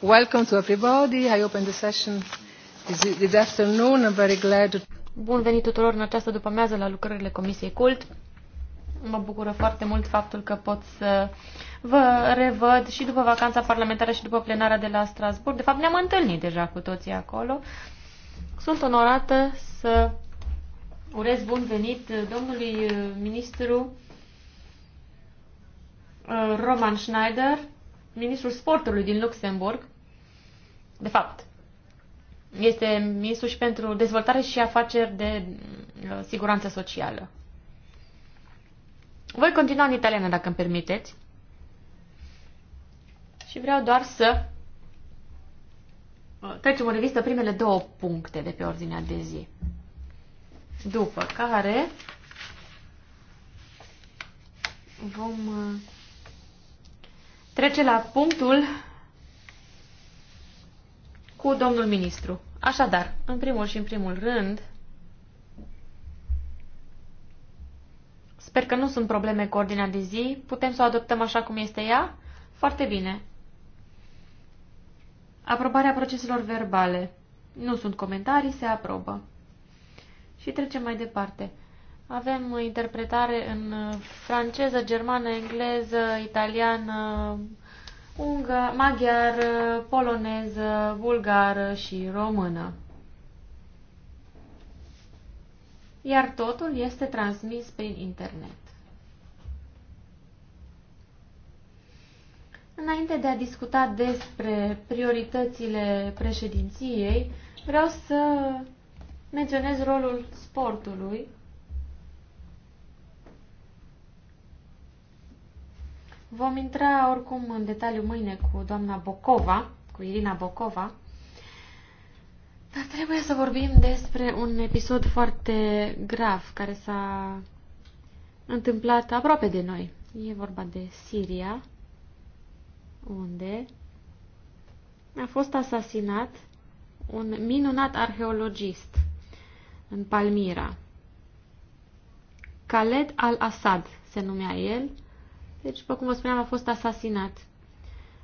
Welcome to everybody. I open the session this afternoon. I'm very glad Bun venit tuturor în această după-amiază la lucrările Comisiei Cult. Mă bucură foarte mult faptul că pot să vă revăd și după vacanța parlamentară și după plenara de la Strasburg. De fapt, ne-am întâlnit deja cu toții acolo. Sunt onorată să urez bun venit domnului ministru uh, Roman Schneider, ministrul sportului din Luxemburg. De fapt, este ministru și pentru dezvoltare și afaceri de uh, siguranță socială. Voi continua în italiană, dacă îmi permiteți. Și vreau doar să uh, trecem în revistă primele două puncte de pe ordinea de zi. După care vom uh, trece la punctul cu domnul ministru. Așadar, în primul și în primul rând, sper că nu sunt probleme cu ordinea de zi. Putem să o adoptăm așa cum este ea? Foarte bine. Aprobarea proceselor verbale. Nu sunt comentarii, se aprobă. Și trecem mai departe. Avem interpretare în franceză, germană, engleză, italiană, ungă, maghiară, poloneză, bulgară și română. Iar totul este transmis prin internet. Înainte de a discuta despre prioritățile președinției, vreau să menționez rolul sportului Vom intra oricum în detaliu mâine cu doamna Bocova, cu Irina Bocova, dar trebuie să vorbim despre un episod foarte grav care s-a întâmplat aproape de noi. E vorba de Siria, unde a fost asasinat un minunat arheologist în Palmira. Khaled al-Assad se numea el, deci, după cum vă spuneam, a fost asasinat.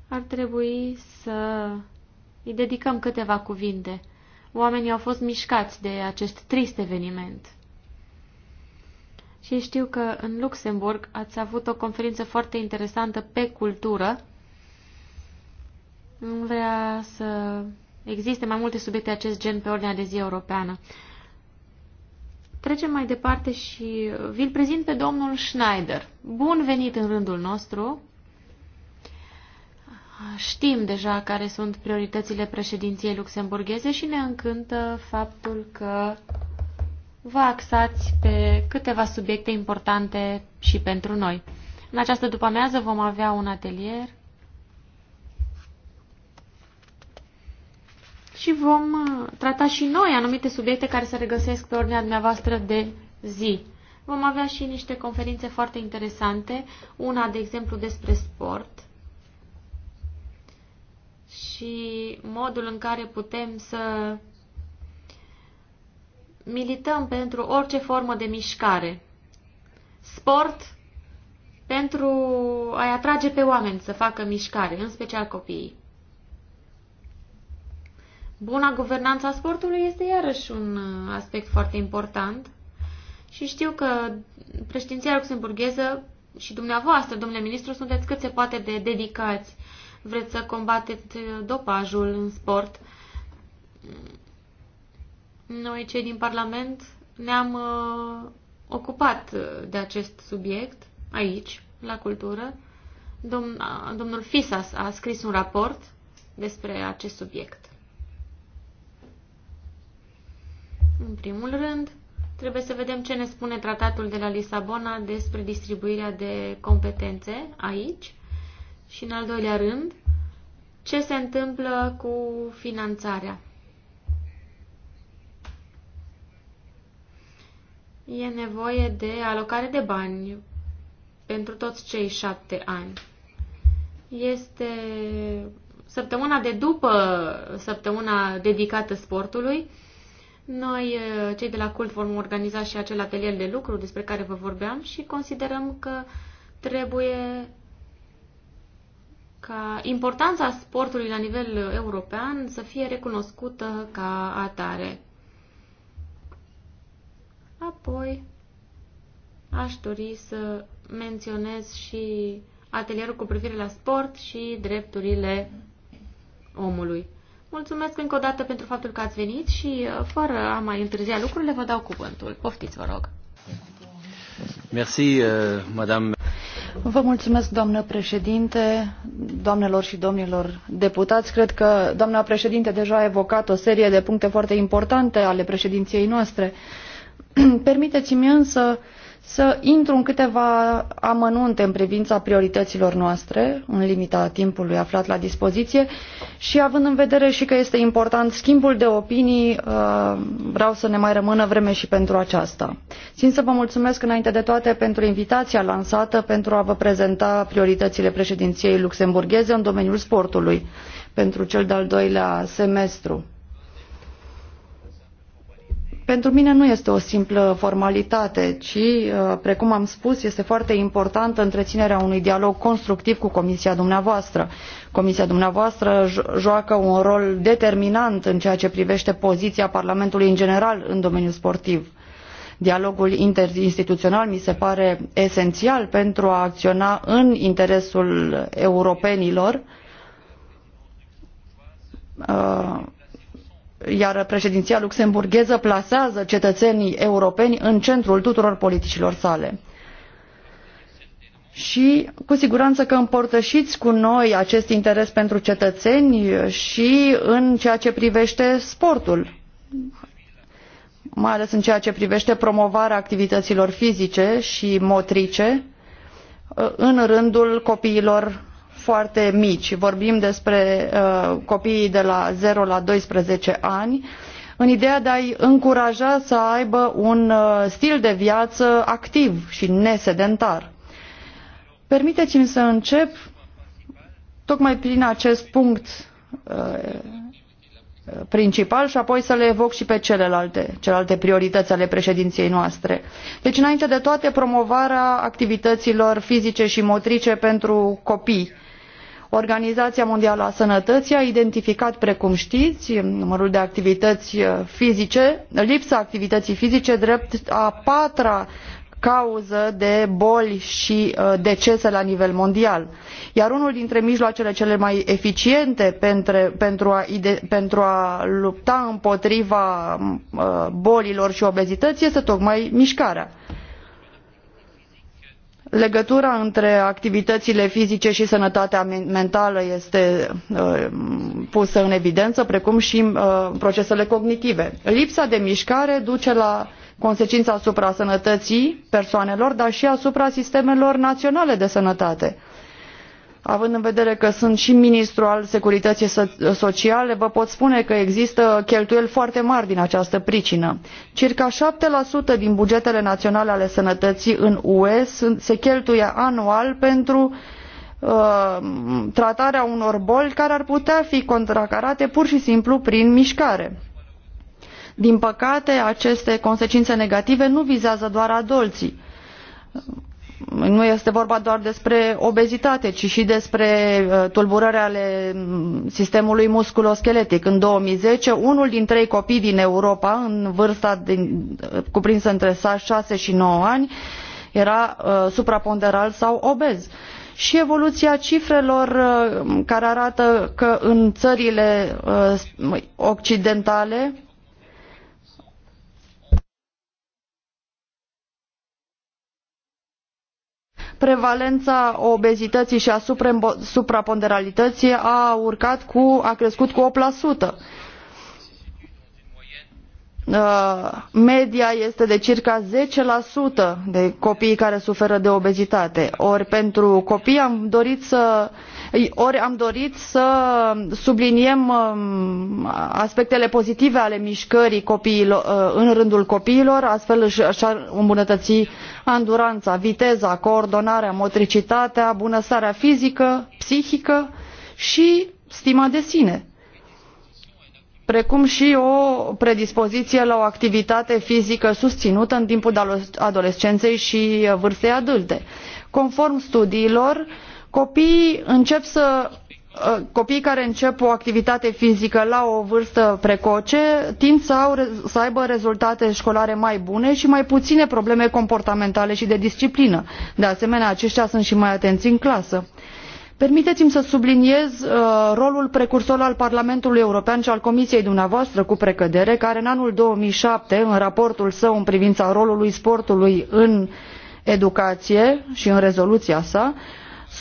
Ar trebui să îi dedicăm câteva cuvinte. Oamenii au fost mișcați de acest trist eveniment. Și știu că în Luxemburg ați avut o conferință foarte interesantă pe cultură. Vrea să existe mai multe subiecte acest gen pe ordinea de zi europeană. Trecem mai departe și vi-l prezint pe domnul Schneider. Bun venit în rândul nostru. Știm deja care sunt prioritățile președinției luxemburgheze și ne încântă faptul că vă axați pe câteva subiecte importante și pentru noi. În această după-amiază vom avea un atelier și vom uh, trata și noi anumite subiecte care se regăsesc pe ordinea dumneavoastră de zi. Vom avea și niște conferințe foarte interesante, una, de exemplu, despre sport și modul în care putem să milităm pentru orice formă de mișcare. Sport pentru a-i atrage pe oameni să facă mișcare, în special copiii. Buna guvernanță a sportului este iarăși un uh, aspect foarte important și știu că președinția luxemburgheză și dumneavoastră, domnule ministru, sunteți cât se poate de dedicați. Vreți să combateți uh, dopajul în sport. Noi, cei din Parlament, ne-am uh, ocupat uh, de acest subiect aici, la cultură. Domn, domnul Fisas a scris un raport despre acest subiect. În primul rând, trebuie să vedem ce ne spune tratatul de la Lisabona despre distribuirea de competențe aici și, în al doilea rând, ce se întâmplă cu finanțarea. E nevoie de alocare de bani pentru toți cei șapte ani. Este săptămâna de după săptămâna dedicată sportului, noi, eh, cei de la CULT, vom organiza și acel atelier de lucru despre care vă vorbeam și considerăm că trebuie ca importanța sportului la nivel european să fie recunoscută ca atare. Apoi, aș dori să menționez și atelierul cu privire la sport și drepturile omului. Mulțumesc încă o dată pentru faptul că ați venit și, uh, fără a mai întârzia lucrurile, vă dau cuvântul. Poftiți, vă rog. Merci, uh, madame. Vă mulțumesc, doamnă președinte, doamnelor și domnilor deputați. Cred că doamna președinte deja a evocat o serie de puncte foarte importante ale președinției noastre. Permiteți-mi însă uh, să intru în câteva amănunte în privința priorităților noastre, în limita timpului aflat la dispoziție și având în vedere și că este important schimbul de opinii, uh, vreau să ne mai rămână vreme și pentru aceasta. Țin să vă mulțumesc înainte de toate pentru invitația lansată pentru a vă prezenta prioritățile președinției luxemburgheze în domeniul sportului pentru cel de-al doilea semestru. Pentru mine nu este o simplă formalitate, ci, uh, precum am spus, este foarte importantă întreținerea unui dialog constructiv cu Comisia dumneavoastră. Comisia dumneavoastră joacă un rol determinant în ceea ce privește poziția Parlamentului în general în domeniul sportiv. Dialogul interinstituțional mi se pare esențial pentru a acționa în interesul europenilor uh, iar președinția luxemburgheză plasează cetățenii europeni în centrul tuturor politicilor sale. Și cu siguranță că împărtășiți cu noi acest interes pentru cetățeni și în ceea ce privește sportul, mai ales în ceea ce privește promovarea activităților fizice și motrice în rândul copiilor foarte mici. Vorbim despre uh, copiii de la 0 la 12 ani, în ideea de a-i încuraja să aibă un uh, stil de viață activ și nesedentar. Permiteți-mi să încep tocmai prin acest punct uh, principal și apoi să le evoc și pe celelalte, celelalte priorități ale președinției noastre. Deci, înainte de toate, promovarea activităților fizice și motrice pentru copii Organizația Mondială a Sănătății a identificat, precum știți, numărul de activități fizice, lipsa activității fizice drept a patra cauză de boli și uh, decese la nivel mondial. Iar unul dintre mijloacele cele mai eficiente pentru, a, pentru a lupta împotriva uh, bolilor și obezității este tocmai mișcarea legătura între activitățile fizice și sănătatea mentală este uh, pusă în evidență precum și uh, procesele cognitive. lipsa de mișcare duce la consecințe asupra sănătății persoanelor dar și asupra sistemelor naționale de sănătate având în vedere că sunt și ministru al securității sociale vă pot spune că există cheltuieli foarte mari din această pricină circa șapte din bugetele naționale ale sănătății în ue se cheltuie anual pentru uh, tratarea unor boli care ar putea fi contracarate pur și simplu prin mișcare. Din păcate, aceste consecințe negative nu vizează doar adulții nu este vorba doar despre obezitate, ci și despre uh, tulburări ale mm, sistemului musculoscheletic. În 2010, unul din trei copii din Europa, în vârsta din, uh, cuprinsă între 6 și 9 ani, era uh, supraponderal sau obez. Și evoluția cifrelor uh, care arată că în țările uh, occidentale, prevalența obezității și a supraponderalității a urcat cu, a crescut cu 8%. Uh, media este de circa 10% de copii care suferă de obezitate. Ori pentru copii am dorit să ori am dorit să subliniem um, aspectele pozitive ale mișcării uh, în rândul copiilor, astfel și-ar îmbunătăi anduranța, viteza, coordonarea, motricitatea, bunăstarea fizică, psihică și stima de sine precum și o predispoziție la o activitate fizică susținută în timpul adolescenței și vârstei adulte. Conform studiilor, Copiii încep să ă, copiii care încep o activitate fizică la o vârstă precoce tind să, au, să aibă rezultate școlare mai bune și mai puține probleme comportamentale și de disciplină. De asemenea, aceștia sunt și mai atenți în clasă. Permiteți-mi să subliniez uh, rolul precursor al Parlamentului European și al Comisiei dumneavoastră cu precădere, care în anul 2007, în raportul său în privința rolului sportului în educație și în rezoluția sa,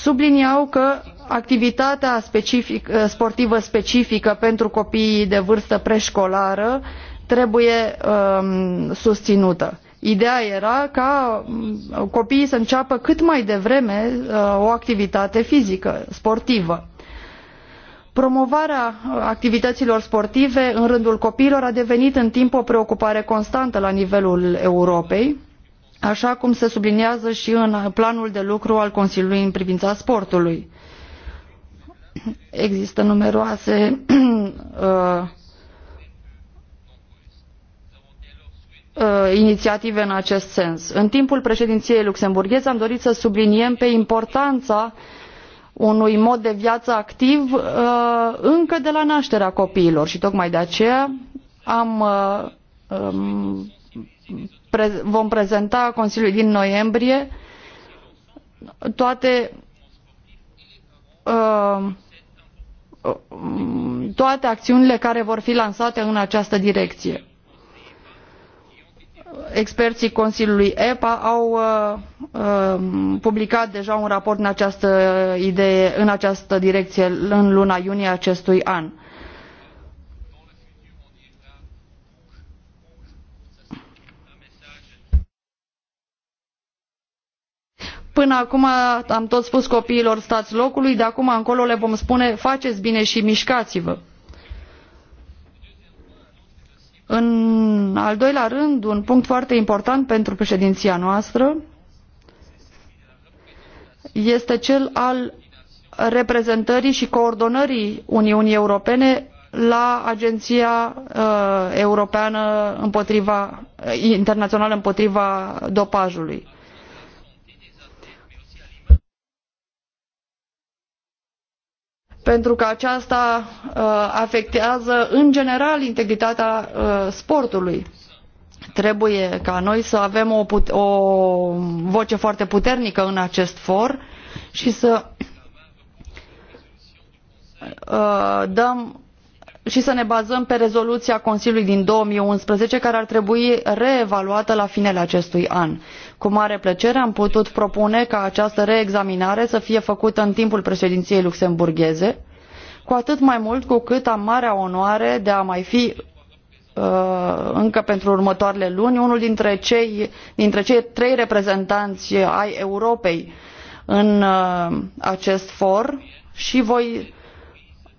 subliniau că activitatea specific, eh, sportivă specifică pentru copiii de vârstă preșcolară trebuie um, susținută. Ideea era ca mm, copiii să înceapă cât mai devreme uh, o activitate fizică, sportivă. Promovarea eh, activităților sportive în rândul copiilor a devenit în timp o preocupare constantă la nivelul Europei, așa cum se subliniază și în planul de lucru al Consiliului în privința sportului. Există numeroase uh, uh, inițiative în acest sens. În timpul președinției luxemburgheze am dorit să subliniem pe importanța unui mod de viață activ uh, încă de la nașterea copiilor și tocmai de aceea am um, vom prezenta Consiliului din noiembrie toate uh, toate acțiunile care vor fi lansate în această direcție. Experții Consiliului EPA au uh, uh, publicat deja un raport în această, idee, în această direcție în luna iunie acestui an Până acum am tot spus copiilor stați locului, de acum încolo le vom spune faceți bine și mișcați-vă. În al doilea rând, un punct foarte important pentru președinția noastră este cel al reprezentării și coordonării Uniunii Europene la Agenția uh, Europeană împotriva, uh, Internațională împotriva dopajului. pentru că aceasta uh, afectează în general integritatea uh, sportului. Trebuie ca noi să avem o, o voce foarte puternică în acest for și să uh, dăm și să ne bazăm pe rezoluția Consiliului din 2011, care ar trebui reevaluată la finele acestui an. Cu mare plăcere am putut propune ca această reexaminare să fie făcută în timpul președinției luxemburgheze, cu atât mai mult cu cât am marea onoare de a mai fi uh, încă pentru următoarele luni unul dintre cei, dintre cei trei reprezentanți ai Europei în uh, acest for și voi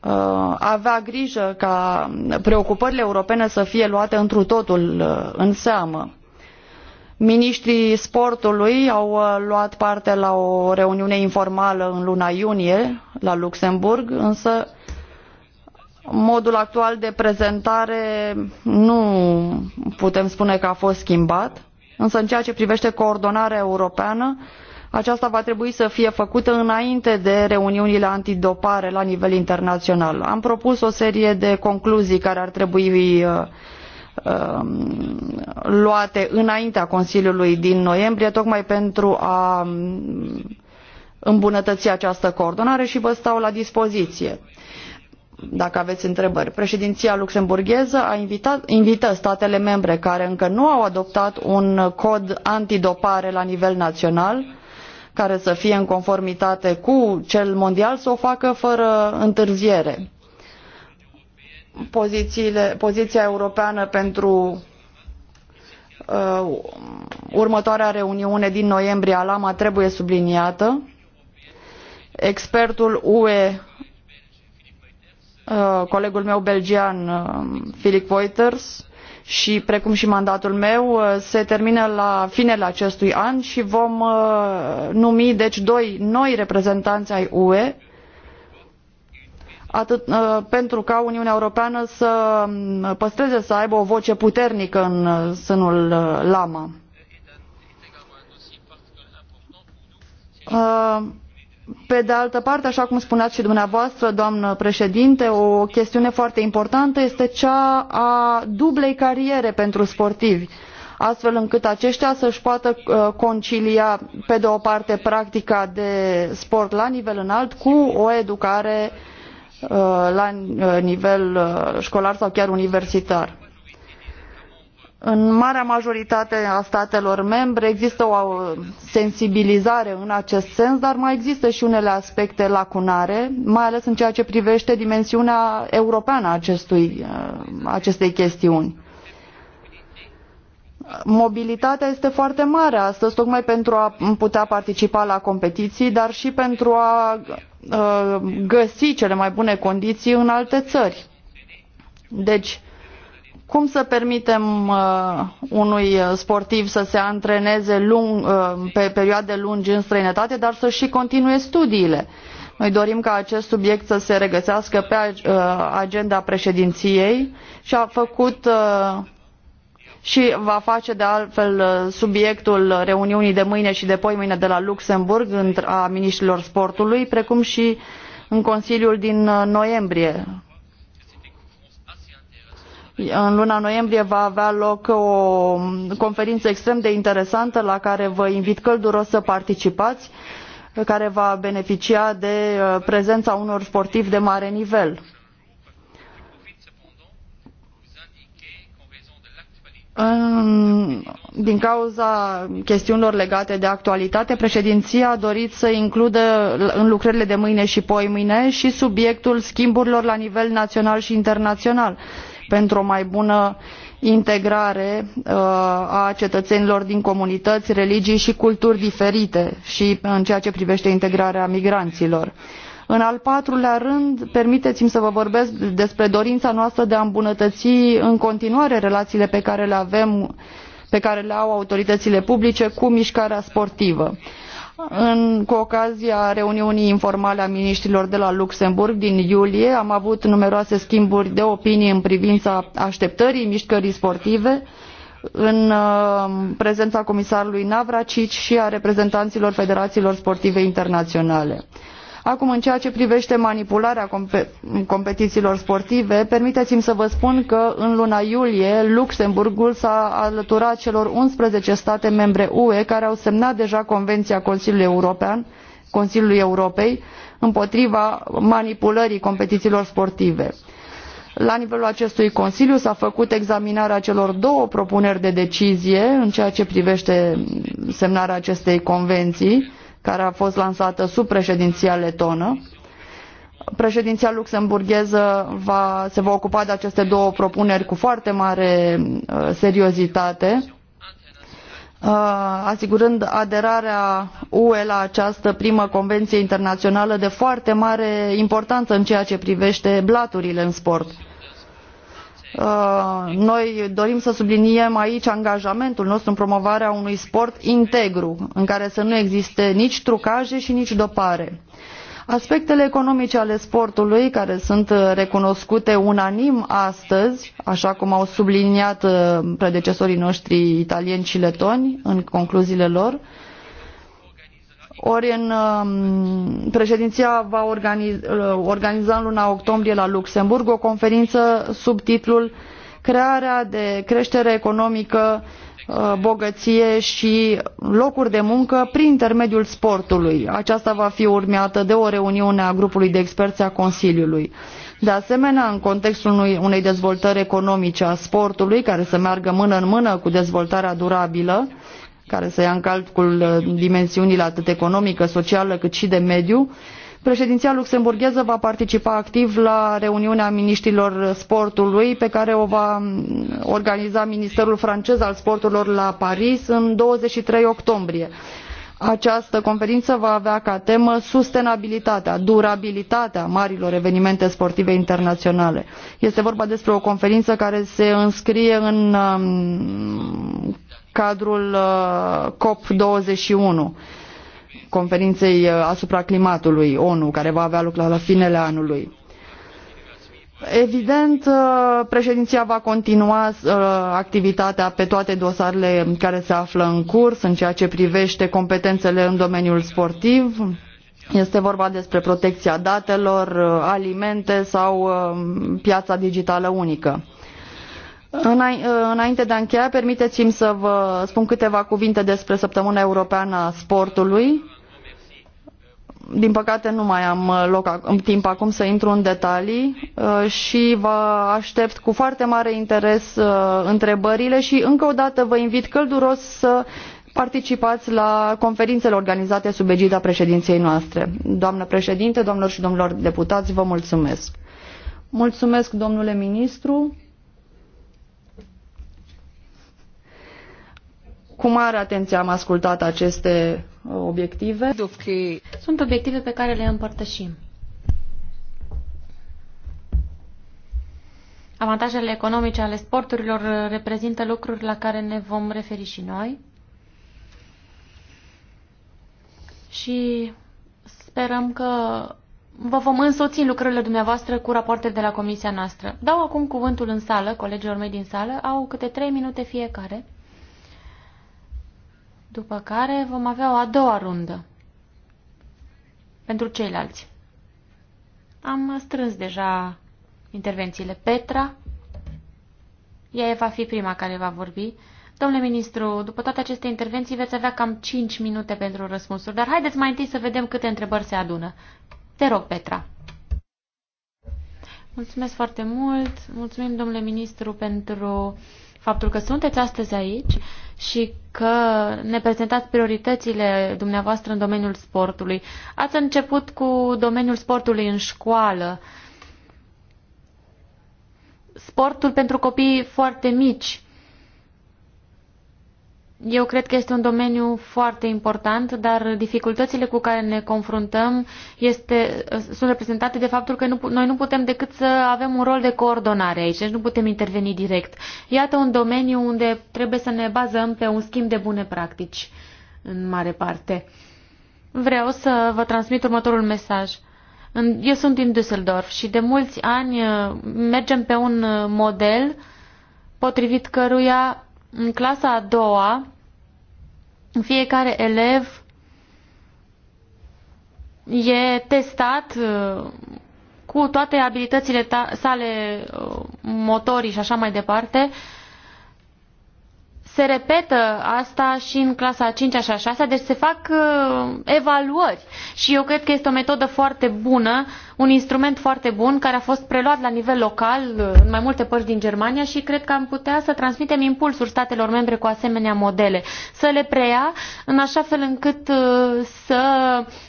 uh, avea grijă ca preocupările europene să fie luate întru totul în seamă Ministrii sportului au uh, luat parte la o reuniune informală în luna iunie la Luxemburg, însă modul actual de prezentare nu putem spune că a fost schimbat, însă în ceea ce privește coordonarea europeană, aceasta va trebui să fie făcută înainte de reuniunile antidopare la nivel internațional. Am propus o serie de concluzii care ar trebui uh, Um, luate înaintea Consiliului din noiembrie, tocmai pentru a um, îmbunătăți această coordonare și vă stau la dispoziție dacă aveți întrebări. Președinția luxemburgheză a invitat, invită statele membre care încă nu au adoptat un cod antidopare la nivel național, care să fie în conformitate cu cel mondial, să o facă fără întârziere poziția europeană pentru uh, următoarea reuniune din noiembrie a LAMA trebuie subliniată. Expertul UE, uh, colegul meu belgian, uh, Philip și precum și mandatul meu uh, se termină la finele acestui an și vom uh, numi deci doi noi reprezentanți ai UE atât, uh, pentru ca Uniunea Europeană să um, păstreze, să aibă o voce puternică în uh, sânul uh, Lama. Pe de altă parte, așa cum spuneați și dumneavoastră, doamnă președinte, o chestiune foarte importantă este cea a dublei cariere pentru sportivi, astfel încât aceștia să-și poată concilia, pe de o parte, practica de sport la nivel înalt cu o educare uh, Uh, la uh, nivel uh, școlar sau chiar universitar. În marea majoritate a statelor membre există o sensibilizare în acest sens, dar mai există și unele aspecte lacunare, mai ales în ceea ce privește dimensiunea europeană a acestui, acestei chestiuni. Mobilitatea este foarte mare astăzi, tocmai pentru a putea participa la competiții, dar și pentru a Uh, găsi cele mai bune condiții în alte țări. Deci, cum să permitem uh, unui sportiv să se antreneze lung, uh, pe perioade lungi în străinătate, dar să și continue studiile? Noi dorim ca acest subiect să se regăsească pe uh, agenda președinției și a făcut uh, și va face de altfel uh, subiectul reuniunii de mâine și de poimâine de la Luxemburg a miniștrilor sportului, precum și în Consiliul din uh, noiembrie. În luna noiembrie va avea loc o um, conferință extrem de interesantă la care vă invit călduros să participați, care va beneficia de uh, prezența unor sportivi de mare nivel din cauza chestiunilor legate de actualitate, președinția a dorit să includă în lucrările de mâine și poimâine și subiectul schimburilor la nivel național și internațional pentru o mai bună integrare uh, a cetățenilor din comunități, religii și culturi diferite și în ceea ce privește integrarea migranților. Uh, în al patrulea rând, permiteți-mi să vă vorbesc despre dorința noastră de a îmbunătăți în continuare relațiile pe care le avem, pe care le au autoritățile publice cu mișcarea sportivă. În, cu ocazia reuniunii informale a miniștrilor de la Luxemburg din iulie am avut numeroase schimburi de opinie în privința așteptării mișcării sportive în uh, prezența comisarului Navracici și a reprezentanților federațiilor sportive internaționale. Acum, în ceea ce privește manipularea comp competițiilor sportive, permiteți-mi să vă spun că în luna iulie Luxemburgul s-a alăturat celor 11 state membre UE care au semnat deja Convenția Consiliului European, Consiliului Europei împotriva manipulării competițiilor sportive. La nivelul acestui Consiliu s-a făcut examinarea celor două propuneri de decizie în ceea ce privește semnarea acestei convenții care a fost lansată sub președinția letonă. Președinția luxemburgheză va, se va ocupa de aceste două propuneri cu foarte mare uh, seriozitate, uh, asigurând aderarea UE la această primă convenție internațională de foarte mare importanță în ceea ce privește blaturile în sport. Uh, Uh, noi dorim să subliniem aici angajamentul nostru în promovarea unui sport integru, în care să nu existe nici trucaje și nici dopare. Aspectele economice ale sportului, care sunt uh, recunoscute unanim astăzi, așa cum au subliniat uh, predecesorii noștri italieni și letoni în concluziile lor, ori în um, președinția va organiza, uh, organiza în luna octombrie la Luxemburg o conferință sub titlul Crearea de creștere economică, uh, bogăție și locuri de muncă prin intermediul sportului. Aceasta va fi urmată de o reuniune a grupului de experți a Consiliului. De asemenea, în contextul unei dezvoltări economice a sportului, care să meargă mână în mână cu dezvoltarea durabilă, care să ia în calcul uh, dimensiunile atât economică, socială, cât și de mediu, Președinția luxemburgheză va participa activ la reuniunea miniștrilor sportului pe care o va mm, organiza Ministerul francez al sporturilor la Paris în 23 octombrie. Această conferință va avea ca temă sustenabilitatea, durabilitatea marilor evenimente sportive internaționale. Este vorba despre o conferință care se înscrie în mm, cadrul uh, COP21, conferinței uh, asupra climatului ONU, care va avea loc la finele anului. Evident, uh, președinția va continua activitatea pe toate dosarele care se află în curs în ceea ce privește competențele în domeniul sportiv. Este vorba despre protecția datelor, alimente sau piața digitală unică. Uh, înainte de a încheia, permiteți-mi să vă spun câteva cuvinte despre Săptămâna Europeană a Sportului. Din păcate nu mai am loc, în timp acum să intru în detalii uh, și vă aștept cu foarte mare interes uh, întrebările și încă o dată vă invit călduros să participați la conferințele organizate sub egida președinției noastre. Doamnă președinte, domnilor și domnilor deputați, vă mulțumesc. Mulțumesc, domnule ministru. Cu mare atenție am ascultat aceste uh, obiective. Sunt obiective pe care le împărtășim. Avantajele economice ale sporturilor uh, reprezintă lucruri la care ne vom referi și noi. Și sperăm că vă vom însoți în lucrările dumneavoastră cu rapoarte de la comisia noastră. Dau acum cuvântul în sală, colegilor mei din sală, au câte trei minute fiecare după care vom avea o a doua rundă pentru ceilalți. Am strâns deja intervențiile. Petra, ea va fi prima care va vorbi. Domnule ministru, după toate aceste intervenții veți avea cam 5 minute pentru răspunsuri, dar haideți mai întâi să vedem câte întrebări se adună. Te rog, Petra. Mulțumesc foarte mult. Mulțumim, domnule ministru, pentru faptul că sunteți astăzi aici și că ne prezentați prioritățile dumneavoastră în domeniul sportului. Ați început cu domeniul sportului în școală sportul pentru copii foarte mici. Eu cred că este un domeniu foarte important, dar dificultățile cu care ne confruntăm este, sunt reprezentate de faptul că nu, noi nu putem decât să avem un rol de coordonare aici, deci nu putem interveni direct. Iată un domeniu unde trebuie să ne bazăm pe un schimb de bune practici, în mare parte. Vreau să vă transmit următorul mesaj. Eu sunt din Düsseldorf și de mulți ani uh, mergem pe un uh, model potrivit căruia în clasa a doua, fiecare elev e testat uh, cu toate abilitățile sale uh, motorii și așa mai departe. Se repetă asta și în clasa a 5 -a și a 6 -a, deci se fac uh, evaluări și eu cred că este o metodă foarte bună uh, un instrument foarte bun care a fost preluat la nivel local uh, în mai multe părți din Germania și cred că am putea să transmitem impulsuri statelor membre cu asemenea modele, să le preia în așa fel încât uh, să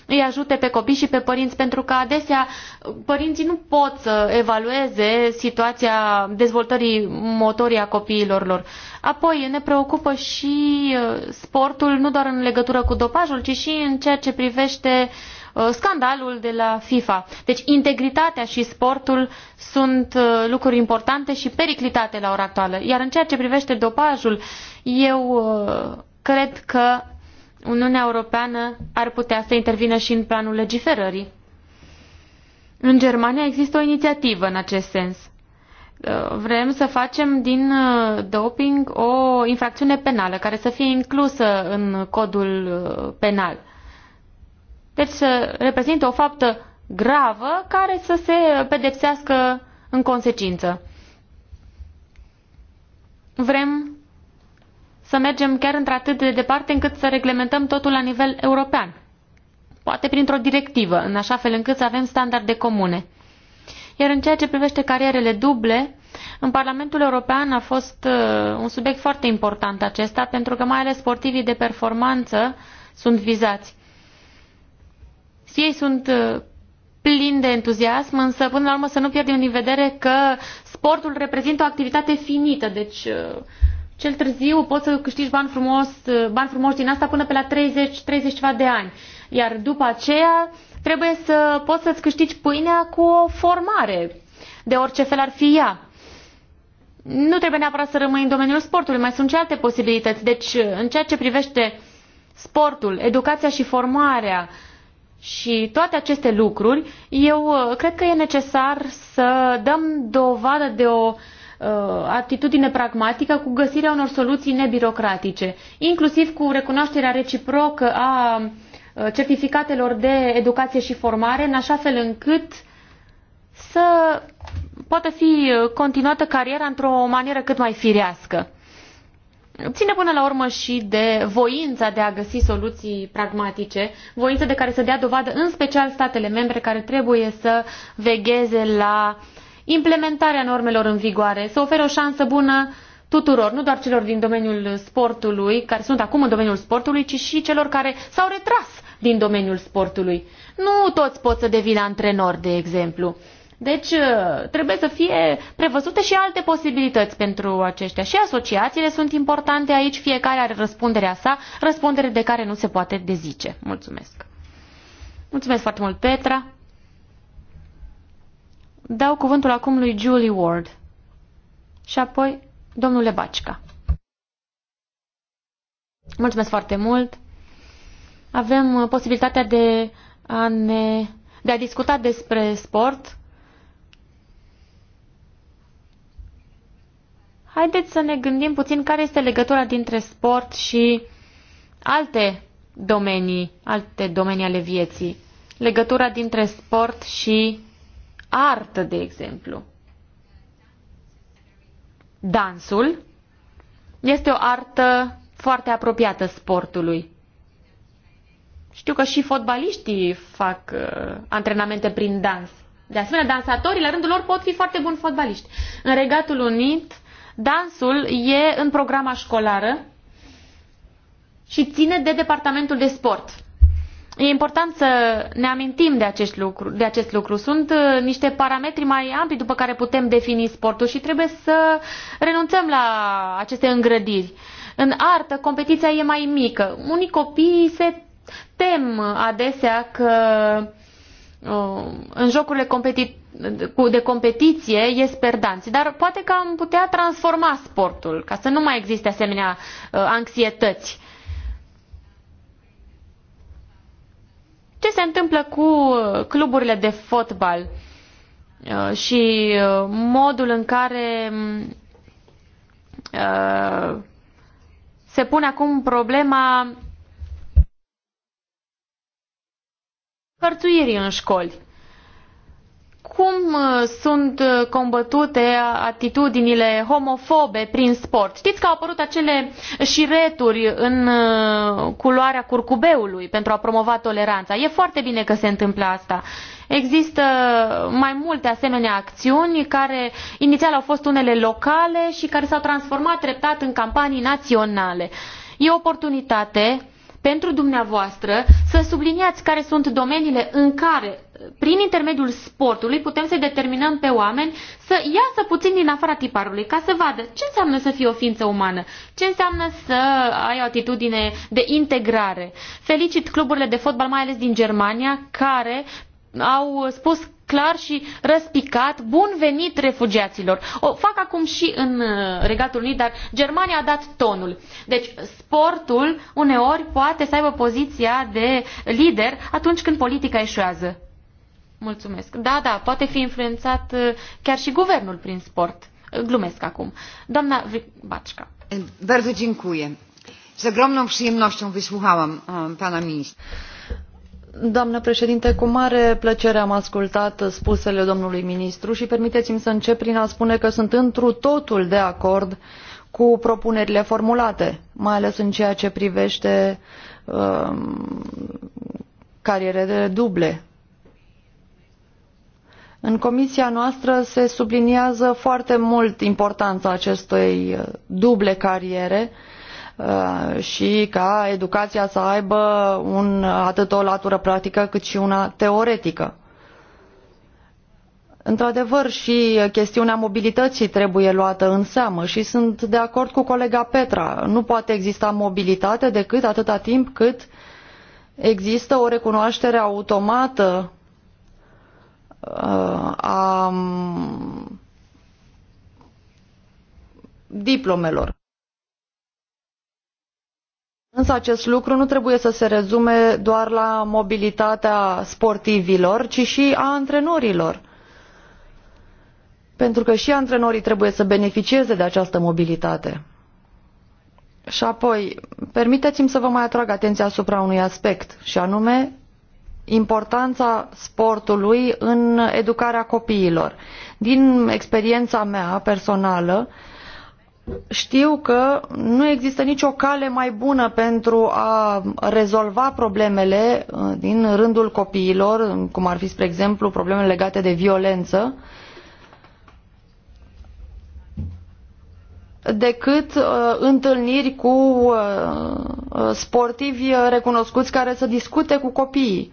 îi ajute pe copii și pe părinți, pentru că adesea uh, părinții nu pot să evalueze situația dezvoltării motorii a copiilor lor. Apoi ne preocupă și sportul, nu doar în legătură cu dopajul, ci și în ceea ce privește Uh, scandalul de la FIFA. Deci integritatea și sportul sunt uh, lucruri importante și periclitate la ora actuală. Iar în ceea ce privește dopajul, eu uh, cred că Uniunea Europeană ar putea să intervină și în planul legiferării. În Germania există o inițiativă în acest sens. Vrem să facem din doping o infracțiune penală care să fie inclusă în codul penal. Deci să reprezintă o faptă gravă care să se pedepsească în consecință. Vrem să mergem chiar într-atât de departe încât să reglementăm totul la nivel european. Poate printr-o directivă, în așa fel încât să avem standarde comune. Iar în ceea ce privește carierele duble, în Parlamentul European a fost uh, un subiect foarte important acesta, pentru că mai ales sportivii de performanță sunt vizați. Și deci, ei sunt uh, plini de entuziasm, însă până la urmă să nu pierdem din vedere că sportul reprezintă o activitate finită, deci uh, cel târziu poți să câștigi bani frumos, uh, bani frumos din asta până pe la 30, 30 ceva de ani. Iar după aceea trebuie să poți să-ți câștigi pâinea cu o formare, de orice fel ar fi ea. Nu trebuie neapărat să rămâi în domeniul sportului, mai sunt și alte posibilități. Deci, în ceea ce privește sportul, educația și formarea, uh, și toate aceste lucruri, eu uh, cred că e necesar să dăm dovadă de o uh, atitudine pragmatică cu găsirea unor soluții nebirocratice, inclusiv cu recunoașterea reciprocă a uh, certificatelor de educație și formare, în așa fel încât să poată fi continuată cariera într-o manieră cât mai firească ține până la urmă și de voința de a găsi soluții pragmatice, voința de care să dea dovadă în special statele membre care trebuie să vegheze la implementarea normelor în vigoare, să ofere o șansă bună tuturor, nu doar celor din domeniul sportului, care sunt acum în domeniul sportului, ci și celor care s-au retras din domeniul sportului. Nu toți pot să devină antrenori, de exemplu. Deci uh, trebuie să fie prevăzute și alte posibilități pentru aceștia. Și asociațiile sunt importante aici, fiecare are răspunderea sa, răspundere de care nu se poate dezice. Mulțumesc. Mulțumesc foarte mult, Petra. Dau cuvântul acum lui Julie Ward și apoi domnule Bacica. Mulțumesc foarte mult. Avem uh, posibilitatea de a, ne, de a discuta despre sport haideți să ne gândim puțin care este legătura dintre sport și alte domenii, alte domenii ale vieții. Legătura dintre sport și artă, de exemplu. Dansul este o artă foarte apropiată sportului. Știu că și fotbaliștii fac uh, antrenamente prin dans. De asemenea, dansatorii, la rândul lor, pot fi foarte buni fotbaliști. În Regatul Unit, Dansul e în programa școlară și ține de departamentul de sport. E important să ne amintim de acest lucru. De acest lucru. Sunt uh, niște parametri mai ampli după care putem defini sportul și trebuie să renunțăm la aceste îngrădiri. În artă, competiția e mai mică. Unii copii se tem adesea că uh, în jocurile competitive de competiție ies perdanți. dar poate că am putea transforma sportul ca să nu mai existe asemenea uh, anxietăți. Ce se întâmplă cu uh, cluburile de fotbal uh, și modul în care mm, se pune acum problema hărțuirii în școli? cum uh, sunt uh, combătute atitudinile homofobe prin sport. Știți că au apărut acele șireturi în uh, culoarea curcubeului pentru a promova toleranța. E foarte bine că se întâmplă asta. Există mai multe asemenea acțiuni care inițial au fost unele locale și care s-au transformat treptat în campanii naționale. E o oportunitate pentru dumneavoastră să subliniați care sunt domeniile în care prin intermediul sportului putem să determinăm pe oameni să iasă puțin din afara tiparului, ca să vadă ce înseamnă să fii o ființă umană, ce înseamnă să ai o atitudine de integrare. Felicit cluburile de fotbal, mai ales din Germania, care au spus clar și răspicat bun venit refugiaților. O fac acum și în uh, Regatul Unit, dar Germania a dat tonul. Deci sportul uneori poate să aibă poziția de lider atunci când politica eșuează. Mulțumesc. Da, da, poate fi influențat uh, chiar și guvernul prin sport. Uh, glumesc acum. Doamna Baczka. Bardzo dziękuję. Z ogromną przyjemnością wysłuchałam pana ministra. Doamnă președinte, cu mare plăcere am ascultat spusele domnului ministru și permiteți-mi să încep prin a spune că sunt întru totul de acord cu propunerile formulate, mai ales în ceea ce privește um, carierele duble în comisia noastră se subliniază foarte mult importanța acestei uh, duble cariere uh, și ca educația să aibă un, uh, atât o latură practică cât și una teoretică. Într-adevăr, și chestiunea mobilității trebuie luată în seamă și sunt de acord cu colega Petra. Nu poate exista mobilitate decât atâta timp cât există o recunoaștere automată a diplomelor. Însă acest lucru nu trebuie să se rezume doar la mobilitatea sportivilor, ci și a antrenorilor. Pentru că și antrenorii trebuie să beneficieze de această mobilitate. Și apoi, permiteți-mi să vă mai atrag atenția asupra unui aspect, și anume importanța sportului în educarea copiilor. Din experiența mea personală, știu că nu există nicio cale mai bună pentru a rezolva problemele uh, din rândul copiilor, cum ar fi, spre exemplu, problemele legate de violență, decât uh, întâlniri cu uh, uh sportivi recunoscuți care să discute cu copiii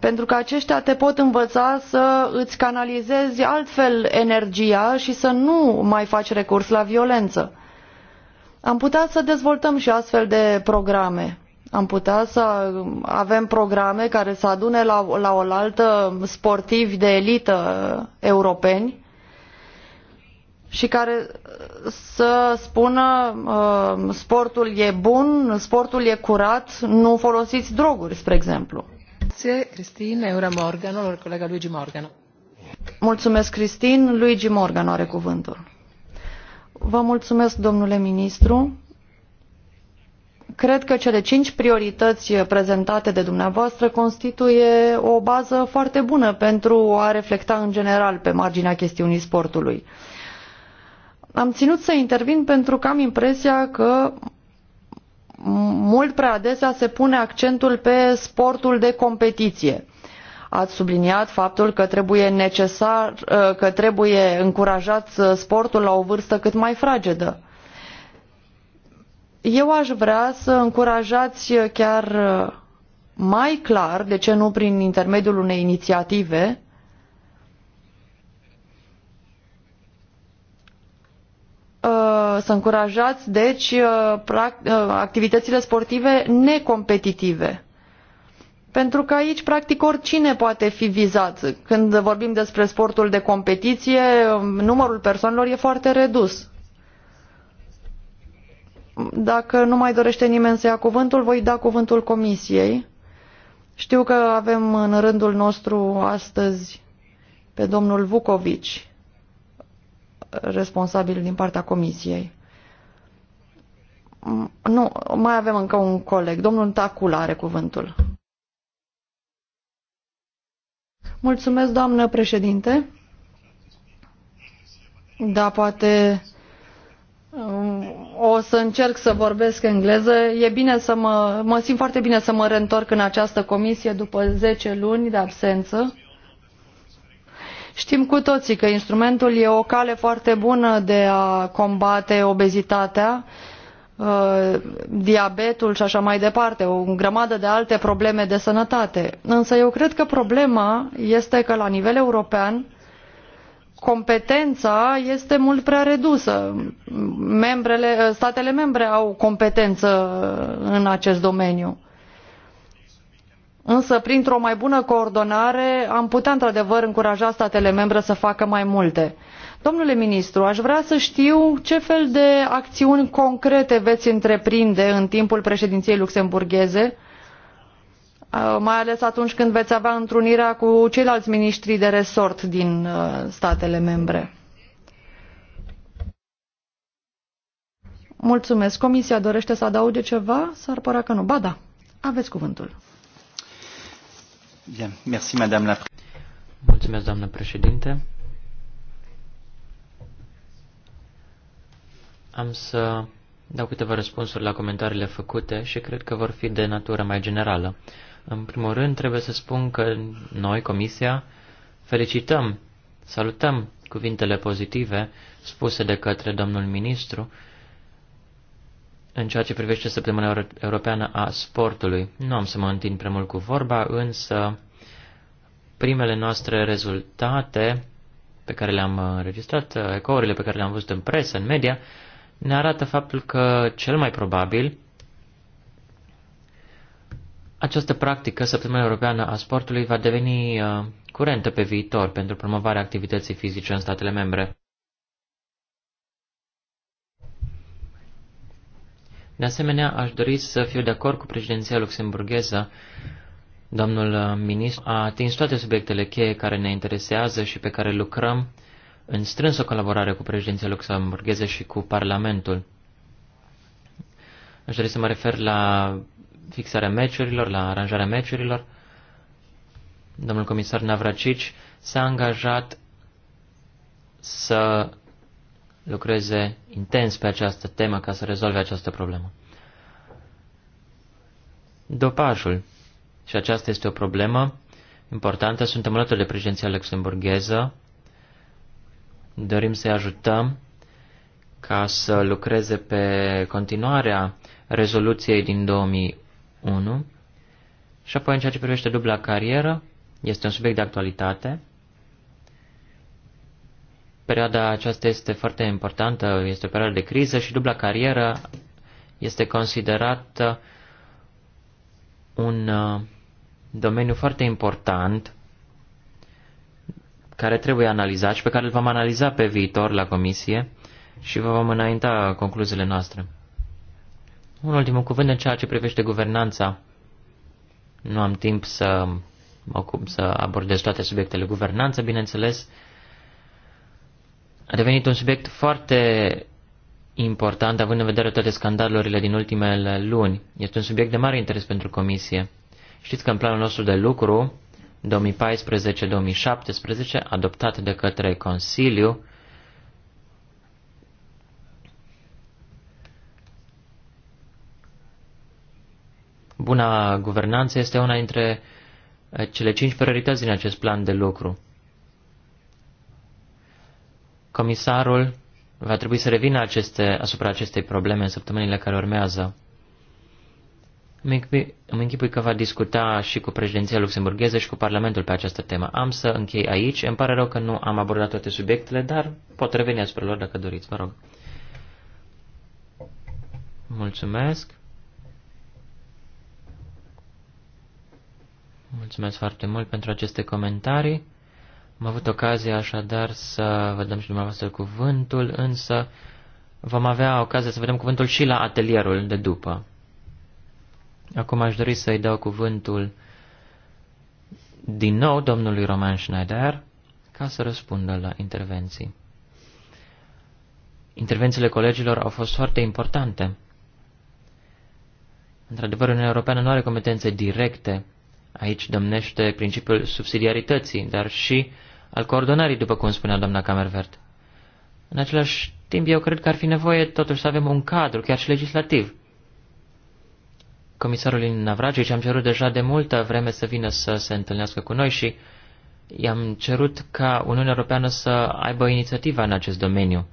pentru că aceștia te pot învăța să îți canalizezi altfel energia și să nu mai faci recurs la violență. Am putea să dezvoltăm și astfel de programe. Am putea să avem programe care să adune la, la oaltă sportivi de elită europeni și care să spună uh, sportul e bun, sportul e curat, nu folosiți droguri, spre exemplu. Ora colega Luigi Mulțumesc, Cristin. Luigi are cuvântul. Vă mulțumesc, domnule ministru. Cred că cele cinci priorități prezentate de dumneavoastră constituie o bază foarte bună pentru a reflecta în general pe marginea chestiunii sportului. Am ținut să intervin pentru că am impresia că mult prea adesea se pune accentul pe sportul de competiție. Ați subliniat faptul că trebuie, necesar, uh, că trebuie încurajat uh, sportul la o vârstă cât mai fragedă. Eu aș vrea să încurajați uh, chiar mai clar, de ce nu prin intermediul unei inițiative, Uh, să încurajați, deci, uh, uh, activitățile sportive necompetitive. Pentru că aici, practic, oricine poate fi vizat. Când vorbim despre sportul de competiție, numărul persoanelor e foarte redus. Dacă nu mai dorește nimeni să ia cuvântul, voi da cuvântul comisiei. Știu că avem în rândul nostru astăzi pe domnul Vucovici responsabil din partea comisiei. Nu, mai avem încă un coleg. Domnul Tacula are cuvântul. Mulțumesc, doamnă președinte. Da, poate um, o să încerc să vorbesc engleză. E bine să mă, mă simt foarte bine să mă reîntorc în această comisie după 10 luni de absență. Știm cu toții că instrumentul e o cale foarte bună de a combate obezitatea, uh, diabetul și așa mai departe, o grămadă de alte probleme de sănătate. Însă eu cred că problema este că la nivel european competența este mult prea redusă. Membrele, statele membre au competență în acest domeniu însă printr o mai bună coordonare am putea într adevăr încuraja statele membre să facă mai multe. domnule ministru aș vrea să știu ce fel de acțiuni concrete veți întreprinde în timpul președinției luxemburgheze uh, mai ales atunci când veți avea întrunirea cu ceilalți miniștri de resort din uh, statele membre. Mulțumesc. Comisia dorește să adauge ceva? S-ar părea că nu. Ba da, aveți cuvântul. Bien, merci, madame la Mulțumesc, doamnă președinte. Am să dau câteva răspunsuri la comentariile făcute și cred că vor fi de natură mai generală. În primul rând, trebuie să spun că noi, Comisia, felicităm, salutăm cuvintele pozitive spuse de către domnul ministru în ceea ce privește săptămâna europeană a sportului. Nu am să mă întind prea mult cu vorba, însă primele noastre rezultate pe care le-am înregistrat, ecourile pe care le-am văzut în presă, în media, ne arată faptul că cel mai probabil această practică, săptămâna europeană a sportului, va deveni uh, curentă pe viitor pentru promovarea activității fizice în statele membre. De asemenea, aș dori să fiu de acord cu președinția luxemburgheză Domnul uh, ministru a atins toate subiectele cheie care ne interesează și pe care lucrăm în strânsă colaborare cu președinția luxemburgheză și cu Parlamentul. Aș dori să mă refer la fixarea meciurilor, la aranjarea meciurilor. Domnul comisar Navracici s-a angajat să lucreze intens pe această temă ca să rezolve această problemă. Dopajul și aceasta este o problemă importantă. Suntem alături de președinția luxemburgheză. Dorim să-i ajutăm ca să lucreze pe continuarea rezoluției din 2001. Și apoi, în ceea ce privește dubla carieră, este un subiect de actualitate. Perioada aceasta este foarte importantă, este o perioadă de criză și dubla carieră este considerată un uh, domeniu foarte important care trebuie analizat și pe care îl vom analiza pe viitor la comisie și vă vom înainta concluziile noastre. Un ultim cuvânt în ceea ce privește guvernanța. Nu am timp să mă ocup să abordez toate subiectele. Guvernanța, bineînțeles, a devenit un subiect foarte important, având în vedere toate scandalurile din ultimele luni. Este un subiect de mare interes pentru comisie. Știți că în planul nostru de lucru 2014-2017, adoptat de către Consiliu, Buna guvernanță este una dintre eh, cele cinci priorități din acest plan de lucru. Comisarul va trebui să revină aceste, asupra acestei probleme în săptămânile care urmează. Îmi închipui, că va discuta și cu președinția luxemburgheză și cu Parlamentul pe această temă. Am să închei aici. Îmi pare rău că nu am abordat toate subiectele, dar pot reveni asupra lor dacă doriți, vă rog. Mulțumesc. Mulțumesc foarte mult pentru aceste comentarii. Am avut ocazia așadar să vă dăm și dumneavoastră cuvântul, însă vom avea ocazia să vedem cuvântul și la atelierul de după. Acum aș dori să-i dau cuvântul din nou domnului Roman Schneider ca să răspundă la intervenții. Intervențiile colegilor au fost foarte importante. Într-adevăr, Uniunea Europeană nu are competențe directe. Aici domnește principiul subsidiarității, dar și al coordonării, după cum spunea doamna Camervert. În același timp, eu cred că ar fi nevoie totuși să avem un cadru, chiar și legislativ comisarului Navracici, am cerut deja de multă vreme să vină să se întâlnească cu noi și i-am cerut ca Uniunea Europeană să aibă inițiativa în acest domeniu.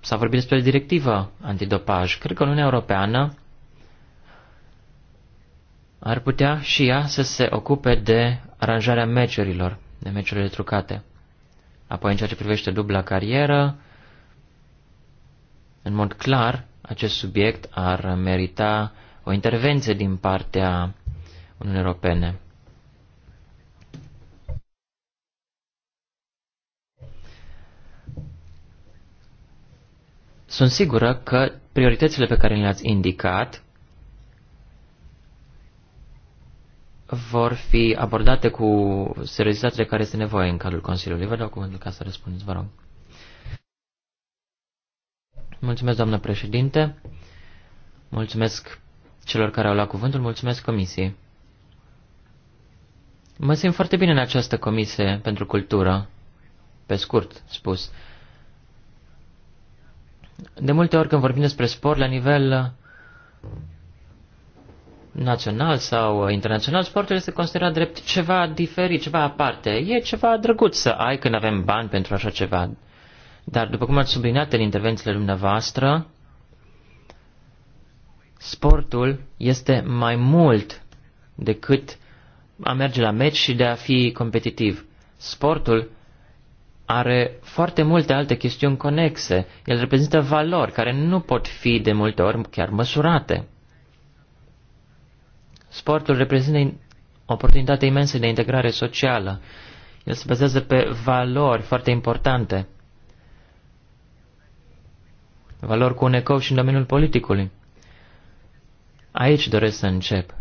S-a vorbit despre directivă antidopaj. Cred că Uniunea Europeană ar putea și ea să se ocupe de aranjarea meciurilor, de meciurile trucate. Apoi, în ceea ce privește dubla carieră, în mod clar, acest subiect ar merita o intervenție din partea Uniunii Europene. Sunt sigură că prioritățile pe care le-ați indicat vor fi abordate cu seriozitate care este nevoie în cadrul Consiliului. Vă dau cuvântul ca să răspundeți, vă rog. Mulțumesc, doamnă președinte. Mulțumesc celor care au luat cuvântul. Mulțumesc comisiei. Mă simt foarte bine în această comisie pentru cultură, pe scurt spus. De multe ori când vorbim despre sport la nivel național sau internațional, sportul este considerat drept ceva diferit, ceva aparte. E ceva drăguț să ai când avem bani pentru așa ceva. Dar, după cum ați subliniat în intervențiile dumneavoastră, sportul este mai mult decât a merge la meci și de a fi competitiv. Sportul are foarte multe alte chestiuni conexe. El reprezintă valori care nu pot fi de multe ori chiar măsurate. Sportul reprezintă oportunitate imensă de integrare socială. El se bazează pe valori foarte importante valori cu un ecou și în domeniul politicului. Aici doresc să încep.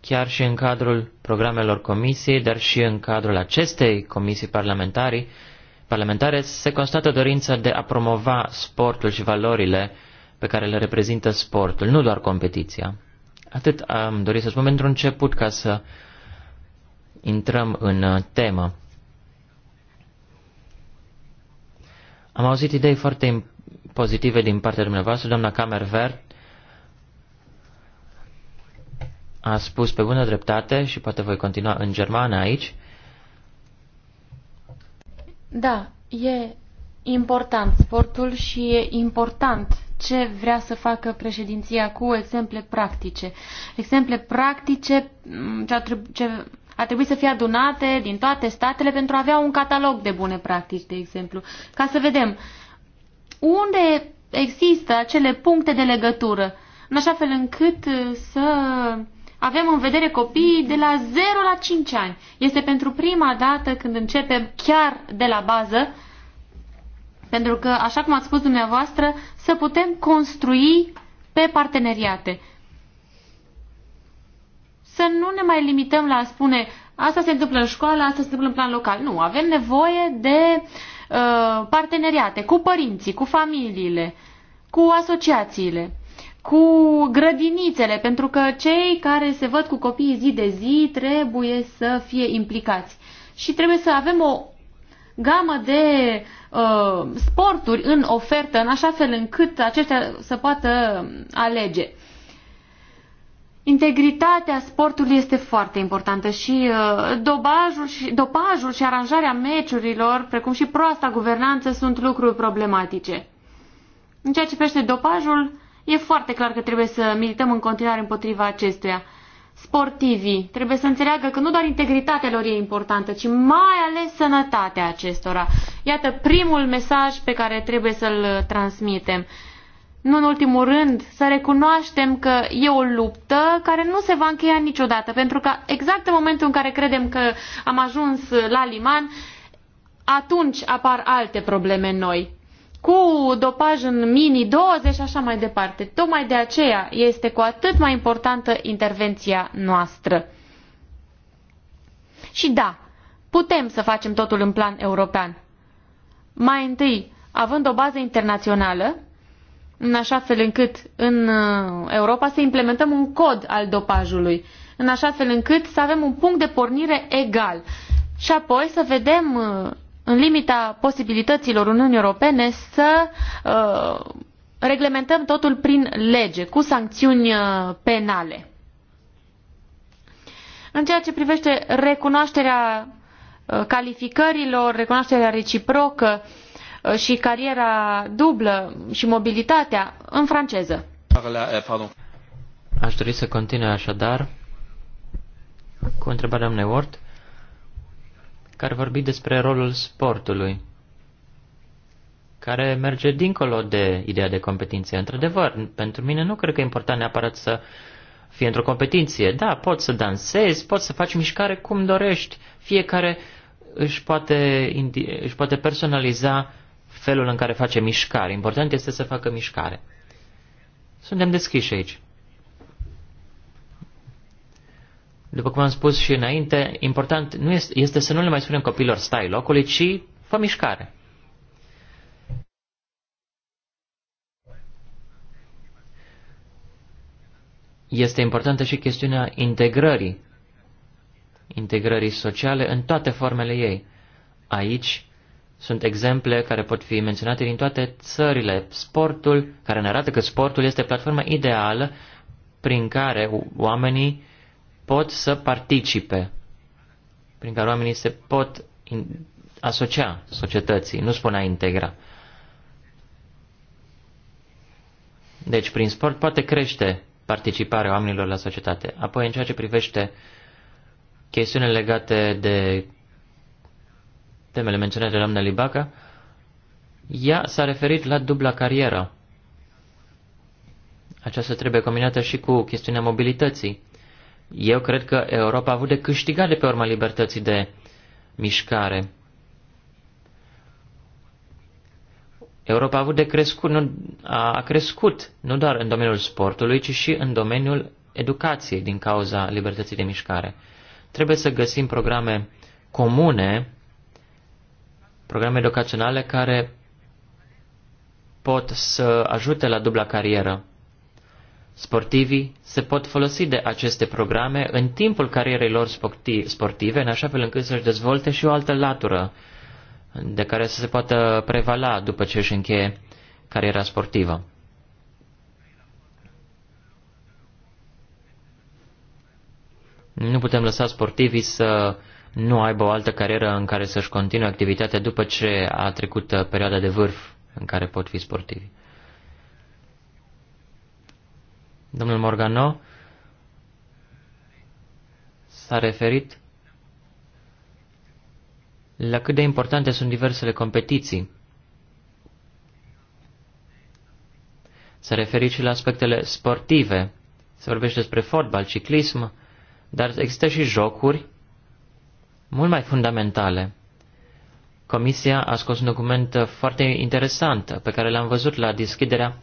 Chiar și în cadrul programelor comisiei, dar și în cadrul acestei comisii parlamentare, parlamentare se constată dorința de a promova sportul și valorile pe care le reprezintă sportul, nu doar competiția. Atât am dorit să spun pentru început ca să intrăm în temă. Am auzit idei foarte pozitive din partea dumneavoastră, doamna Camervert a spus pe bună dreptate și poate voi continua în germană aici. Da, e important sportul și e important ce vrea să facă președinția cu exemple practice. Exemple practice mm, ce, ce ar trebui să fie adunate din toate statele pentru a avea un catalog de bune practici, de exemplu, ca să vedem unde există acele puncte de legătură, în așa fel încât uh, să avem în vedere copiii de la 0 la 5 ani. Este pentru prima dată când începem chiar de la bază, pentru că, așa cum ați spus dumneavoastră, să putem construi pe parteneriate să nu ne mai limităm la a spune asta se întâmplă în școală, asta se întâmplă în plan local. Nu, avem nevoie de uh, parteneriate cu părinții, cu familiile, cu asociațiile cu grădinițele, pentru că cei care se văd cu copiii zi de zi trebuie să fie implicați. Și trebuie să avem o gamă de uh, sporturi în ofertă, în așa fel încât aceștia să poată alege. Integritatea sportului este foarte importantă și uh, dobajul și, dopajul și aranjarea meciurilor, precum și proasta guvernanță, sunt lucruri problematice. În ceea ce privește dopajul, e foarte clar că trebuie să milităm în continuare împotriva acestuia. Sportivii trebuie să înțeleagă că nu doar integritatea lor e importantă, ci mai ales sănătatea acestora. Iată primul mesaj pe care trebuie să-l transmitem nu în ultimul rând, să recunoaștem că e o luptă care nu se va încheia niciodată, pentru că exact în momentul în care credem că am ajuns la liman, atunci apar alte probleme noi cu dopaj în mini 20 și așa mai departe. Tocmai de aceea este cu atât mai importantă intervenția noastră. Și da, putem să facem totul în plan european. Mai întâi, având o bază internațională, în așa fel încât în uh, Europa să implementăm un cod al dopajului, în așa fel încât să avem un punct de pornire egal și apoi să vedem uh, în limita posibilităților Uniunii Europene să uh, reglementăm totul prin lege, cu sancțiuni uh, penale. În ceea ce privește recunoașterea calificărilor, recunoașterea reciprocă, uh, Uh, și cariera dublă și mobilitatea în franceză. Eh, Aș dori să continui așadar cu întrebarea doamnei Ward, care vorbi despre rolul sportului, care merge dincolo de ideea de competiție. Într-adevăr, pentru mine nu cred că e important neapărat să fie într-o competiție. Da, poți să dansezi, poți să faci mișcare cum dorești. Fiecare își poate, își poate personaliza felul în care face mișcare. Important este să facă mișcare. Suntem deschiși aici. După cum am spus și înainte, important nu este, este să nu le mai spunem copilor stai locului, ci fă mișcare. Este importantă și chestiunea integrării, integrării sociale în toate formele ei. Aici sunt exemple care pot fi menționate din toate țările. Sportul, care ne arată că sportul este platforma ideală prin care oamenii pot să participe, prin care oamenii se pot asocia societății, nu spun a integra. Deci, prin sport poate crește participarea oamenilor la societate. Apoi, în ceea ce privește chestiunile legate de temele menționate de doamna Libaca, ea s-a referit la dubla carieră. Aceasta trebuie combinată și cu chestiunea mobilității. Eu cred că Europa a avut de câștigat de pe urma libertății de mișcare. Europa a avut de crescut, nu, a, a crescut nu doar în domeniul sportului, ci și în domeniul educației din cauza libertății de mișcare. Trebuie să găsim programe comune programe educaționale care pot să ajute la dubla carieră. Sportivii se pot folosi de aceste programe în timpul carierei lor sportive, în așa fel încât să-și dezvolte și o altă latură de care să se poată prevala după ce își încheie cariera sportivă. Nu putem lăsa sportivii să nu aibă o altă carieră în care să-și continue activitatea după ce a trecut uh, perioada de vârf în care pot fi sportivi. Domnul Morgano s-a referit la cât de importante sunt diversele competiții. S-a referit și la aspectele sportive. Se vorbește despre fotbal, ciclism, dar există și jocuri mult mai fundamentale. Comisia a scos un document foarte interesant pe care l-am văzut la deschiderea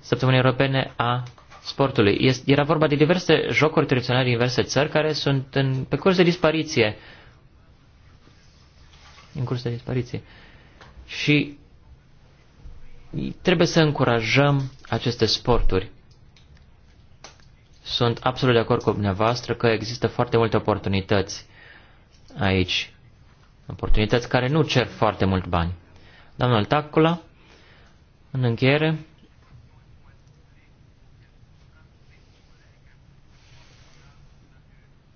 Săptămânii Europene a Sportului. era vorba de diverse jocuri tradiționale din diverse țări care sunt în, pe curs de dispariție. În curs de dispariție. Și trebuie să încurajăm aceste sporturi. Sunt absolut de acord cu dumneavoastră că există foarte multe oportunități aici oportunități care nu cer foarte mult bani. Domnul Tacula, în încheiere,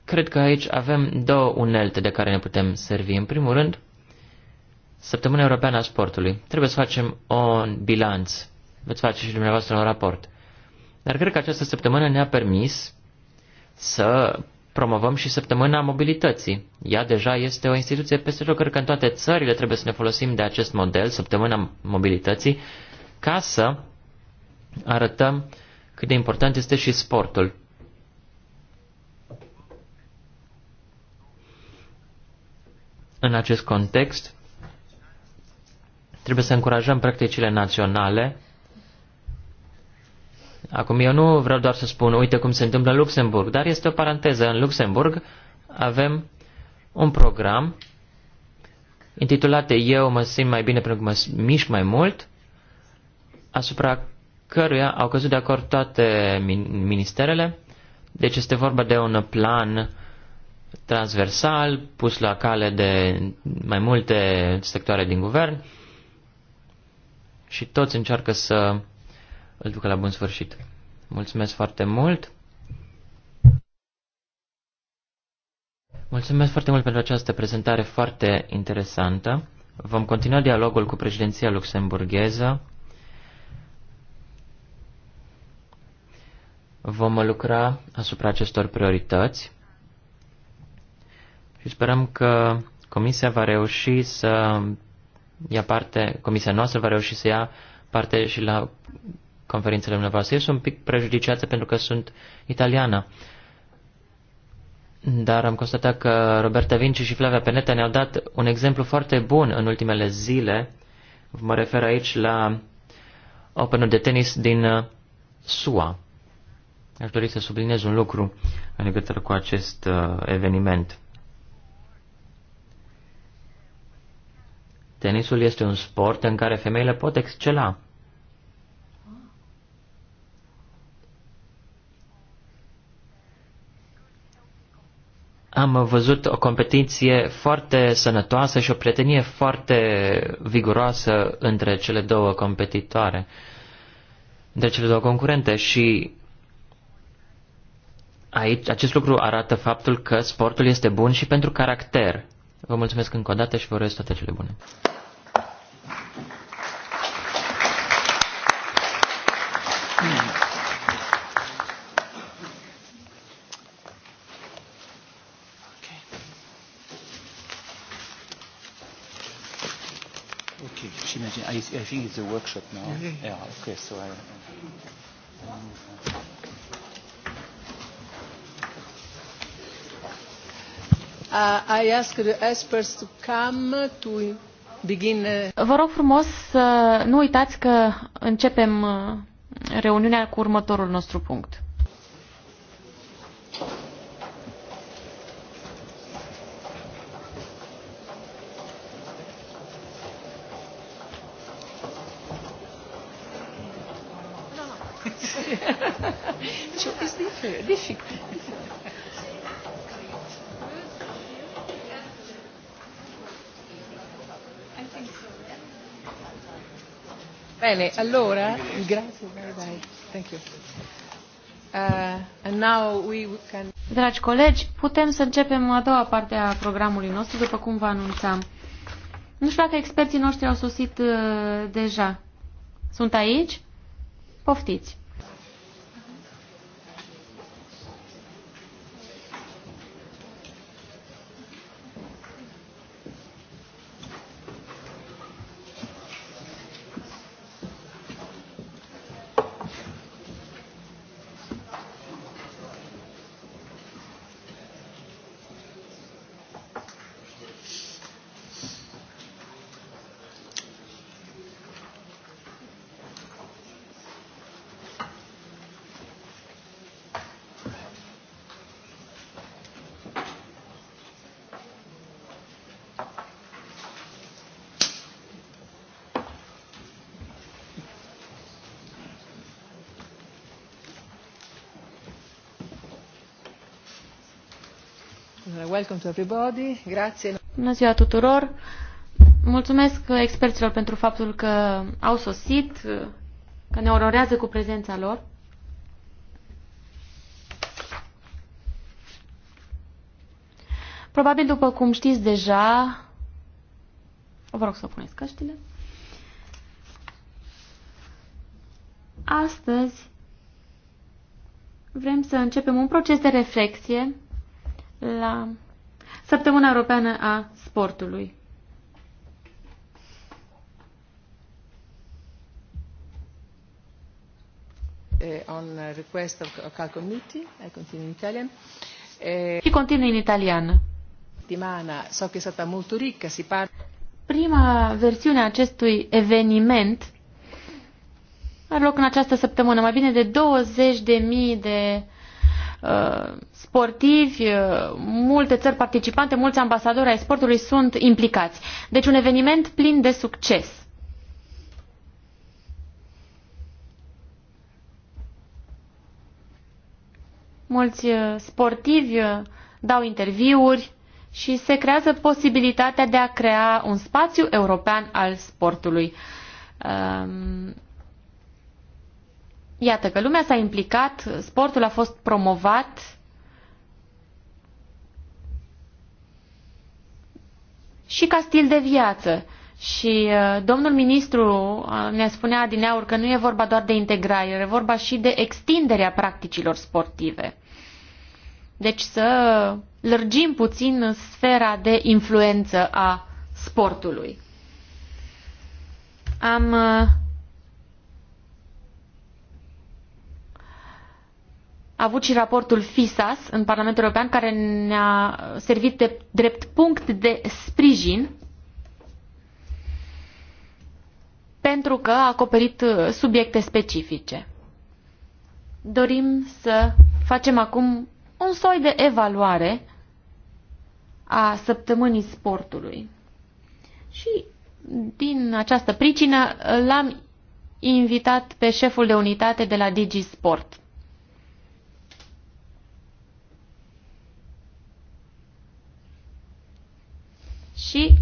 cred că aici avem două unelte de care ne putem servi. În primul rând, Săptămâna Europeană a Sportului. Trebuie să facem un bilanț. Veți face și dumneavoastră un raport. Dar cred că această săptămână ne-a permis să promovăm și săptămâna mobilității. Ea deja este o instituție peste tot, cred că în toate țările trebuie să ne folosim de acest model, săptămâna mobilității, ca să arătăm cât de important este și sportul. În acest context, trebuie să încurajăm practicile naționale Acum eu nu vreau doar să spun, uite cum se întâmplă în Luxemburg, dar este o paranteză. În Luxemburg avem un program intitulat Eu mă simt mai bine pentru că mă mișc mai mult, asupra căruia au căzut de acord toate ministerele. Deci este vorba de un plan transversal pus la cale de mai multe sectoare din guvern și toți încearcă să îl ducă la bun sfârșit. Mulțumesc foarte mult! Mulțumesc foarte mult pentru această prezentare foarte interesantă. Vom continua dialogul cu președinția luxemburgheză. Vom lucra asupra acestor priorități și sperăm că Comisia va reuși să ia parte, Comisia noastră va reuși să ia parte și la conferințele dumneavoastră. Eu sunt un pic prejudiciată pentru că sunt italiană. Dar am constatat că Roberta Vinci și Flavia Peneta ne-au dat un exemplu foarte bun în ultimele zile. Mă refer aici la Openul de tenis din uh, SUA. Aș dori să subliniez un lucru în legătură cu acest uh, eveniment. Tenisul este un sport în care femeile pot excela. am văzut o competiție foarte sănătoasă și o prietenie foarte viguroasă între cele două competitoare, între cele două concurente și aici acest lucru arată faptul că sportul este bun și pentru caracter. Vă mulțumesc încă o dată și vă urez toate cele bune. Okay. She mentioned, I, I think it's a workshop now. Yeah, yeah. yeah okay, so I. Uh, I ask the experts to come to begin. Uh... Vă rog frumos să nu uitați că începem uh, reuniunea cu următorul nostru punct. Bene, allora, grazie, uh, Dragi colegi, putem să începem a doua parte a programului nostru, după cum vă anunțam. Nu știu dacă experții noștri au sosit uh, deja. Sunt aici? Poftiți! Bună ziua tuturor. Mulțumesc experților pentru faptul că au sosit, că ne ororează cu prezența lor. Probabil, după cum știți deja, vă rog să puneți căștile. Astăzi vrem să începem un proces de reflexie la Săptămâna Europeană a Sportului. Eh, on request of cal committee, I continue in Italian. Uh, Și continuă în italiană. Dimana, so che è stata molto ricca, si parla... Prima versiune a acestui eveniment are loc în această săptămână. Mai bine de 20.000 de uh, sportivi, uh, multe țări participante, mulți ambasadori ai sportului sunt implicați. Deci un eveniment plin de succes. Mulți uh, sportivi uh, dau interviuri și se creează posibilitatea de a crea un spațiu european al sportului. Um, iată că lumea s-a implicat, sportul a fost promovat și ca stil de viață. Și uh, domnul ministru uh, ne spunea adineaur că nu e vorba doar de integrare, e vorba și de extinderea practicilor sportive. Deci să lărgim puțin sfera de influență a sportului. Am uh, a avut și raportul FISAS în Parlamentul European, care ne-a servit de, drept punct de sprijin pentru că a acoperit subiecte specifice. Dorim să facem acum un soi de evaluare a săptămânii sportului. Și din această pricină l-am invitat pe șeful de unitate de la DigiSport. Sport și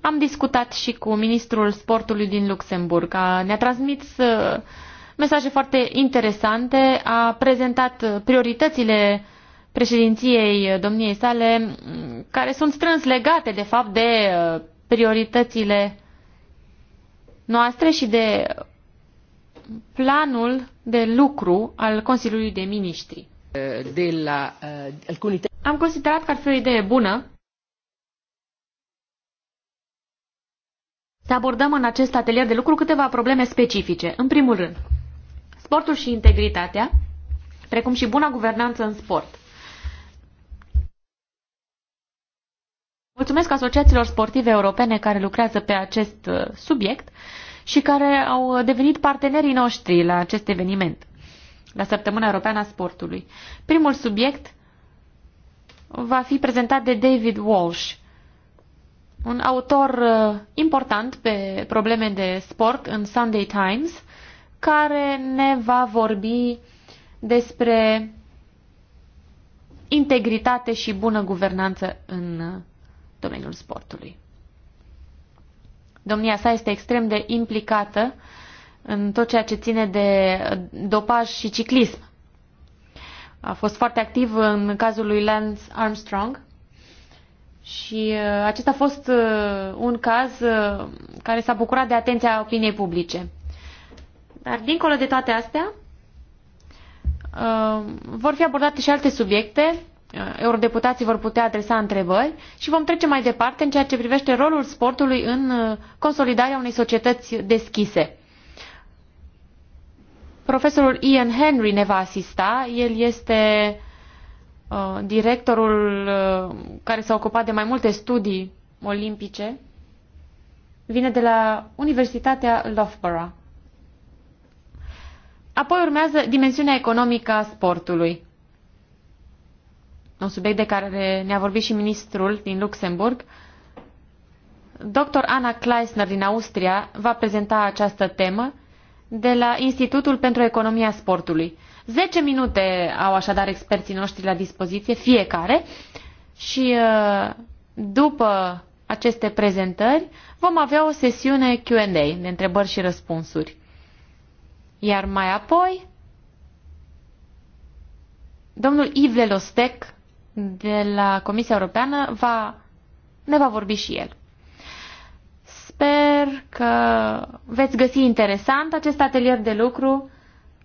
am discutat și cu ministrul sportului din Luxemburg. Ne-a transmis uh, mesaje foarte interesante, a prezentat prioritățile președinției domniei sale, care sunt strâns legate, de fapt, de uh, prioritățile noastre și de planul de lucru al Consiliului de Ministri. De la, uh, alcuni am considerat că ar fi o idee bună să abordăm în acest atelier de lucru câteva probleme specifice. În primul rând, sportul și integritatea, precum și buna guvernanță în sport. Mulțumesc asociațiilor sportive europene care lucrează pe acest uh, subiect și care au devenit partenerii noștri la acest eveniment, la Săptămâna Europeană a Sportului. Primul subiect va fi prezentat de David Walsh, un autor uh, important pe probleme de sport în Sunday Times, care ne va vorbi despre integritate și bună guvernanță în uh, domeniul sportului. Domnia sa este extrem de implicată în tot ceea ce ține de dopaj și ciclism a fost foarte activ în cazul lui Lance Armstrong. Și uh, acesta a fost uh, un caz uh, care s-a bucurat de atenția opiniei publice. Dar dincolo de toate astea, vor fi abordate și alte subiecte, eurodeputații vor putea adresa întrebări și vom trece mai departe în ceea ce privește rolul sportului în consolidarea unei societăți deschise. Profesorul Ian Henry ne va asista. El este uh, directorul uh, care s-a ocupat de mai multe studii olimpice. Vine de la Universitatea Loughborough. Apoi urmează dimensiunea economică a sportului. Un subiect de care ne-a vorbit și ministrul din Luxemburg. Dr. Ana Kleisner din Austria va prezenta această temă de la Institutul pentru Economia Sportului. 10 minute au așadar experții noștri la dispoziție, fiecare, și uh, după aceste prezentări vom avea o sesiune Q&A de întrebări și răspunsuri. Iar mai apoi, domnul Yves Lelostec de la Comisia Europeană va, ne va vorbi și el. Sper că veți găsi interesant acest atelier de lucru.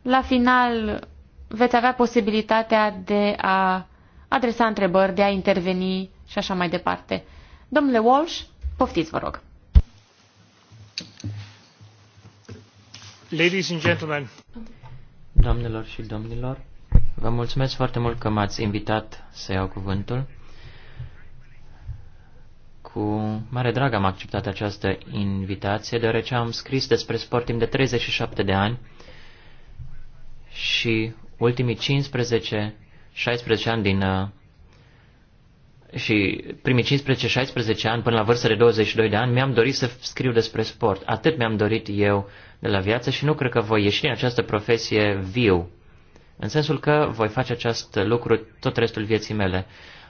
La final veți avea posibilitatea de a adresa întrebări, de a interveni și așa mai departe. Domnule Walsh, poftiți, vă rog. Ladies and gentlemen. Doamnelor și domnilor, vă mulțumesc foarte mult că m-ați invitat să iau cuvântul. Cu mare drag am acceptat această invitație, deoarece am scris despre sport timp de 37 de ani și ultimii 15-16 ani din uh, și primii 15-16 ani până la vârsta de 22 de ani mi-am dorit să scriu despre sport. Atât mi-am dorit eu de la viață și nu cred că voi ieși din această profesie viu. În sensul că voi face acest lucru tot restul vieții mele.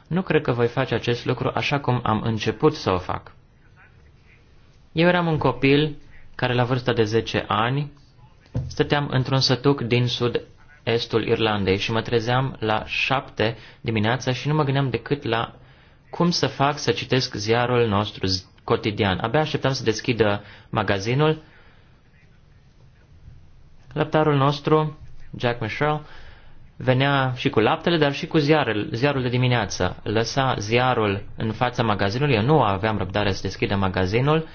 Nu cred că voi face acest lucru așa cum am început să o fac. Eu eram un copil care la vârsta de 10 ani stăteam într-un sătuc din sud-estul Irlandei și mă trezeam la 7 dimineața și nu mă gândeam decât la cum să fac să citesc ziarul nostru cotidian. Abia așteptam să deschidă magazinul. Lăptarul nostru, Jack Michelle, venea și cu laptele, dar și cu ziarul, ziarul de dimineață. Lăsa ziarul în fața magazinului, eu nu aveam răbdare să deschidem magazinul,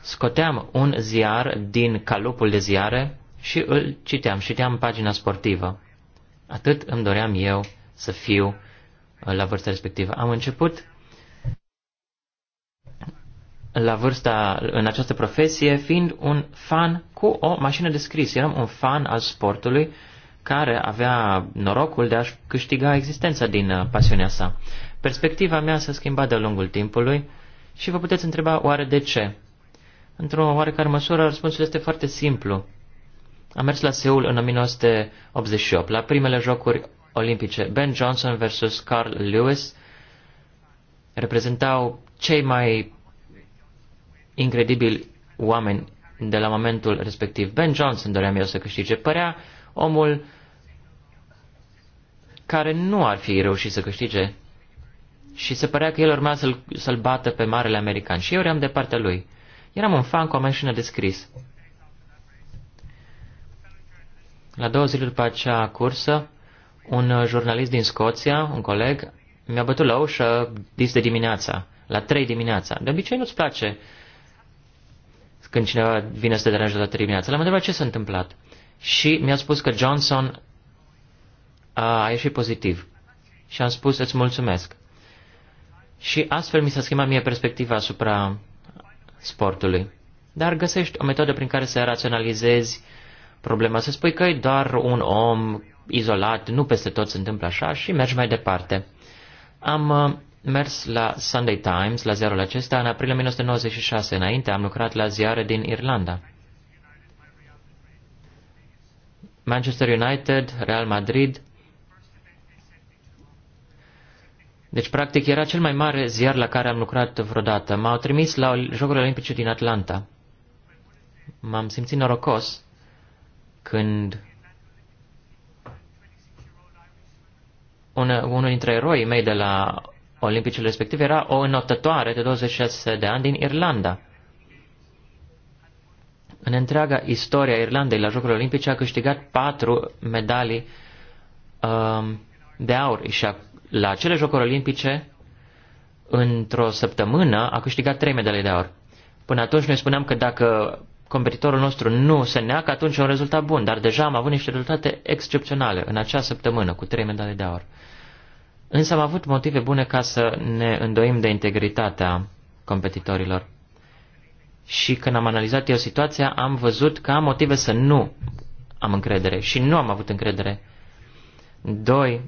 scoteam un ziar din calupul de ziare și îl citeam, citeam pagina sportivă. Atât îmi doream eu să fiu uh, la vârsta respectivă. Am început la vârsta, în această profesie, fiind un fan cu o mașină de scris. Eram un fan al sportului, care avea norocul de a-și câștiga existența din uh, pasiunea sa. Perspectiva mea s-a schimbat de-a lungul timpului și vă puteți întreba oare de ce. Într-o oarecare măsură, răspunsul este foarte simplu. Am mers la Seul în 1988, la primele jocuri olimpice. Ben Johnson versus Carl Lewis reprezentau cei mai incredibili oameni de la momentul respectiv. Ben Johnson doream eu să câștige. Părea omul care nu ar fi reușit să câștige. Și se părea că el urma să-l, să bată pe marele american. Și eu eram de partea lui. Eram un fan cu o mașină de scris. La două zile după acea cursă, un uh, jurnalist din Scoția, un coleg, mi-a bătut la ușă dis de dimineața, la trei dimineața. De obicei nu-ți place când cineva vine să te deranjeze la trei dimineața. L-am întrebat ce s-a întâmplat. Și mi-a spus că Johnson a ieșit pozitiv. Și am spus, îți mulțumesc. Și astfel mi s-a schimbat mie perspectiva asupra sportului. Dar găsești o metodă prin care să raționalizezi problema, să spui că e doar un om izolat, nu peste tot se întâmplă așa și mergi mai departe. Am uh, mers la Sunday Times, la ziarul acesta, în aprilie 1996. Înainte am lucrat la ziare din Irlanda. Manchester United, Real Madrid, Deci, practic, era cel mai mare ziar la care am lucrat vreodată. M-au trimis la Jocurile Olimpice din Atlanta. M-am simțit norocos când una, unul dintre eroii mei de la Olimpicele respective era o înotătoare de 26 de ani din Irlanda. În întreaga istoria Irlandei la Jocurile Olimpice a câștigat patru medalii um, de aur și a la cele Jocuri Olimpice, într-o săptămână, a câștigat trei medalii de aur. Până atunci noi spuneam că dacă competitorul nostru nu se neacă, atunci e un rezultat bun, dar deja am avut niște rezultate excepționale în acea săptămână cu trei medalii de aur. Însă am avut motive bune ca să ne îndoim de integritatea competitorilor. Și când am analizat eu situația, am văzut că am motive să nu am încredere și nu am avut încredere. Doi,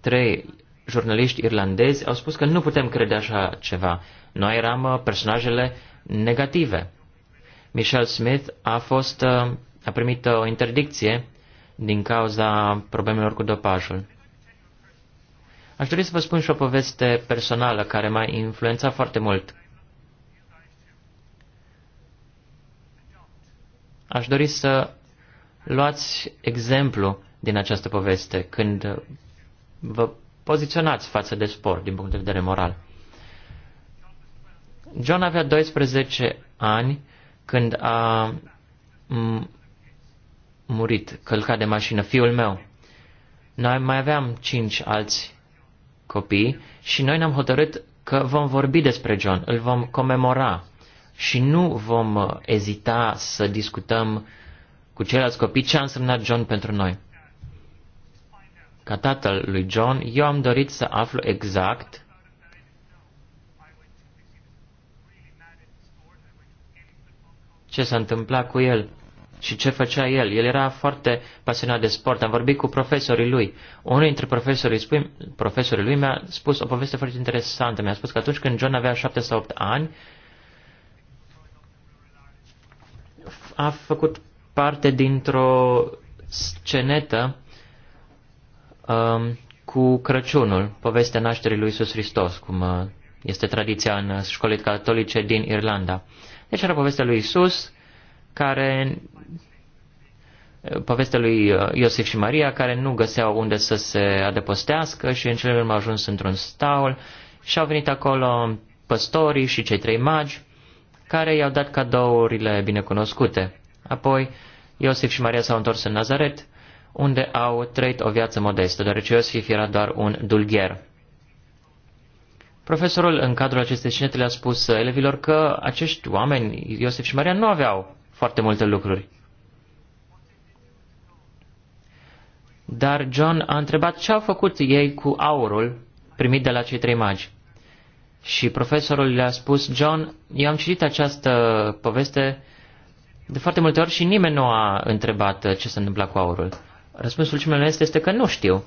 trei jurnaliști irlandezi au spus că nu putem crede așa ceva. Noi eram uh, personajele negative. Michel Smith a fost uh, a primit uh, o interdicție din cauza problemelor cu dopajul. Aș dori să vă spun și o poveste personală care m-a influențat foarte mult. Aș dori să luați exemplu din această poveste când vă poziționați față de sport din punct de vedere moral. John avea 12 ani când a murit, călcat de mașină, fiul meu. Noi mai aveam cinci alți copii și noi ne-am hotărât că vom vorbi despre John, îl vom comemora și nu vom ezita să discutăm cu ceilalți copii ce a însemnat John pentru noi. Ca tatăl lui John, eu am dorit să aflu exact ce s-a întâmplat cu el și ce făcea el. El era foarte pasionat de sport. Am vorbit cu profesorii lui. Unul dintre profesorii, spui, profesorii lui mi-a spus o poveste foarte interesantă. Mi-a spus că atunci când John avea șapte sau opt ani, a făcut parte dintr-o scenetă Um, cu Crăciunul, povestea nașterii lui Isus Hristos, cum uh, este tradiția în uh, școlile catolice din Irlanda. Deci era povestea lui Isus, care uh, povestea lui Iosif și Maria, care nu găseau unde să se adăpostească și în cele urmă au ajuns într-un staul și au venit acolo păstorii și cei trei magi, care i-au dat cadourile binecunoscute. Apoi Iosif și Maria s-au întors în Nazaret unde au trăit o viață modestă, deoarece Iosif era doar un dulgher. Profesorul, în cadrul acestei scenete le-a spus elevilor că acești oameni, Iosif și Maria, nu aveau foarte multe lucruri. Dar John a întrebat ce au făcut ei cu aurul primit de la cei trei magi. Și profesorul le-a spus, John, eu am citit această poveste de foarte multe ori și nimeni nu a întrebat ce se întâmpla cu aurul. Răspunsul ciumelonesc este că nu știu.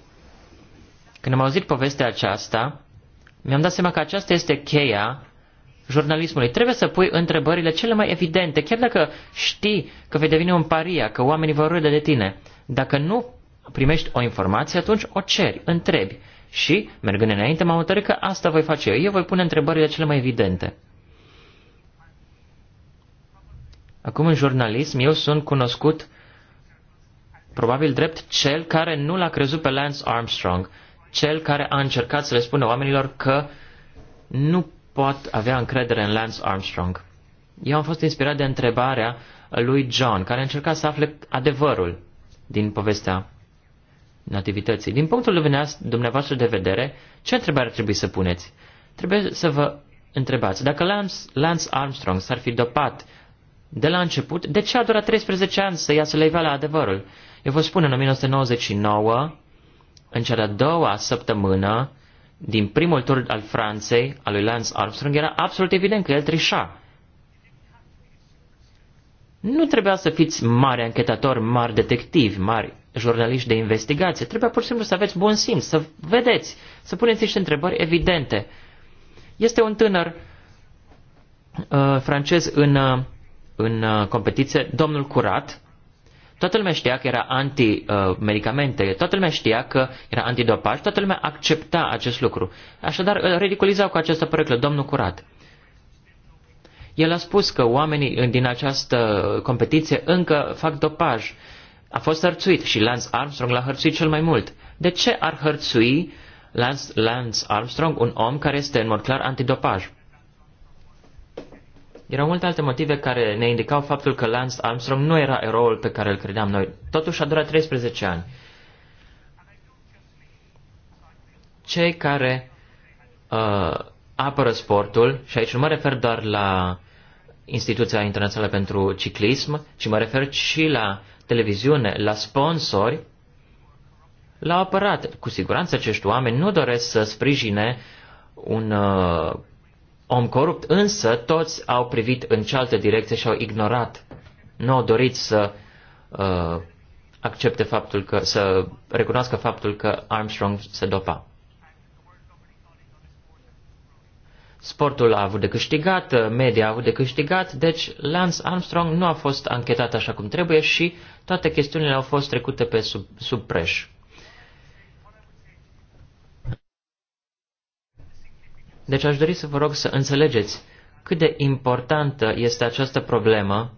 Când am auzit povestea aceasta, mi-am dat seama că aceasta este cheia jurnalismului. Trebuie să pui întrebările cele mai evidente, chiar dacă știi că vei deveni un paria, că oamenii vor râde de tine. Dacă nu primești o informație, atunci o ceri, întrebi. Și, mergând înainte, m-am hotărât că asta voi face eu. Eu voi pune întrebările cele mai evidente. Acum, în jurnalism, eu sunt cunoscut probabil drept cel care nu l-a crezut pe Lance Armstrong, cel care a încercat să le spună oamenilor că nu pot avea încredere în Lance Armstrong. Eu am fost inspirat de întrebarea lui John, care încerca să afle adevărul din povestea nativității. Din punctul de vedere dumneavoastră de vedere, ce întrebare ar trebui să puneți? Trebuie să vă întrebați, dacă Lance, Lance Armstrong s-ar fi dopat de la început, de ce a durat 13 ani să iasă la adevărul? Eu vă spun, în 1999, în cea de-a doua săptămână, din primul tur al Franței, al lui Lance Armstrong, era absolut evident că el trișa. Nu trebuia să fiți mari anchetatori, mari detectivi, mari jurnaliști de investigație. Trebuia pur și simplu să aveți bun simț, să vedeți, să puneți niște întrebări evidente. Este un tânăr uh, francez în, uh, în uh, competiție, domnul Curat, Toată lumea știa că era anti-medicamente, toată lumea știa că era antidopaj, toată lumea accepta acest lucru. Așadar, îl ridiculizau cu această părăclă, domnul curat. El a spus că oamenii din această competiție încă fac dopaj. A fost hărțuit și Lance Armstrong l-a hărțuit cel mai mult. De ce ar hărțui Lance, Lance Armstrong un om care este în mod clar antidopaj? Erau multe alte motive care ne indicau faptul că Lance Armstrong nu era eroul pe care îl credeam noi. Totuși a durat 13 ani. Cei care uh, apără sportul, și aici nu mă refer doar la Instituția Internațională pentru Ciclism, ci mă refer și la televiziune, la sponsori, l-au apărat. Cu siguranță acești oameni nu doresc să sprijine un uh, om corupt, însă toți au privit în cealaltă direcție și au ignorat. Nu au dorit să uh, accepte faptul că, să recunoască faptul că Armstrong se dopa. Sportul a avut de câștigat, media a avut de câștigat, deci Lance Armstrong nu a fost anchetat așa cum trebuie și toate chestiunile au fost trecute pe sub, sub preș. Deci aș dori să vă rog să înțelegeți cât de importantă este această problemă.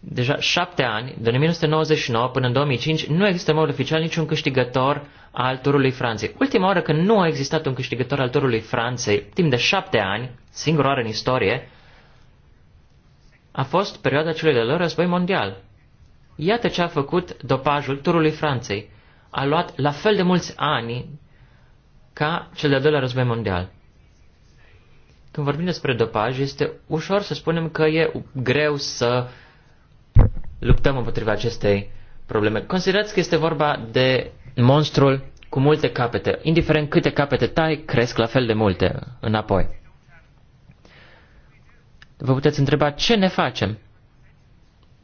Deja șapte ani, de 1999 până în 2005, nu există în mod oficial niciun câștigător al turului Franței. Ultima oară când nu a existat un câștigător al turului Franței, timp de șapte ani, singura oară în istorie, a fost perioada celui de-al război mondial. Iată ce a făcut dopajul turului Franței. A luat la fel de mulți ani ca cel de-al doilea război mondial. Când vorbim despre dopaj, este ușor să spunem că e greu să luptăm împotriva acestei probleme. Considerați că este vorba de monstrul cu multe capete. Indiferent câte capete tai, cresc la fel de multe înapoi. Vă puteți întreba ce ne facem.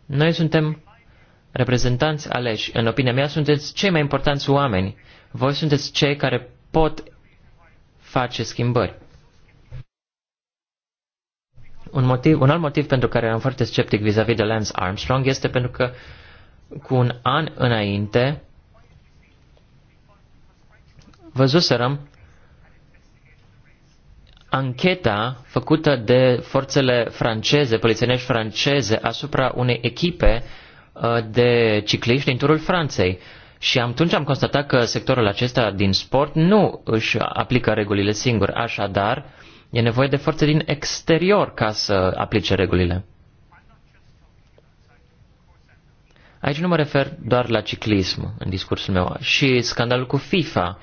Noi suntem reprezentanți aleși. În opinia mea, sunteți cei mai importanți oameni. Voi sunteți cei care pot face schimbări. Un, motiv, un alt motiv pentru care am foarte sceptic vis-a-vis -vis de Lance Armstrong este pentru că cu un an înainte văzuserăm ancheta făcută de forțele franceze, polițienești franceze, asupra unei echipe uh, de cicliști din Turul Franței. Și atunci am constatat că sectorul acesta din sport nu își aplică regulile singur. Așadar, e nevoie de forțe din exterior ca să aplice regulile. Aici nu mă refer doar la ciclism în discursul meu. Și scandalul cu FIFA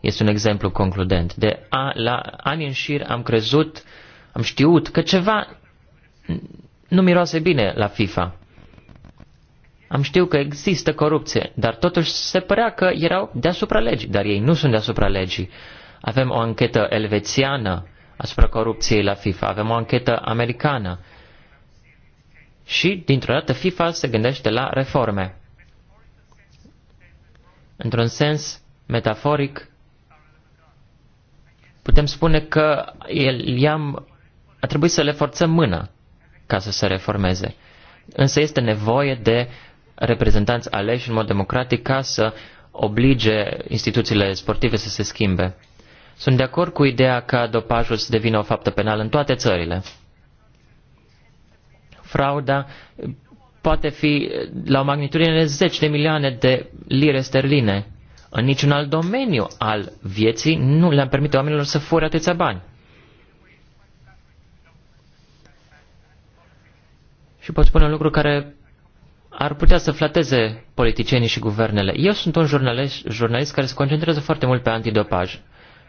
este un exemplu concludent. De a, la ani în șir am crezut, am știut că ceva nu miroase bine la FIFA. Am știut că există corupție, dar totuși se părea că erau deasupra legii, dar ei nu sunt deasupra legii. Avem o anchetă elvețiană asupra corupției la FIFA, avem o anchetă americană. Și, dintr-o dată, FIFA se gândește la reforme. Într-un sens metaforic, putem spune că i-am, a trebuit să le forțăm mâna ca să se reformeze. Însă este nevoie de reprezentanți aleși în mod democratic ca să oblige instituțiile sportive să se schimbe. Sunt de acord cu ideea ca dopajul să devină o faptă penală în toate țările. Frauda poate fi la o magnitudine de 10 de milioane de lire sterline. În niciun alt domeniu al vieții nu le-am permite oamenilor să fure atâția bani. Și pot spune un lucru care ar putea să flateze politicienii și guvernele. Eu sunt un jurnalist, jurnalist care se concentrează foarte mult pe antidopaj.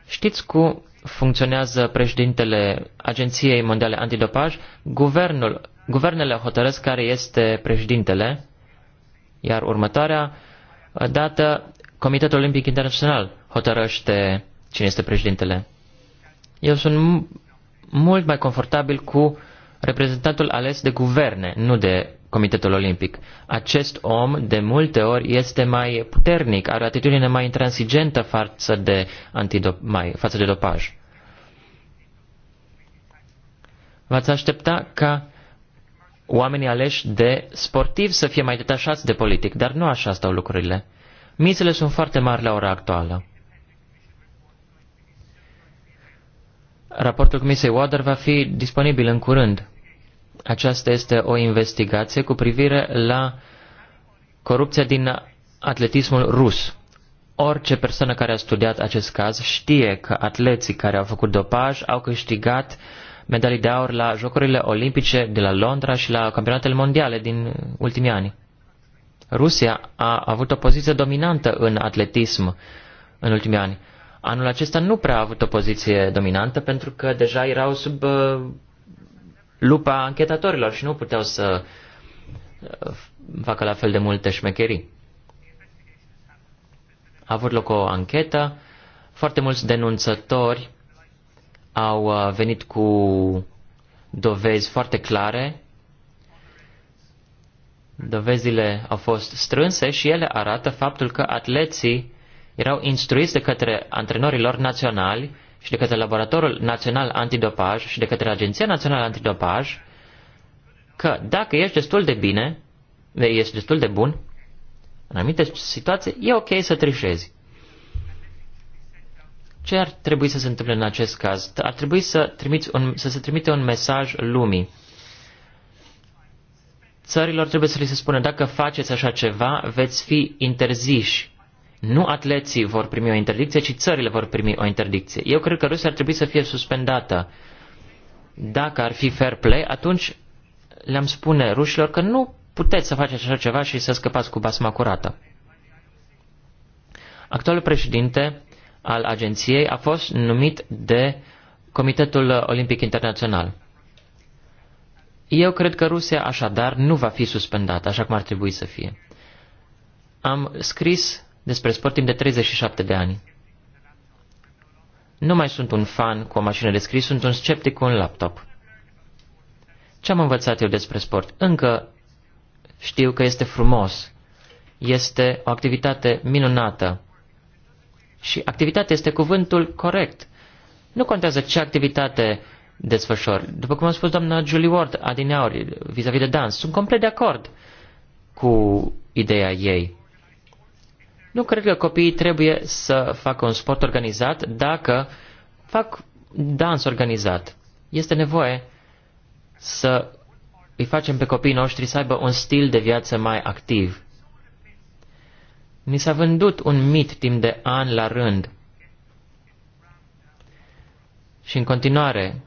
Știți cum funcționează președintele Agenției Mondiale Antidopaj? Guvernul, guvernele hotărăsc care este președintele, iar următoarea dată Comitetul Olimpic Internațional hotărăște cine este președintele. Eu sunt mult mai confortabil cu reprezentantul ales de guverne, nu de Comitetul Olimpic. Acest om de multe ori este mai puternic, are o atitudine mai intransigentă față de, antidop- mai, față de dopaj. V-ați aștepta ca oamenii aleși de sportiv să fie mai detașați de politic, dar nu așa stau lucrurile. Mizele sunt foarte mari la ora actuală. Raportul Comisiei Water va fi disponibil în curând. Aceasta este o investigație cu privire la corupția din atletismul rus. Orice persoană care a studiat acest caz știe că atleții care au făcut dopaj au câștigat medalii de aur la Jocurile Olimpice de la Londra și la campionatele mondiale din ultimii ani. Rusia a avut o poziție dominantă în atletism în ultimii ani. Anul acesta nu prea a avut o poziție dominantă pentru că deja erau sub uh, lupa anchetatorilor și nu puteau să uh, facă la fel de multe șmecherii. A avut loc o anchetă, foarte mulți denunțători au uh, venit cu dovezi foarte clare. Dovezile au fost strânse și ele arată faptul că atleții erau instruiți de către antrenorii lor naționali și de către Laboratorul Național Antidopaj și de către Agenția Națională Antidopaj că dacă ești destul de bine, ești destul de bun, în anumite situații e ok să trișezi. Ce ar trebui să se întâmple în acest caz? Ar trebui să, trimiți un, să se trimite un mesaj lumii. Țărilor trebuie să li se spună, dacă faceți așa ceva, veți fi interziși nu atleții vor primi o interdicție, ci țările vor primi o interdicție. Eu cred că Rusia ar trebui să fie suspendată. Dacă ar fi fair play, atunci le-am spune rușilor că nu puteți să faceți așa ceva și să scăpați cu basma curată. Actualul președinte al agenției a fost numit de Comitetul Olimpic Internațional. Eu cred că Rusia așadar nu va fi suspendată așa cum ar trebui să fie. Am scris despre sport timp de 37 de ani. Nu mai sunt un fan cu o mașină de scris, sunt un sceptic cu un laptop. Ce am învățat eu despre sport? Încă știu că este frumos, este o activitate minunată. Și activitate este cuvântul corect. Nu contează ce activitate desfășor. După cum a spus doamna Julie Ward adineauri vis-a-vis de dans, sunt complet de acord cu ideea ei. Nu cred că copiii trebuie să facă un sport organizat dacă fac dans organizat. Este nevoie să îi facem pe copiii noștri să aibă un stil de viață mai activ. Ni s-a vândut un mit timp de ani la rând. Și în continuare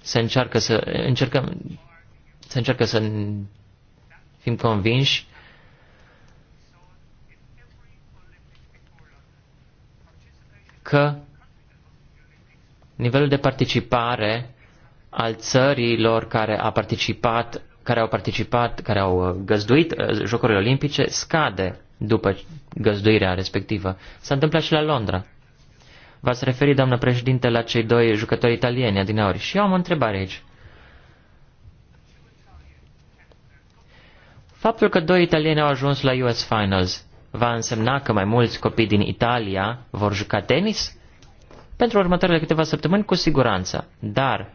se încearcă să încercăm se încearcă să fim convinși că nivelul de participare al țărilor care a participat, care au participat, care au uh, găzduit uh, Jocurile Olimpice scade după găzduirea respectivă. S-a întâmplat și la Londra. V-ați referit, doamnă președinte, la cei doi jucători italieni adineori. Și eu am o întrebare aici. Faptul că doi italieni au ajuns la US Finals va însemna că mai mulți copii din Italia vor juca tenis? Pentru următoarele câteva săptămâni, cu siguranță. Dar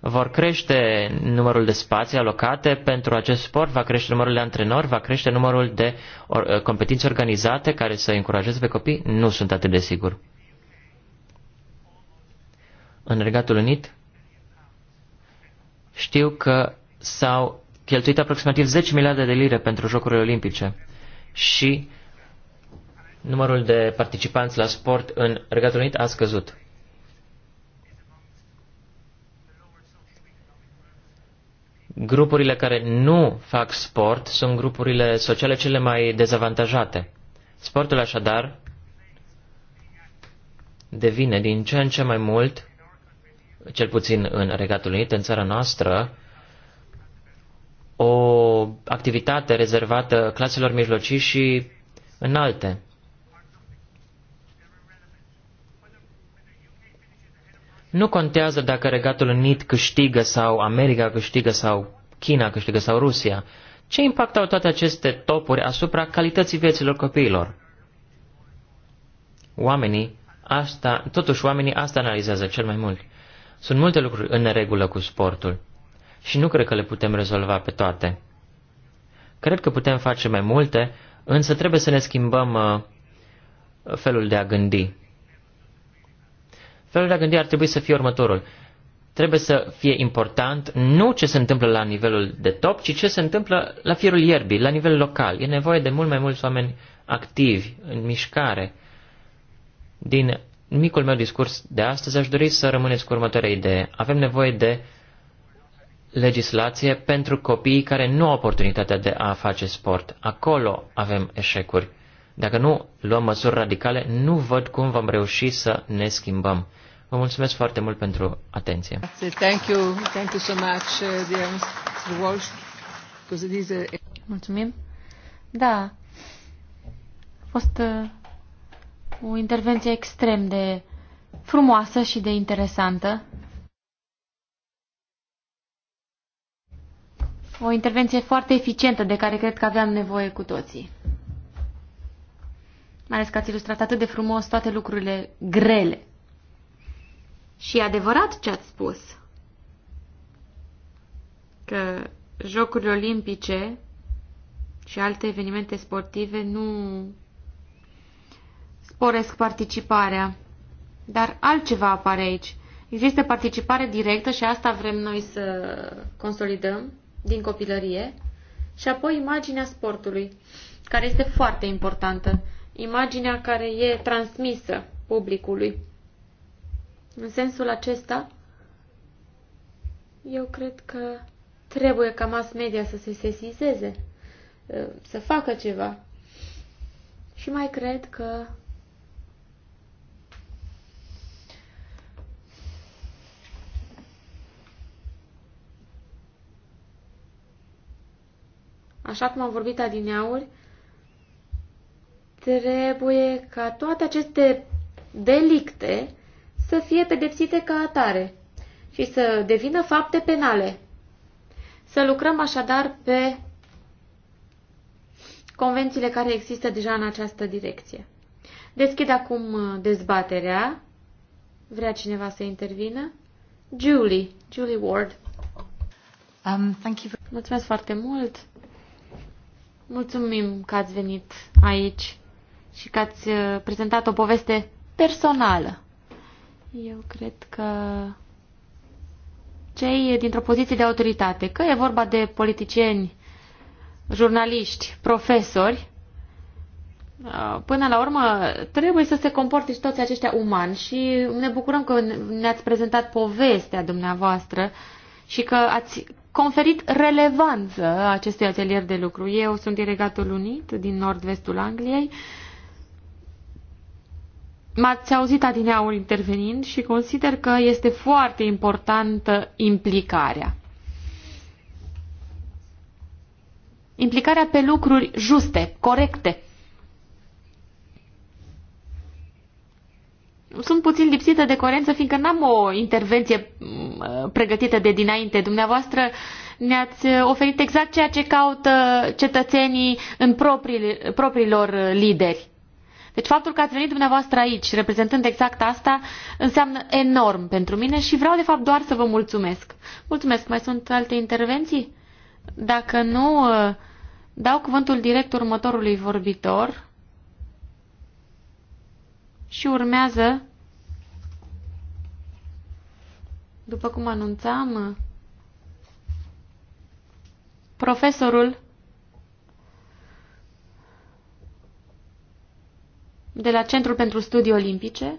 vor crește numărul de spații alocate pentru acest sport, va crește numărul de antrenori, va crește numărul de or- uh, competiții organizate care să încurajeze pe copii? Nu sunt atât de sigur. În Regatul Unit știu că s-au cheltuit aproximativ 10 miliarde de lire pentru Jocurile Olimpice și numărul de participanți la sport în Regatul Unit a scăzut. Grupurile care nu fac sport sunt grupurile sociale cele mai dezavantajate. Sportul așadar devine din ce în ce mai mult, cel puțin în Regatul Unit, în țara noastră, o activitate rezervată claselor mijlocii și înalte. Nu contează dacă Regatul Unit câștigă sau America câștigă sau China câștigă sau Rusia. Ce impact au toate aceste topuri asupra calității vieților copiilor? Oamenii asta, totuși oamenii asta analizează cel mai mult. Sunt multe lucruri în regulă cu sportul și nu cred că le putem rezolva pe toate. Cred că putem face mai multe, însă trebuie să ne schimbăm uh, felul de a gândi. Felul de a gândi ar trebui să fie următorul. Trebuie să fie important nu ce se întâmplă la nivelul de top, ci ce se întâmplă la firul ierbii, la nivel local. E nevoie de mult mai mulți oameni activi, în mișcare. Din micul meu discurs de astăzi aș dori să rămâneți cu următoarea idee. Avem nevoie de legislație pentru copiii care nu au oportunitatea de a face sport. Acolo avem eșecuri. Dacă nu luăm măsuri radicale, nu văd cum vom reuși să ne schimbăm. Vă mulțumesc foarte mult pentru atenție. Thank you. Thank you so much, uh, dear Mr. Walsh. Mulțumim. Da, a fost uh, o intervenție extrem de frumoasă și de interesantă. o intervenție foarte eficientă de care cred că aveam nevoie cu toții. Mai ales că ați ilustrat atât de frumos toate lucrurile grele. Și e adevărat ce ați spus. Că jocurile olimpice și alte evenimente sportive nu sporesc participarea. Dar altceva apare aici. Există participare directă și asta vrem noi să consolidăm din copilărie și apoi imaginea sportului, care este foarte importantă, imaginea care e transmisă publicului. În sensul acesta, eu cred că trebuie ca mass media să se sesizeze, să facă ceva. Și mai cred că așa cum am vorbit adineauri, trebuie ca toate aceste delicte să fie pedepsite ca atare și să devină fapte penale. Să lucrăm așadar pe convențiile care există deja în această direcție. Deschid acum uh, dezbaterea. Vrea cineva să intervină? Julie, Julie Ward. Um, thank you. Mulțumesc foarte mult. Mulțumim că ați venit aici și că ați uh, prezentat o poveste personală. Eu cred că cei dintr-o poziție de autoritate, că e vorba de politicieni, jurnaliști, profesori, uh, până la urmă trebuie să se comporte și toți aceștia umani și ne bucurăm că ne-ați prezentat povestea dumneavoastră și că ați conferit relevanță acestui atelier de lucru. Eu sunt din Regatul Unit, din nord-vestul Angliei. M-ați auzit adineaul intervenind și consider că este foarte importantă implicarea. Implicarea pe lucruri juste, corecte, sunt puțin lipsită de coerență, fiindcă n-am o intervenție mm, pregătită de dinainte. Dumneavoastră ne-ați oferit exact ceea ce caută cetățenii în proprii, propriilor lideri. Deci faptul că ați venit dumneavoastră aici, reprezentând exact asta, înseamnă enorm pentru mine și vreau de fapt doar să vă mulțumesc. Mulțumesc. Mai sunt alte intervenții? Dacă nu, dau cuvântul direct următorului vorbitor și urmează, după cum anunțam, profesorul de la Centrul pentru Studii Olimpice,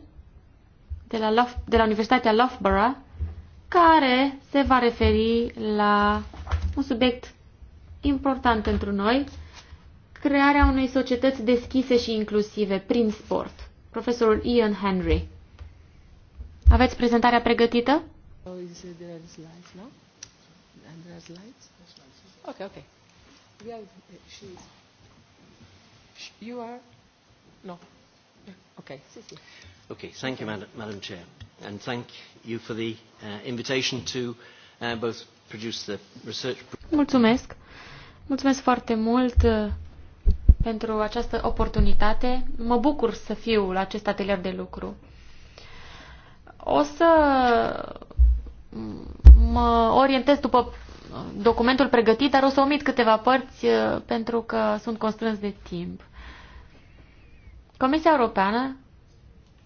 de la, Lof de la Universitatea Loughborough, care se va referi la un subiect important pentru noi, crearea unei societăți deschise și inclusive prin sport profesorul Ian Henry. Aveți prezentarea pregătită? Okay, okay. you are, no, okay. Okay, thank you, Madam, Madam Chair, and thank you for the uh, invitation to uh, both produce the research. Mulțumesc, mulțumesc foarte mult. Uh, pentru această oportunitate. Mă bucur să fiu la acest atelier de lucru. O să mă orientez după documentul pregătit, dar o să omit câteva părți uh, pentru că sunt constrâns de timp. Comisia Europeană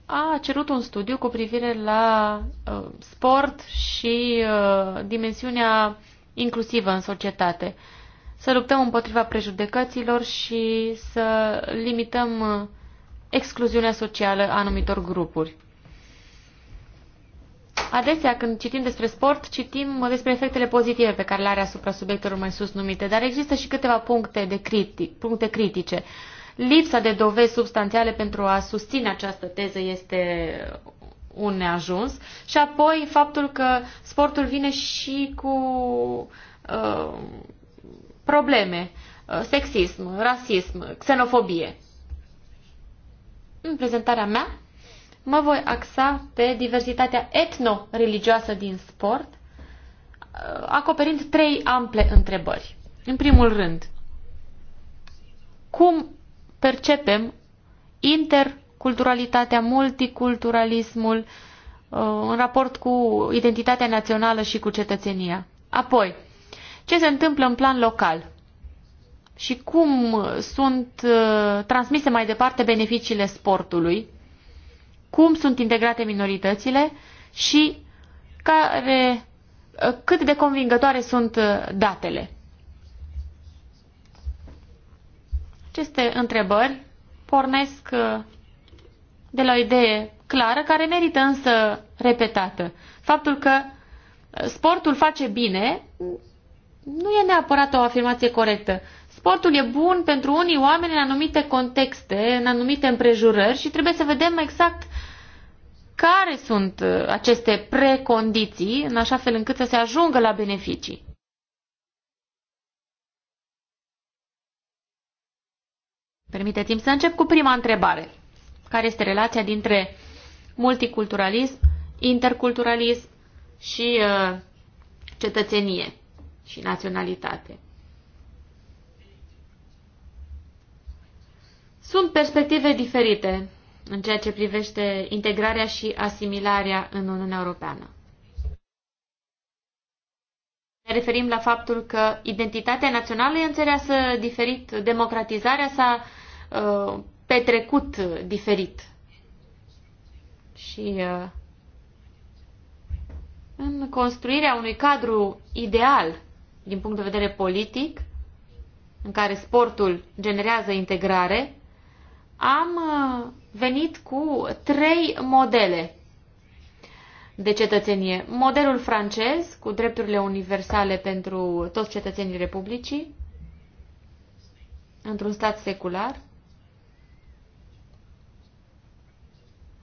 a cerut un studiu cu privire la uh, sport și uh, dimensiunea inclusivă în societate. Uh, să luptăm împotriva prejudecăților și să limităm uh, excluziunea socială a anumitor grupuri. Adesea, când citim despre sport, citim uh, despre efectele pozitive pe care le are asupra subiectelor mai sus numite, dar există și câteva puncte, de critic, puncte critice. Lipsa de dovezi substanțiale pentru a susține această teză este un neajuns și apoi faptul că sportul vine și cu uh, probleme, uh, sexism, rasism, xenofobie. În prezentarea mea mă voi axa pe diversitatea etno-religioasă din sport, uh, acoperind trei ample întrebări. În primul rând, cum percepem interculturalitatea, multiculturalismul uh, în raport cu identitatea națională și cu cetățenia? Apoi, ce se întâmplă în plan local și cum sunt uh, transmise mai departe beneficiile sportului, cum sunt integrate minoritățile și care, uh, cât de convingătoare sunt uh, datele. Aceste întrebări pornesc de la o idee clară care merită însă repetată. Faptul că sportul face bine nu e neapărat o afirmație corectă. Sportul e bun pentru unii oameni în anumite contexte, în anumite împrejurări și trebuie să vedem exact care sunt uh, aceste precondiții, în așa fel încât să se ajungă la beneficii. Permiteți-mi să încep cu prima întrebare. Care este relația dintre multiculturalism, interculturalism și uh, cetățenie? și naționalitate. Sunt perspective diferite în ceea ce privește integrarea și asimilarea în Uniunea Europeană. Ne referim la faptul că identitatea națională e înțeleasă diferit, democratizarea s-a uh, petrecut diferit. Și uh, în construirea unui cadru ideal din punct de vedere politic, în care sportul generează integrare, am uh, venit cu trei modele de cetățenie. Modelul francez, cu drepturile universale pentru toți cetățenii Republicii, într-un stat secular.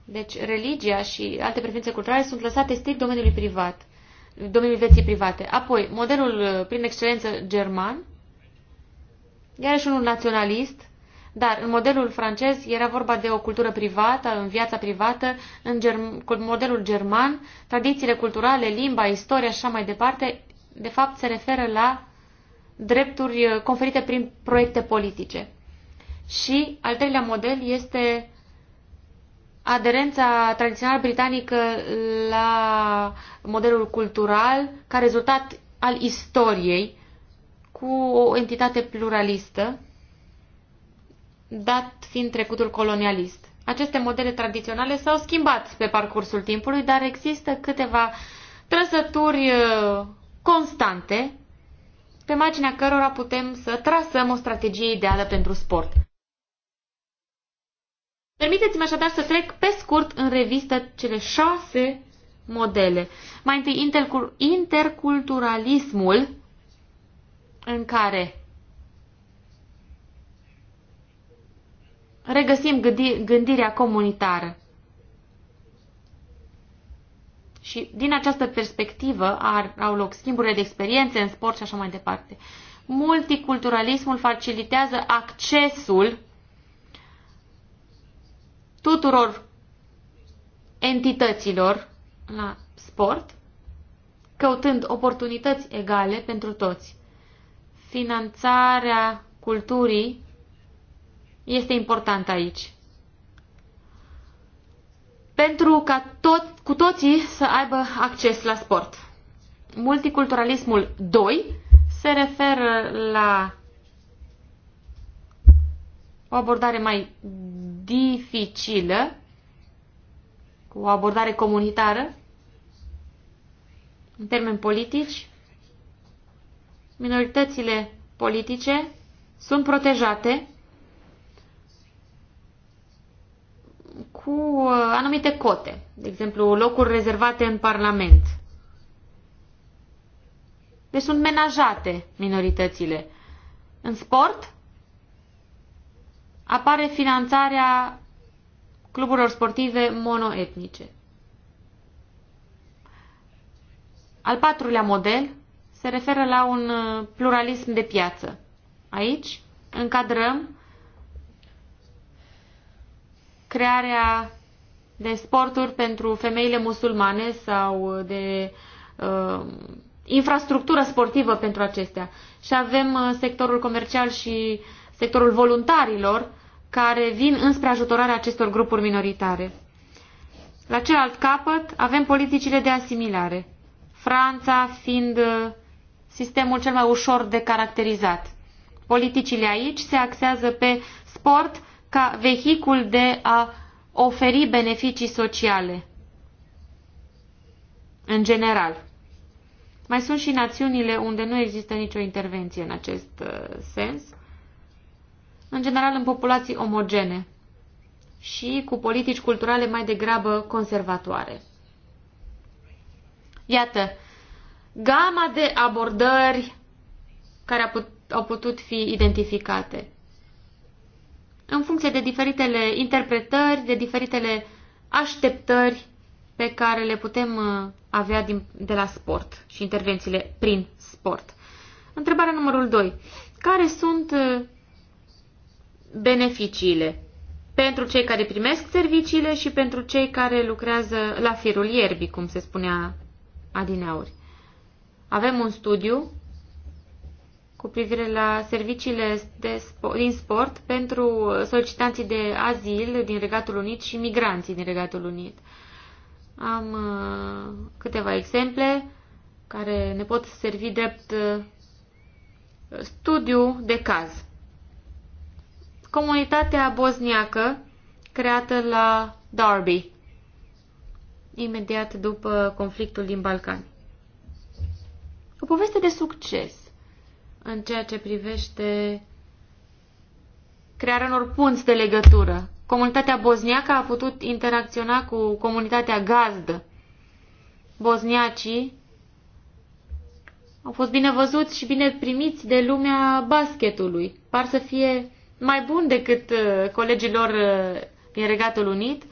Deci religia și alte preferințe culturale sunt lăsate strict domeniului privat domeniul vieții private. Apoi, modelul uh, prin excelență german, iarăși unul naționalist, dar în modelul francez era vorba de o cultură privată, în viața privată, în germ- modelul german, tradițiile culturale, limba, istoria și așa mai departe, de fapt se referă la drepturi uh, conferite prin proiecte politice. Și al treilea model este aderența tradițională britanică la modelul cultural ca rezultat al istoriei cu o entitate pluralistă, dat fiind trecutul colonialist. Aceste modele tradiționale s-au schimbat pe parcursul timpului, dar există câteva trăsături uh, constante pe marginea cărora putem să trasăm o strategie ideală pentru sport. Permiteți-mi așadar să trec pe scurt în revistă cele șase modele. Mai întâi interculturalismul în care regăsim gândirea comunitară. Și din această perspectivă ar, au loc schimburile de experiențe în sport și așa mai departe. Multiculturalismul facilitează accesul tuturor entităților la sport, căutând oportunități egale pentru toți. Finanțarea culturii este importantă aici. Pentru ca tot, cu toții să aibă acces la sport. Multiculturalismul 2 se referă la o abordare mai dificilă, cu o abordare comunitară, în termeni politici, minoritățile politice sunt protejate cu uh, anumite cote, de exemplu locuri rezervate în Parlament. Deci sunt menajate minoritățile. În sport, apare finanțarea cluburilor sportive monoetnice. Al patrulea model se referă la un uh, pluralism de piață. Aici încadrăm crearea de sporturi pentru femeile musulmane sau de uh, infrastructură sportivă pentru acestea. Și avem uh, sectorul comercial și sectorul voluntarilor care vin înspre ajutorarea acestor grupuri minoritare. La celălalt capăt avem politicile de asimilare, Franța fiind uh, sistemul cel mai ușor de caracterizat. Politicile aici se axează pe sport ca vehicul de a oferi beneficii sociale. În general. Mai sunt și națiunile unde nu există nicio intervenție în acest uh, sens în general în populații omogene și cu politici culturale mai degrabă conservatoare. Iată, gama de abordări care au putut fi identificate în funcție de diferitele interpretări, de diferitele așteptări pe care le putem uh, avea din, de la sport și intervențiile prin sport. Întrebarea numărul 2. Care sunt uh, beneficiile pentru cei care primesc serviciile și pentru cei care lucrează la firul ierbii, cum se spunea adineauri. Avem un studiu cu privire la serviciile de spo- din sport pentru solicitanții de azil din Regatul Unit și migranții din Regatul Unit. Am uh, câteva exemple care ne pot servi drept uh, studiu de caz comunitatea bosniacă creată la Darby, imediat după conflictul din Balcani. O poveste de succes în ceea ce privește crearea unor punți de legătură. Comunitatea bosniacă a putut interacționa cu comunitatea gazdă. Bosniacii au fost bine văzuți și bine primiți de lumea basketului. Par să fie mai bun decât uh, colegilor uh, din Regatul Unit,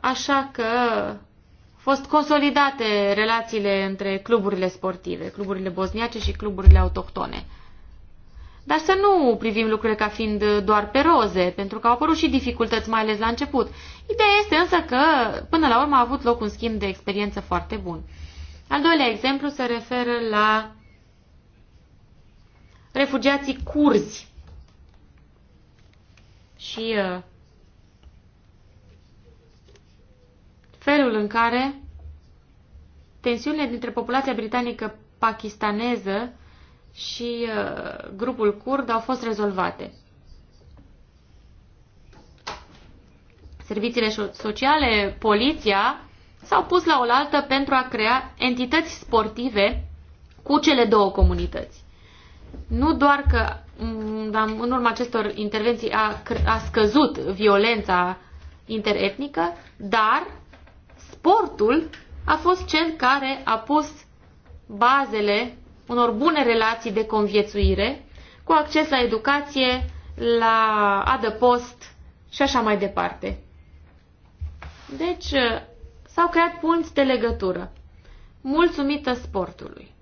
așa că au fost consolidate relațiile între cluburile sportive, cluburile bosniace și cluburile autohtone. Dar să nu privim lucrurile ca fiind doar pe roze, pentru că au apărut și dificultăți, mai ales la început. Ideea este însă că, până la urmă, a avut loc un schimb de experiență foarte bun. Al doilea exemplu se referă la refugiații curzi și uh, felul în care tensiunile dintre populația britanică pakistaneză și uh, grupul kurd au fost rezolvate. Serviciile sociale, poliția s-au pus la oaltă pentru a crea entități sportive cu cele două comunități nu doar că mm, în urma acestor intervenții a, a scăzut violența interetnică, dar sportul a fost cel care a pus bazele unor bune relații de conviețuire, cu acces la educație, la adăpost și așa mai departe. Deci, s-au creat punți de legătură, mulțumită sportului.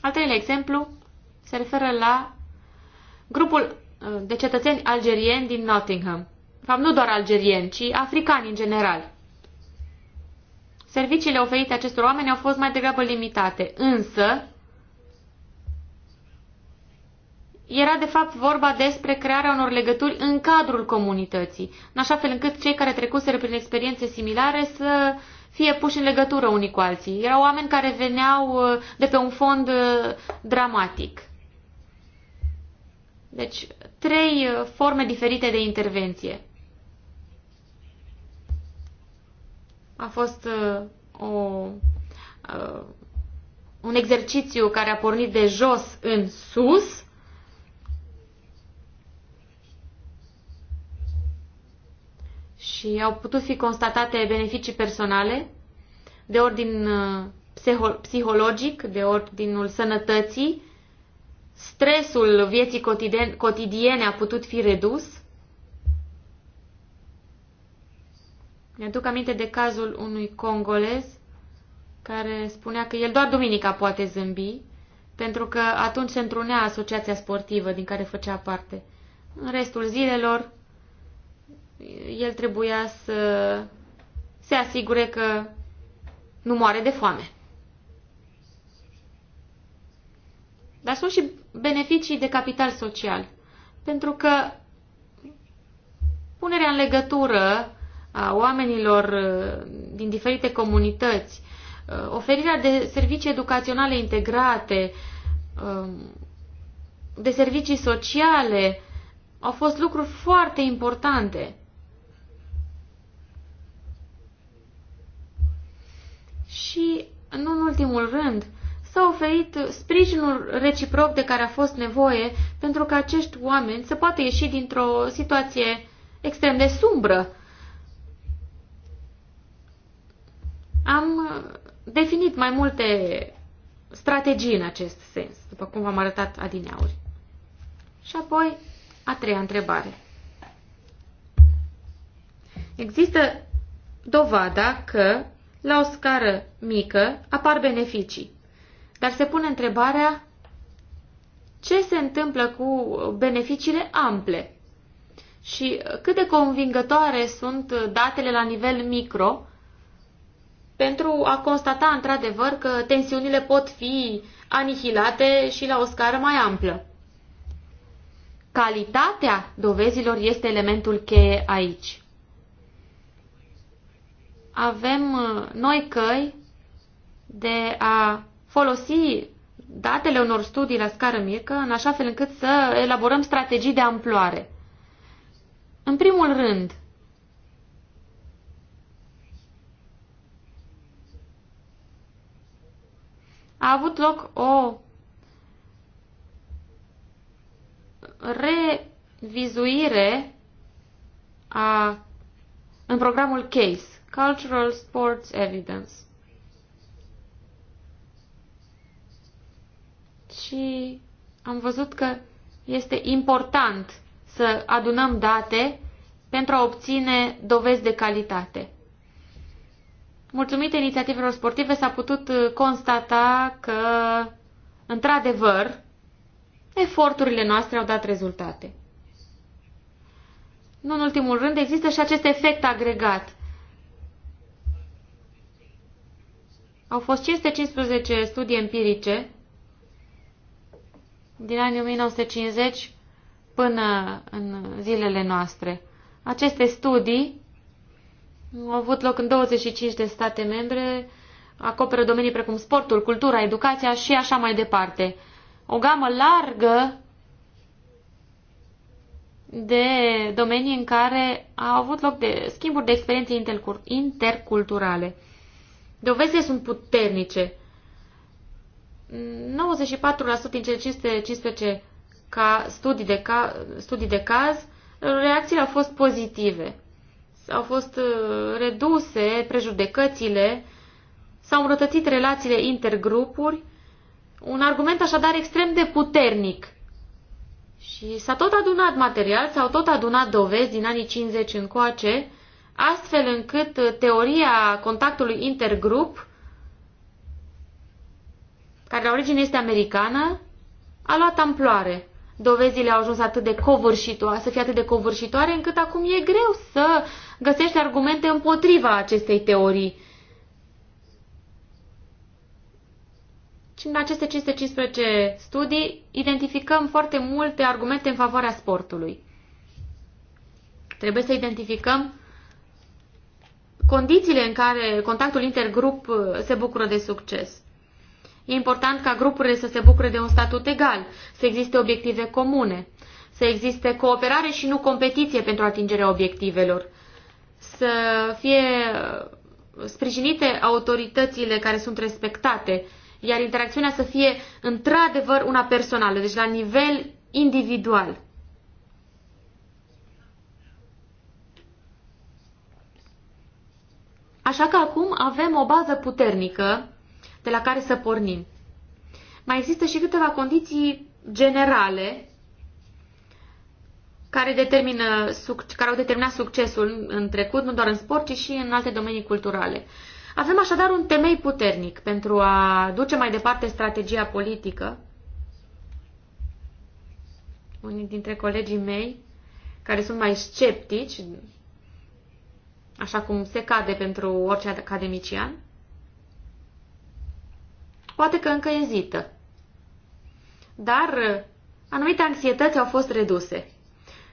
Al treilea exemplu se referă la grupul uh, de cetățeni algerieni din Nottingham. De fapt, nu doar algerieni, ci africani în general. Serviciile oferite acestor oameni au fost mai degrabă limitate, însă era de fapt vorba despre crearea unor legături în cadrul comunității, în așa fel încât cei care trecuseră prin experiențe similare să fie puși în legătură unii cu alții. Erau oameni care veneau uh, de pe un fond uh, dramatic. Deci, trei uh, forme diferite de intervenție. A fost o, un exercițiu care a pornit de jos în sus, și au putut fi constatate beneficii personale de ordin uh, psihologic, de ordinul sănătății, stresul vieții cotidiene a putut fi redus. Mi-aduc aminte de cazul unui congolez care spunea că el doar duminica poate zâmbi, pentru că atunci se întrunea asociația sportivă din care făcea parte. În restul zilelor el trebuia să se asigure că nu moare de foame. Dar sunt și beneficii de capital social, pentru că punerea în legătură a oamenilor uh, din diferite comunități, uh, oferirea de servicii educaționale integrate, um, de servicii sociale, au fost lucruri foarte importante și, nu în ultimul rând, s-a oferit sprijinul reciproc de care a fost nevoie pentru că acești oameni să poată ieși dintr-o situație extrem de sumbră. Am uh, definit mai multe strategii în acest sens, după cum v-am arătat adineauri. Și apoi, a treia întrebare. Există dovada că la o scară mică, apar beneficii. Dar se pune întrebarea ce se întâmplă cu beneficiile ample și cât de convingătoare sunt datele la nivel micro pentru a constata într-adevăr că tensiunile pot fi anihilate și la o scară mai amplă. Calitatea dovezilor este elementul cheie aici avem uh, noi căi de a folosi datele unor studii la scară mică, în așa fel încât să elaborăm strategii de amploare. În primul rând, a avut loc o revizuire a, în programul CASE. Cultural Sports Evidence. Și am văzut că este important să adunăm date pentru a obține dovezi de calitate. Mulțumită inițiativelor sportive s-a putut uh, constata că, într-adevăr, eforturile noastre au dat rezultate. Nu în ultimul rând, există și acest efect agregat – Au fost 515 studii empirice din anii 1950 până în zilele noastre. Aceste studii au avut loc în 25 de state membre, acoperă domenii precum sportul, cultura, educația și așa mai departe. O gamă largă de domenii în care au avut loc de schimburi de experiențe interculturale. Dovezile sunt puternice. 94% din cele 515 ca studii, de ca, studii de caz, reacțiile au fost pozitive. Au fost uh, reduse prejudecățile, s-au înrătățit relațiile intergrupuri, un argument așadar extrem de puternic. Și s-a tot adunat material, s-au tot adunat dovezi din anii 50 încoace, astfel încât uh, teoria contactului intergrup, care la origine este americană, a luat amploare. Dovezile au ajuns atât de covârșitoare, să fie atât de covârșitoare, încât acum e greu să găsești argumente împotriva acestei teorii. Și în aceste 515 studii identificăm foarte multe argumente în favoarea sportului. Trebuie să identificăm condițiile în care contactul intergrup uh, se bucură de succes. E important ca grupurile să se bucure de un statut egal, să existe obiective comune, să existe cooperare și nu competiție pentru atingerea obiectivelor, să fie uh, sprijinite autoritățile care sunt respectate, iar interacțiunea să fie într-adevăr una personală, deci la nivel individual. Așa că acum avem o bază puternică de la care să pornim. Mai există și câteva condiții generale care, determină, care au determinat succesul în trecut, nu doar în sport, ci și în alte domenii culturale. Avem așadar un temei puternic pentru a duce mai departe strategia politică. Unii dintre colegii mei, care sunt mai sceptici așa cum se cade pentru orice academician, poate că încă ezită. Dar uh, anumite anxietăți au fost reduse.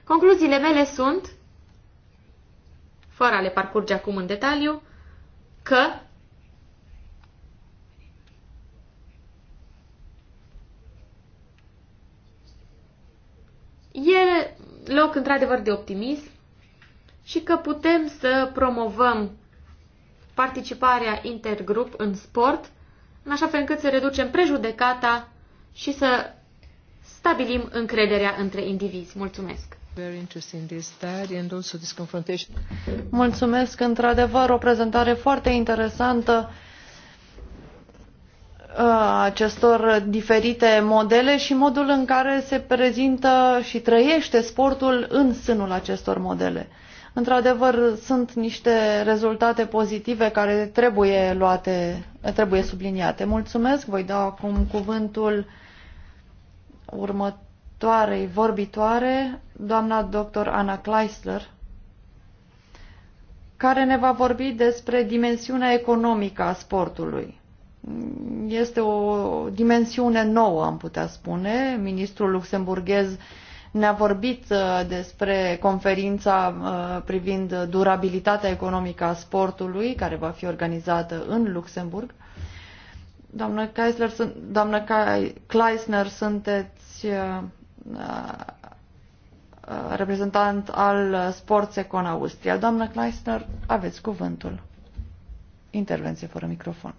Concluziile mele sunt, fără a le parcurge acum în detaliu, că e loc într-adevăr de optimism, și că putem să promovăm participarea intergrup în sport, în așa fel încât să reducem prejudecata și să stabilim încrederea între indivizi. Mulțumesc! Mulțumesc, într-adevăr, o prezentare foarte interesantă a acestor diferite modele și modul în care se prezintă și trăiește sportul în sânul acestor modele. Într-adevăr, sunt niște rezultate pozitive care trebuie luate, trebuie subliniate. Mulțumesc, voi da acum cuvântul următoarei vorbitoare, doamna dr. Ana Kleisler, care ne va vorbi despre dimensiunea economică a sportului. Este o dimensiune nouă, am putea spune. Ministrul luxemburghez uh, ne-a vorbit uh, despre conferința uh, privind durabilitatea economică a sportului, care va fi organizată în Luxemburg. Doamnă Kaisler, doamnă Kleisner, sunteți uh, reprezentant al Econ Austria. Doamnă Kleisner, aveți cuvântul. Intervenție fără microfon.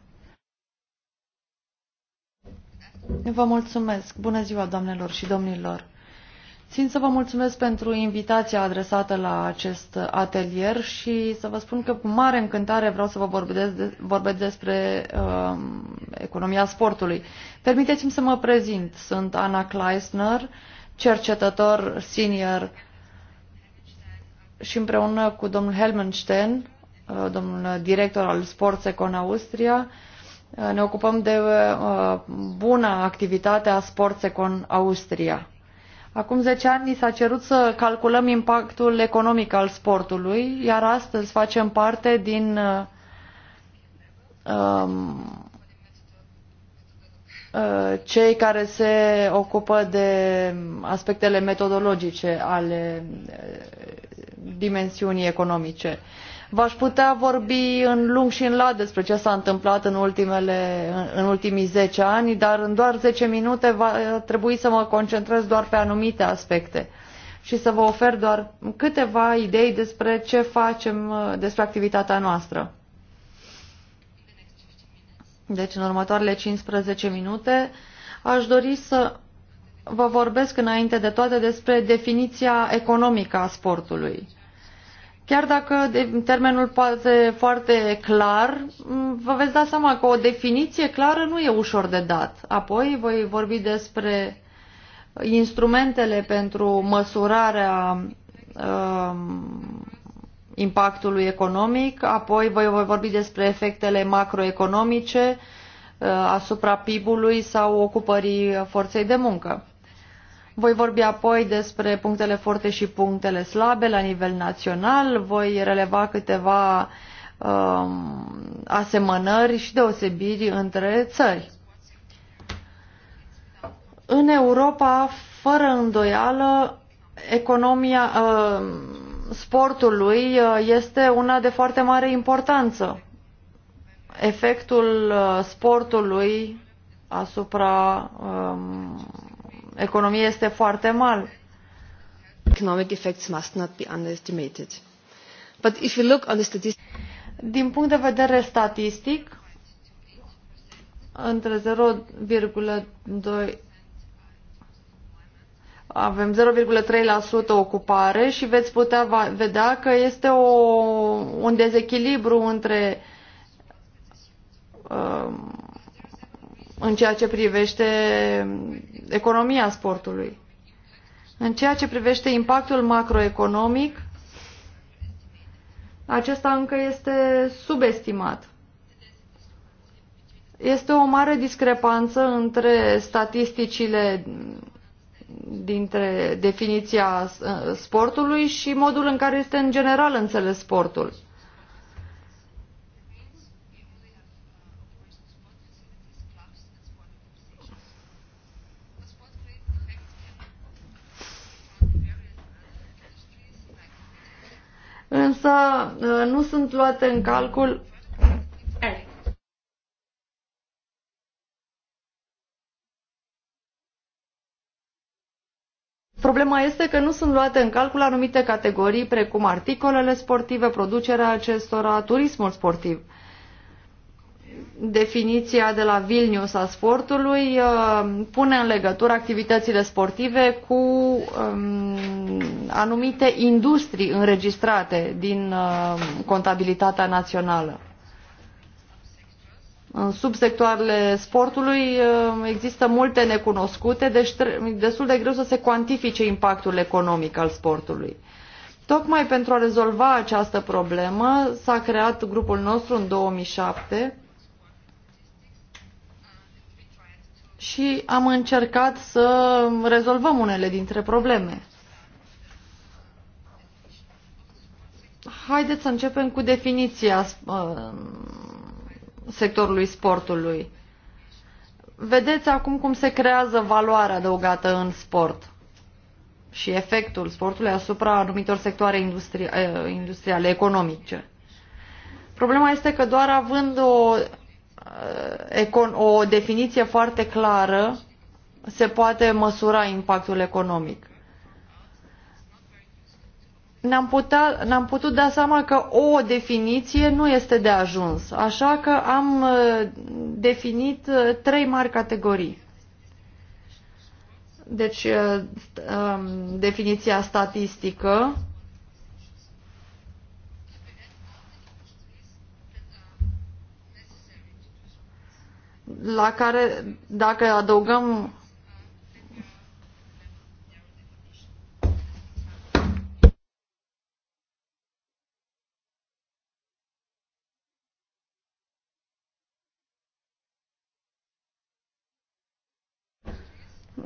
Vă mulțumesc. Bună ziua, doamnelor și domnilor. Țin să vă mulțumesc pentru invitația adresată la acest atelier și să vă spun că cu mare încântare vreau să vă vorbesc, de, vorbesc despre uh, economia sportului. Permiteți-mi să mă prezint. Sunt Ana Kleisner, cercetător senior și împreună cu domnul Helmenstein, uh, domnul director al Sports Econ Austria, uh, ne ocupăm de uh, buna activitate a Sports Econ Austria. Acum 10 ani ni s-a cerut să calculăm impactul economic al sportului, iar astăzi facem parte din uh, um, uh, cei care se ocupă de aspectele metodologice ale uh, dimensiunii economice. Uh, V-aș putea vorbi în lung și în lat despre ce s-a întâmplat în, ultimele, în ultimii zece ani, dar în doar zece minute va trebui să mă concentrez doar pe anumite aspecte și să vă ofer doar câteva idei despre ce facem, despre activitatea noastră. Deci, în următoarele 15 minute, aș dori să vă vorbesc înainte de toate despre definiția economică a sportului. Chiar dacă termenul poate foarte clar, vă veți da seama că o definiție clară nu e ușor de dat. Apoi voi vorbi despre uh, instrumentele pentru măsurarea uh, impactului economic, apoi voi, voi vorbi despre efectele macroeconomice uh, asupra PIB-ului sau ocupării forței de muncă. Voi vorbi apoi despre punctele forte și punctele slabe la nivel național, voi releva câteva um, asemănări și deosebiri între țări. În Europa, fără îndoială, economia um, uh, sportului este una de foarte mare importanță. Efectul uh, sportului asupra um, economie este foarte mare. Economic effects must not be underestimated. But if you look on the statistics... Din punct de vedere statistic, între 0,2 avem 0,3% ocupare și veți putea vedea că este o, un dezechilibru între um, în ceea ce privește economia sportului. În ceea ce privește impactul macroeconomic, acesta încă este subestimat. Este o mare discrepanță între statisticile dintre definiția sportului și modul în care este în general înțeles sportul. însă ă, nu sunt luate în calcul Problema este că nu sunt luate în calcul anumite categorii, precum articolele sportive, producerea acestora, turismul sportiv definiția de la Vilnius a sportului uh, pune în legătură activitățile sportive cu um, anumite industrii înregistrate din uh, contabilitatea națională. În subsectoarele sportului uh, există multe necunoscute, deci e destul de greu să se cuantifice impactul economic al sportului. Tocmai pentru a rezolva această problemă s-a creat grupul nostru în 2007 și am încercat să rezolvăm unele dintre probleme. Haideți să începem cu definiția uh, sectorului sportului. Vedeți acum cum se creează valoarea adăugată în sport și efectul sportului asupra anumitor sectoare industri- uh, industriale, economice. Problema este că doar având o Uh, o definiție foarte clară se poate măsura impactul economic. Ne-am, putea, ne-am putut da seama că o definiție nu este de ajuns, așa că am uh, definit uh, trei mari categorii. Deci, um, definiția statistică, la care dacă adăugăm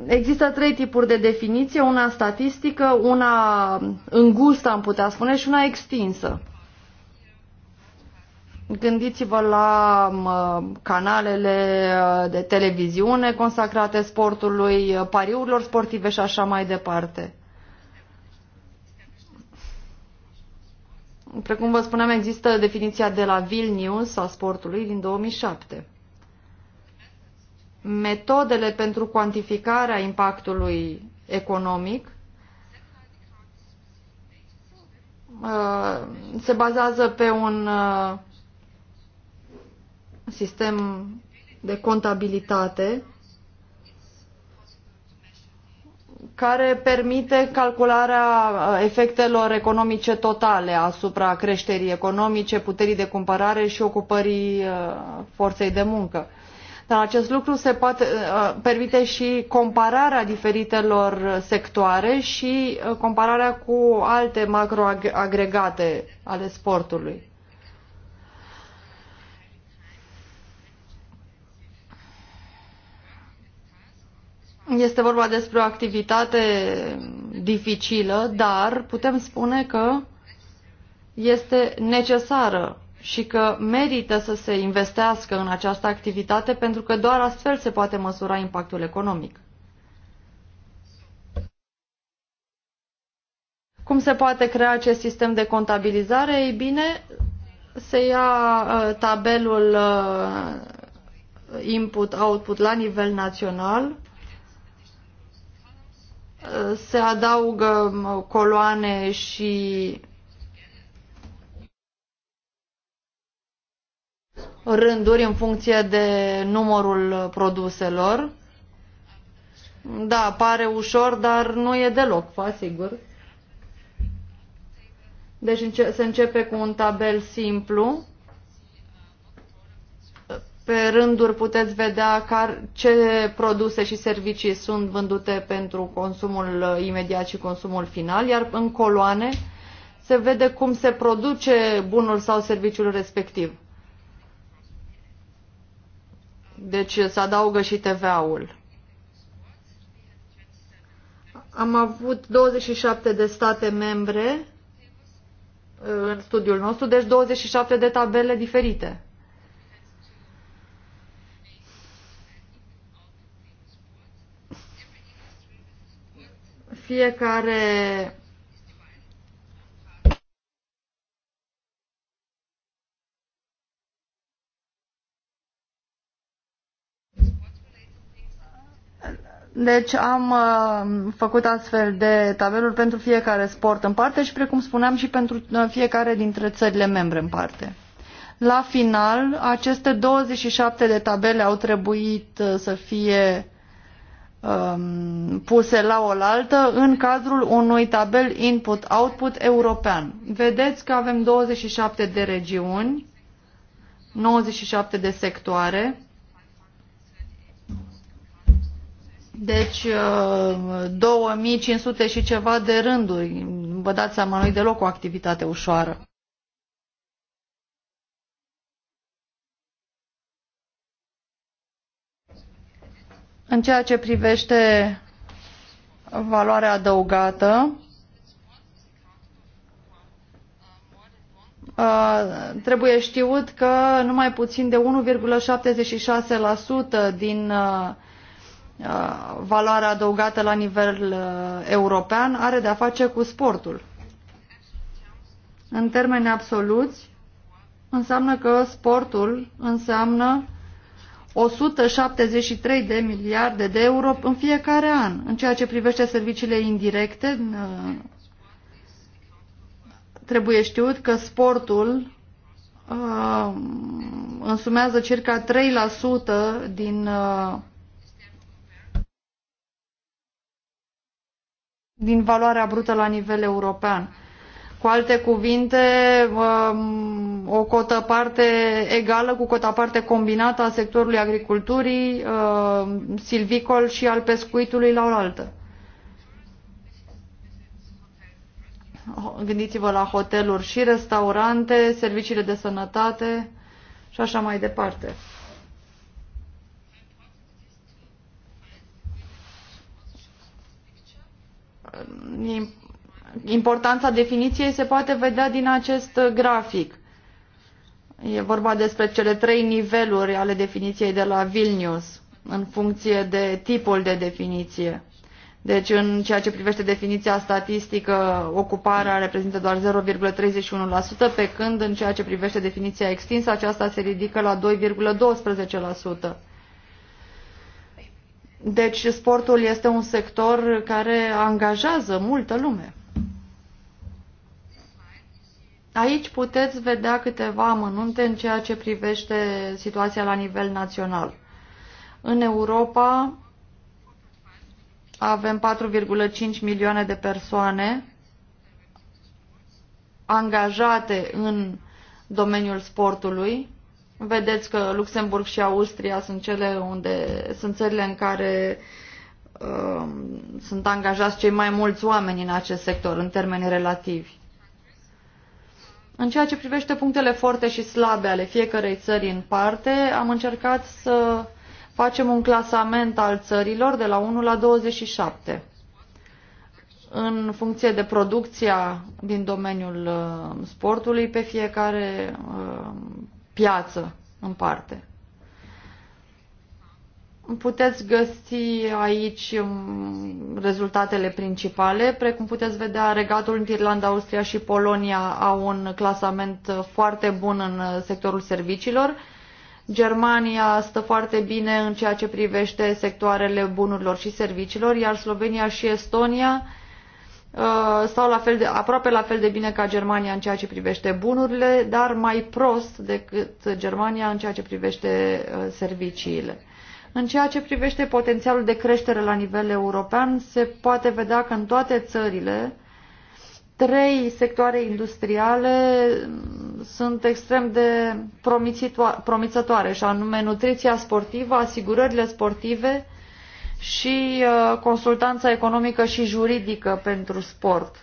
Există trei tipuri de definiție, una statistică, una îngustă, am putea spune, și una extinsă. Gândiți-vă la canalele uh, de televiziune consacrate sportului, uh, pariurilor sportive și așa mai departe. Precum vă spuneam, există definiția de la Vilnius a sportului din 2007. Metodele pentru cuantificarea impactului economic uh, se bazează pe un sistem de contabilitate care permite calcularea uh, efectelor economice totale asupra creșterii economice, puterii de cumpărare și ocupării uh, forței de muncă. Dar acest lucru se poate, uh, permite și compararea diferitelor sectoare și compararea cu alte macroagregate ale sportului. Este vorba despre o activitate dificilă, dar putem spune că este necesară și că merită să se investească în această activitate pentru că doar astfel se poate măsura impactul economic. Cum se poate crea acest sistem de contabilizare? Ei bine, se ia uh, tabelul uh, input-output la nivel național, se adaugă coloane și rânduri în funcție de numărul produselor. Da, pare ușor, dar nu e deloc, vă asigur. Deci se începe cu un tabel simplu pe rânduri puteți vedea car, ce produse și servicii sunt vândute pentru consumul uh, imediat și consumul final, iar în coloane se vede cum se produce bunul sau serviciul respectiv. Deci se adaugă și TVA-ul. Am avut 27 de state membre uh, în studiul nostru, deci 27 de tabele diferite. fiecare Deci am uh, făcut astfel de tabeluri pentru fiecare sport în parte și, precum spuneam, și pentru uh, fiecare dintre țările membre în parte. La final, aceste 27 de tabele au trebuit uh, să fie um, puse la oaltă în cadrul unui tabel input-output european. Vedeți că avem 27 de regiuni, 97 de sectoare, deci 2500 uh, și ceva de rânduri. Vă dați seama, nu-i deloc o activitate ușoară. În ceea ce privește valoarea adăugată, trebuie știut că numai puțin de 1,76% din valoarea adăugată la nivel european are de-a face cu sportul. În termeni absoluți, înseamnă că sportul înseamnă 173 de miliarde de euro în fiecare an. În ceea ce privește serviciile indirecte, trebuie știut că sportul uh, însumează circa 3% din uh, din valoarea brută la nivel european. Cu alte cuvinte, um, o cotă parte egală cu cota parte combinată a sectorului agriculturii, um, silvicol și al pescuitului la oaltă. Gândiți-vă la hoteluri și restaurante, serviciile de sănătate și așa mai departe. E importanța definiției se poate vedea din acest grafic. E vorba despre cele trei niveluri ale definiției de la Vilnius, în funcție de tipul de definiție. Deci, în ceea ce privește definiția statistică, ocuparea reprezintă doar 0,31%, pe când în ceea ce privește definiția extinsă, aceasta se ridică la 2,12%. Deci, sportul este un sector care angajează multă lume. Aici puteți vedea câteva amănunte în ceea ce privește situația la nivel național. În Europa avem 4,5 milioane de persoane angajate în domeniul sportului. Vedeți că Luxemburg și Austria sunt cele unde sunt țările în care uh, sunt angajați cei mai mulți oameni în acest sector în termeni relativi. În ceea ce privește punctele forte și slabe ale fiecărei țări în parte, am încercat să facem un clasament al țărilor de la 1 la 27 în funcție de producția din domeniul uh, sportului pe fiecare uh, piață în parte. Puteți găsi aici um, rezultatele principale, precum puteți vedea Regatul în Irlanda, Austria și Polonia au un clasament foarte bun în sectorul serviciilor. Germania stă foarte bine în ceea ce privește sectoarele bunurilor și serviciilor, iar Slovenia și Estonia uh, stau la fel de, aproape la fel de bine ca Germania în ceea ce privește bunurile, dar mai prost decât Germania în ceea ce privește uh, serviciile. În ceea ce privește potențialul de creștere la nivel european, se poate vedea că în toate țările trei sectoare industriale sunt extrem de promițătoare, și anume nutriția sportivă, asigurările sportive și uh, consultanța economică și juridică pentru sport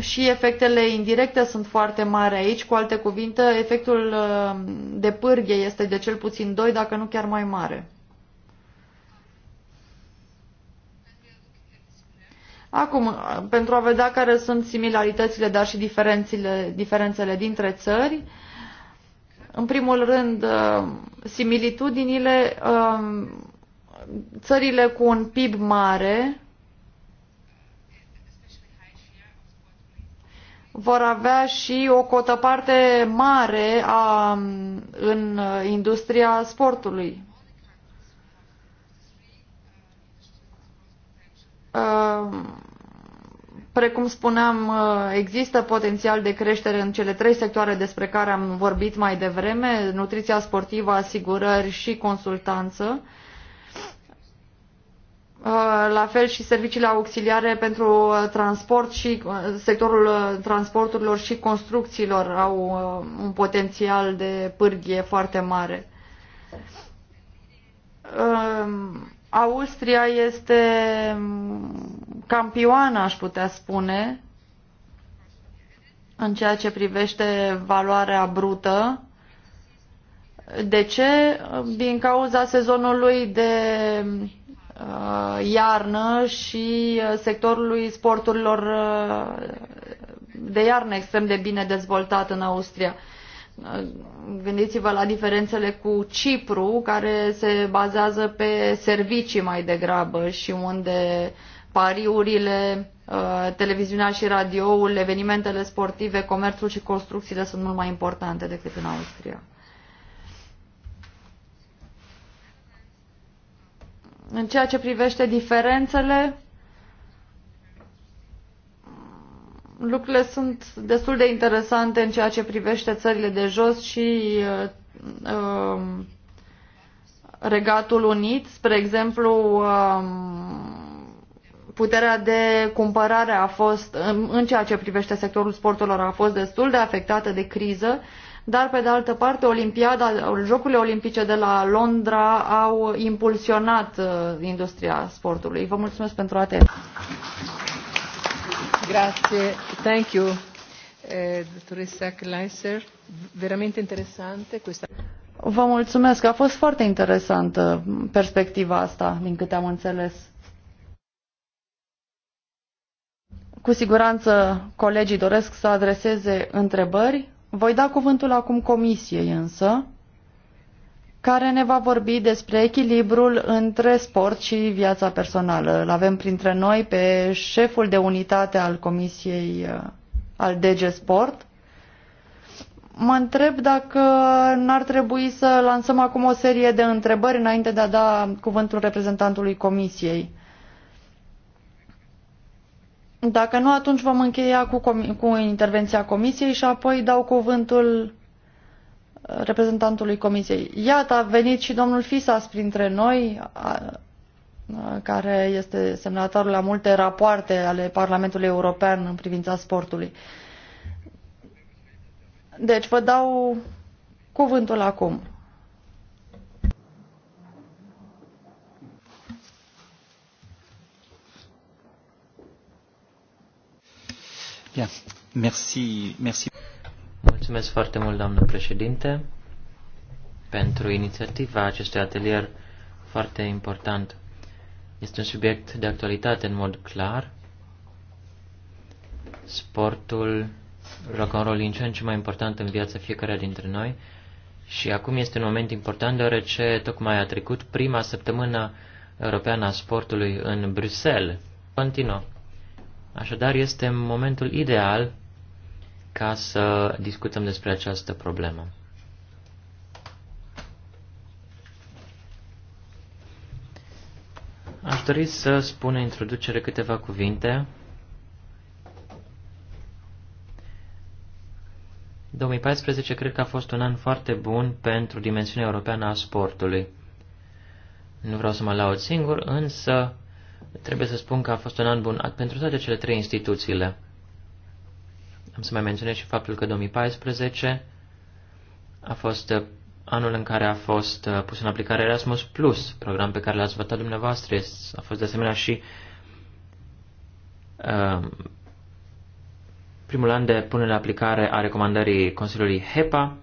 și efectele indirecte sunt foarte mari aici. Cu alte cuvinte, efectul uh, de pârghie este de cel puțin 2, dacă nu chiar mai mare. Acum, uh, pentru a vedea care sunt similaritățile, dar și diferențele, diferențele dintre țări, în primul rând, uh, similitudinile, țările cu un PIB mare, vor avea și o cotă parte mare a, în industria sportului. Uh, precum spuneam, uh, există potențial de creștere în cele trei sectoare despre care am vorbit mai devreme, nutriția sportivă, asigurări și consultanță. Uh, la fel și serviciile auxiliare pentru uh, transport și uh, sectorul transporturilor și construcțiilor au un potențial de pârghie foarte mare. Um, Austria este um, campioană, aș putea spune, în ceea ce privește valoarea brută. De ce? Din cauza sezonului de Uh, iarnă și uh, sectorului sporturilor uh, de iarnă extrem de bine dezvoltat în Austria. Gândiți-vă la diferențele cu Cipru, care se bazează pe servicii mai degrabă și unde pariurile, televiziunea și radioul, evenimentele sportive, comerțul și construcțiile sunt mult mai importante decât în Austria. În ceea ce privește diferențele, lucrurile sunt destul de interesante în ceea ce privește țările de jos și uh, um, Regatul Unit, spre exemplu, uh, puterea de cumpărare a fost, în ceea ce privește sectorul sporturilor, a fost destul de afectată de criză dar pe de altă parte Olimpiada, Jocurile Olimpice de la Londra au impulsionat uh, industria sportului. Vă mulțumesc pentru atenție. Grazie, thank you, uh, dottoressa Kleiser. Veramente interesante questa. Vă mulțumesc, a fost foarte interesantă perspectiva asta, din câte am înțeles. Cu siguranță colegii doresc să adreseze întrebări. Voi da cuvântul acum comisiei însă, care ne va vorbi despre echilibrul între sport și viața personală. Îl avem printre noi pe șeful de unitate al comisiei uh, al DG Sport. Mă întreb dacă n-ar trebui să lansăm acum o serie de întrebări înainte de a da cuvântul reprezentantului comisiei. Dacă nu, atunci vom încheia cu, cu intervenția comisiei și apoi dau cuvântul uh, reprezentantului comisiei. Iată, a venit și domnul Fisas printre noi, a, a, uh, care este semnatarul la multe rapoarte ale Parlamentului European în privința sportului. Deci vă dau cuvântul acum. Merci, merci. Mulțumesc foarte mult, doamnă președinte, pentru inițiativa acestui atelier foarte important. Este un subiect de actualitate în mod clar. Sportul joacă un rol din ce în ce mai important în viața fiecare dintre noi și acum este un moment important deoarece tocmai a trecut prima săptămână europeană a sportului în Bruxelles. Continuă. Așadar, este momentul ideal ca să discutăm despre această problemă. Aș dori să spun în introducere câteva cuvinte. 2014 cred că a fost un an foarte bun pentru dimensiunea europeană a sportului. Nu vreau să mă laud singur, însă Trebuie să spun că a fost un an bun pentru toate cele trei instituțiile. Am să mai menționez și faptul că 2014 a fost uh, anul în care a fost uh, pus în aplicare Erasmus Plus, program pe care l-ați votat dumneavoastră. A fost de asemenea și uh, primul an de punere în aplicare a recomandării Consiliului HEPA.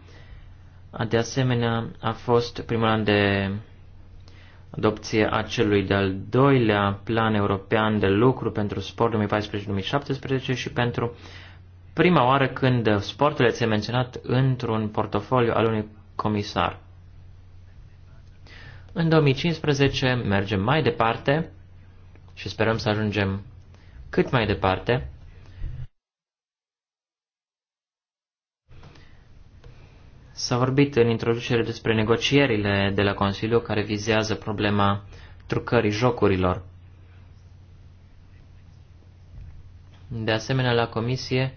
De asemenea, a fost primul an de adopție a celui de-al doilea plan european de lucru pentru sport 2014-2017 și pentru prima oară când sportul este menționat într-un portofoliu al unui comisar. În 2015 mergem mai departe și sperăm să ajungem cât mai departe S-a vorbit în introducere despre negocierile de la Consiliu care vizează problema trucării jocurilor. De asemenea, la Comisie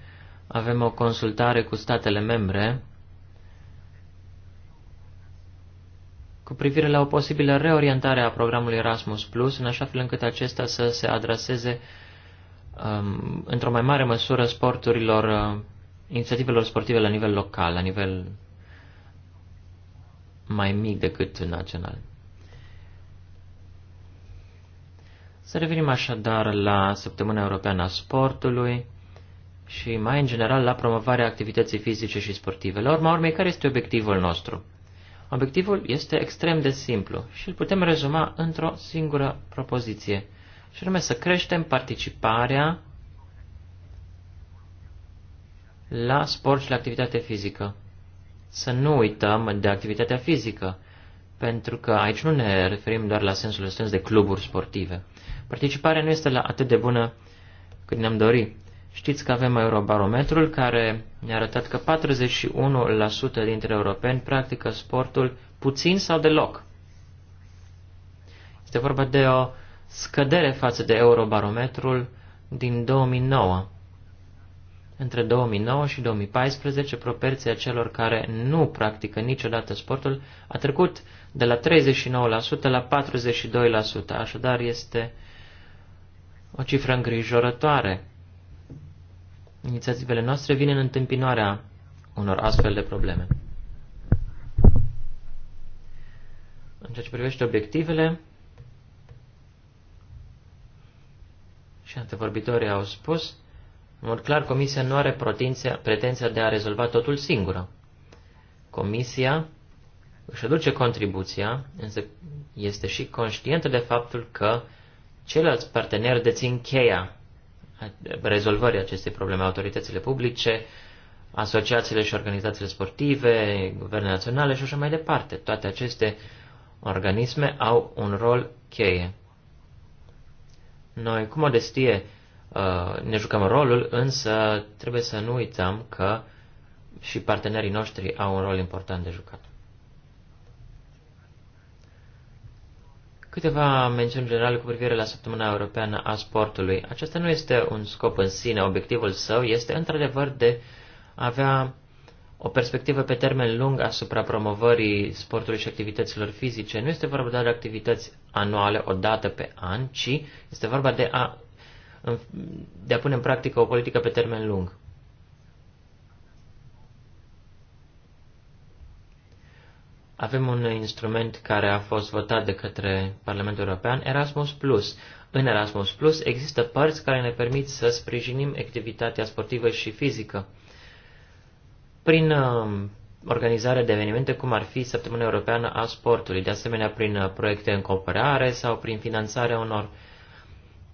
avem o consultare cu statele membre cu privire la o posibilă reorientare a programului Erasmus Plus, în așa fel încât acesta să se adreseze um, într-o mai mare măsură sporturilor, uh, inițiativelor sportive la nivel local, la nivel mai mic decât național. Să revenim așadar la Săptămâna Europeană a Sportului și mai în general la promovarea activității fizice și sportive. La urma urmei, care este obiectivul nostru? Obiectivul este extrem de simplu și îl putem rezuma într-o singură propoziție, și anume să creștem participarea la sport și la activitate fizică să nu uităm de activitatea fizică, pentru că aici nu ne referim doar la sensul strâns de cluburi sportive. Participarea nu este la atât de bună cât ne-am dori. Știți că avem Eurobarometrul care ne-a arătat că 41% dintre europeni practică sportul puțin sau deloc. Este vorba de o scădere față de Eurobarometrul din 2009. Între 2009 și 2014, proporția celor care nu practică niciodată sportul a trecut de la 39% la 42%, așadar este o cifră îngrijorătoare. Inițiativele noastre vin în întâmpinarea unor astfel de probleme. În ceea ce privește obiectivele, și antevorbitorii au spus, în mod clar, Comisia nu are pretenția de a rezolva totul singură. Comisia își aduce contribuția, însă este și conștientă de faptul că ceilalți parteneri dețin cheia rezolvării acestei probleme, autoritățile publice, asociațiile și organizațiile sportive, guverne naționale și așa mai departe. Toate aceste organisme au un rol cheie. Noi, cu modestie, Uh, ne jucăm rolul, însă trebuie să nu uităm că și partenerii noștri au un rol important de jucat. Câteva mențiuni generale cu privire la Săptămâna Europeană a Sportului. Acesta nu este un scop în sine, obiectivul său este într-adevăr de a avea o perspectivă pe termen lung asupra promovării sportului și activităților fizice. Nu este vorba doar de activități anuale, o dată pe an, ci este vorba de a de a pune în practică o politică pe termen lung. Avem un instrument care a fost votat de către Parlamentul European, Erasmus Plus. În Erasmus Plus există părți care ne permit să sprijinim activitatea sportivă și fizică. Prin um, organizarea de evenimente, cum ar fi Săptămâna Europeană a Sportului, de asemenea prin uh, proiecte în cooperare sau prin finanțarea unor uh,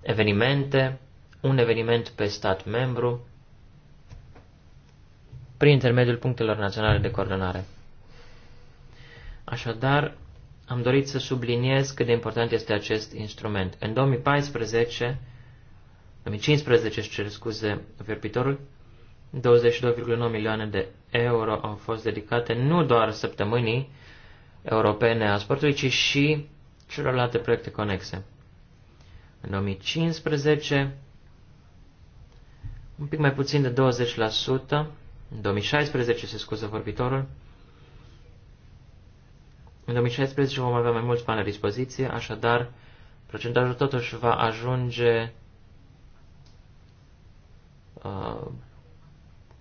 evenimente, un eveniment pe stat membru, prin intermediul punctelor naționale de coordonare. Așadar, am dorit să subliniez cât de important este acest instrument. În 2014, 2015, își cer scuze vorbitorul, 22,9 milioane de euro au fost dedicate nu doar săptămânii europene a sportului, ci și celorlalte proiecte conexe. În 2015, un pic mai puțin de 20%, în 2016 se scuză vorbitorul, în 2016 vom avea mai mulți bani la dispoziție, așadar procentajul totuși va ajunge uh,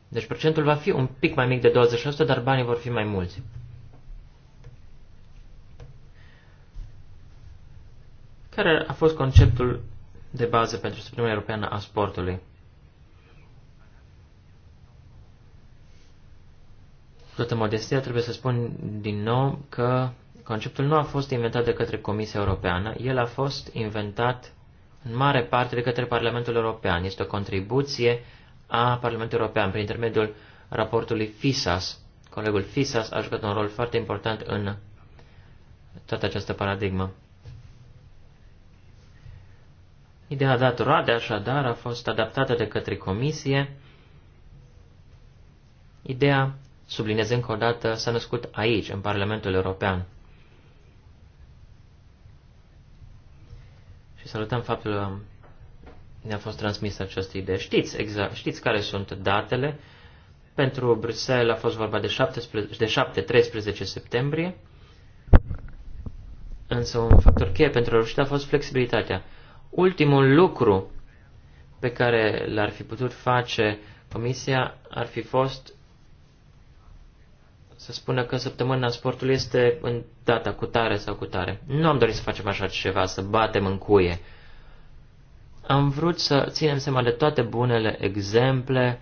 deci procentul va fi un pic mai mic de 20%, dar banii vor fi mai mulți. care a fost conceptul de bază pentru Suprema Europeană a Sportului. Toată modestia trebuie să spun din nou că conceptul nu a fost inventat de către Comisia Europeană, el a fost inventat în mare parte de către Parlamentul European. Este o contribuție a Parlamentului European prin intermediul raportului FISAS. Colegul FISAS a jucat un rol foarte important în toată această paradigmă. Ideea a dat roade, așadar, a fost adaptată de către comisie. Ideea, sublinez încă o dată, s-a născut aici, în Parlamentul European. Și salutăm faptul că ne-a fost transmisă această idee. Știți, exact, știți care sunt datele. Pentru Bruxelles a fost vorba de, de 7-13 septembrie, însă un factor cheie pentru reușită a fost flexibilitatea. Ultimul lucru pe care l-ar fi putut face comisia ar fi fost să spună că săptămâna sportului este în data cu tare sau cu tare. Nu am dorit să facem așa ceva, să batem în cuie. Am vrut să ținem seama de toate bunele exemple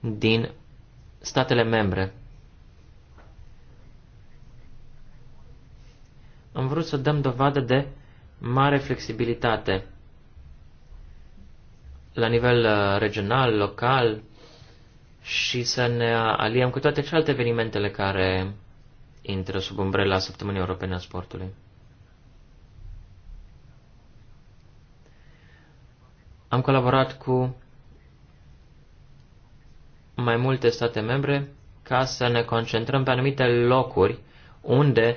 din statele membre. Am vrut să dăm dovadă de mare flexibilitate la nivel uh, regional, local și să ne aliem cu toate celelalte evenimentele care intră sub umbrela Săptămânii Europene a Sportului. Am colaborat cu mai multe state membre ca să ne concentrăm pe anumite locuri unde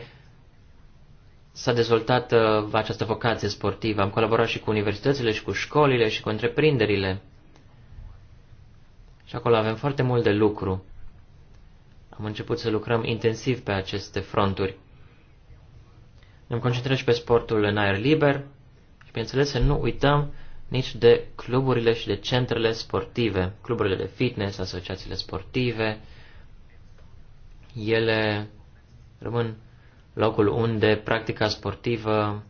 s-a dezvoltat uh, această vocație sportivă. Am colaborat și cu universitățile, și cu școlile, și cu întreprinderile. Și acolo avem foarte mult de lucru. Am început să lucrăm intensiv pe aceste fronturi. Ne am concentrat și pe sportul în aer liber și, bineînțeles, să nu uităm nici de cluburile și de centrele sportive, cluburile de fitness, asociațiile sportive. Ele rămân locul unde practica sportivă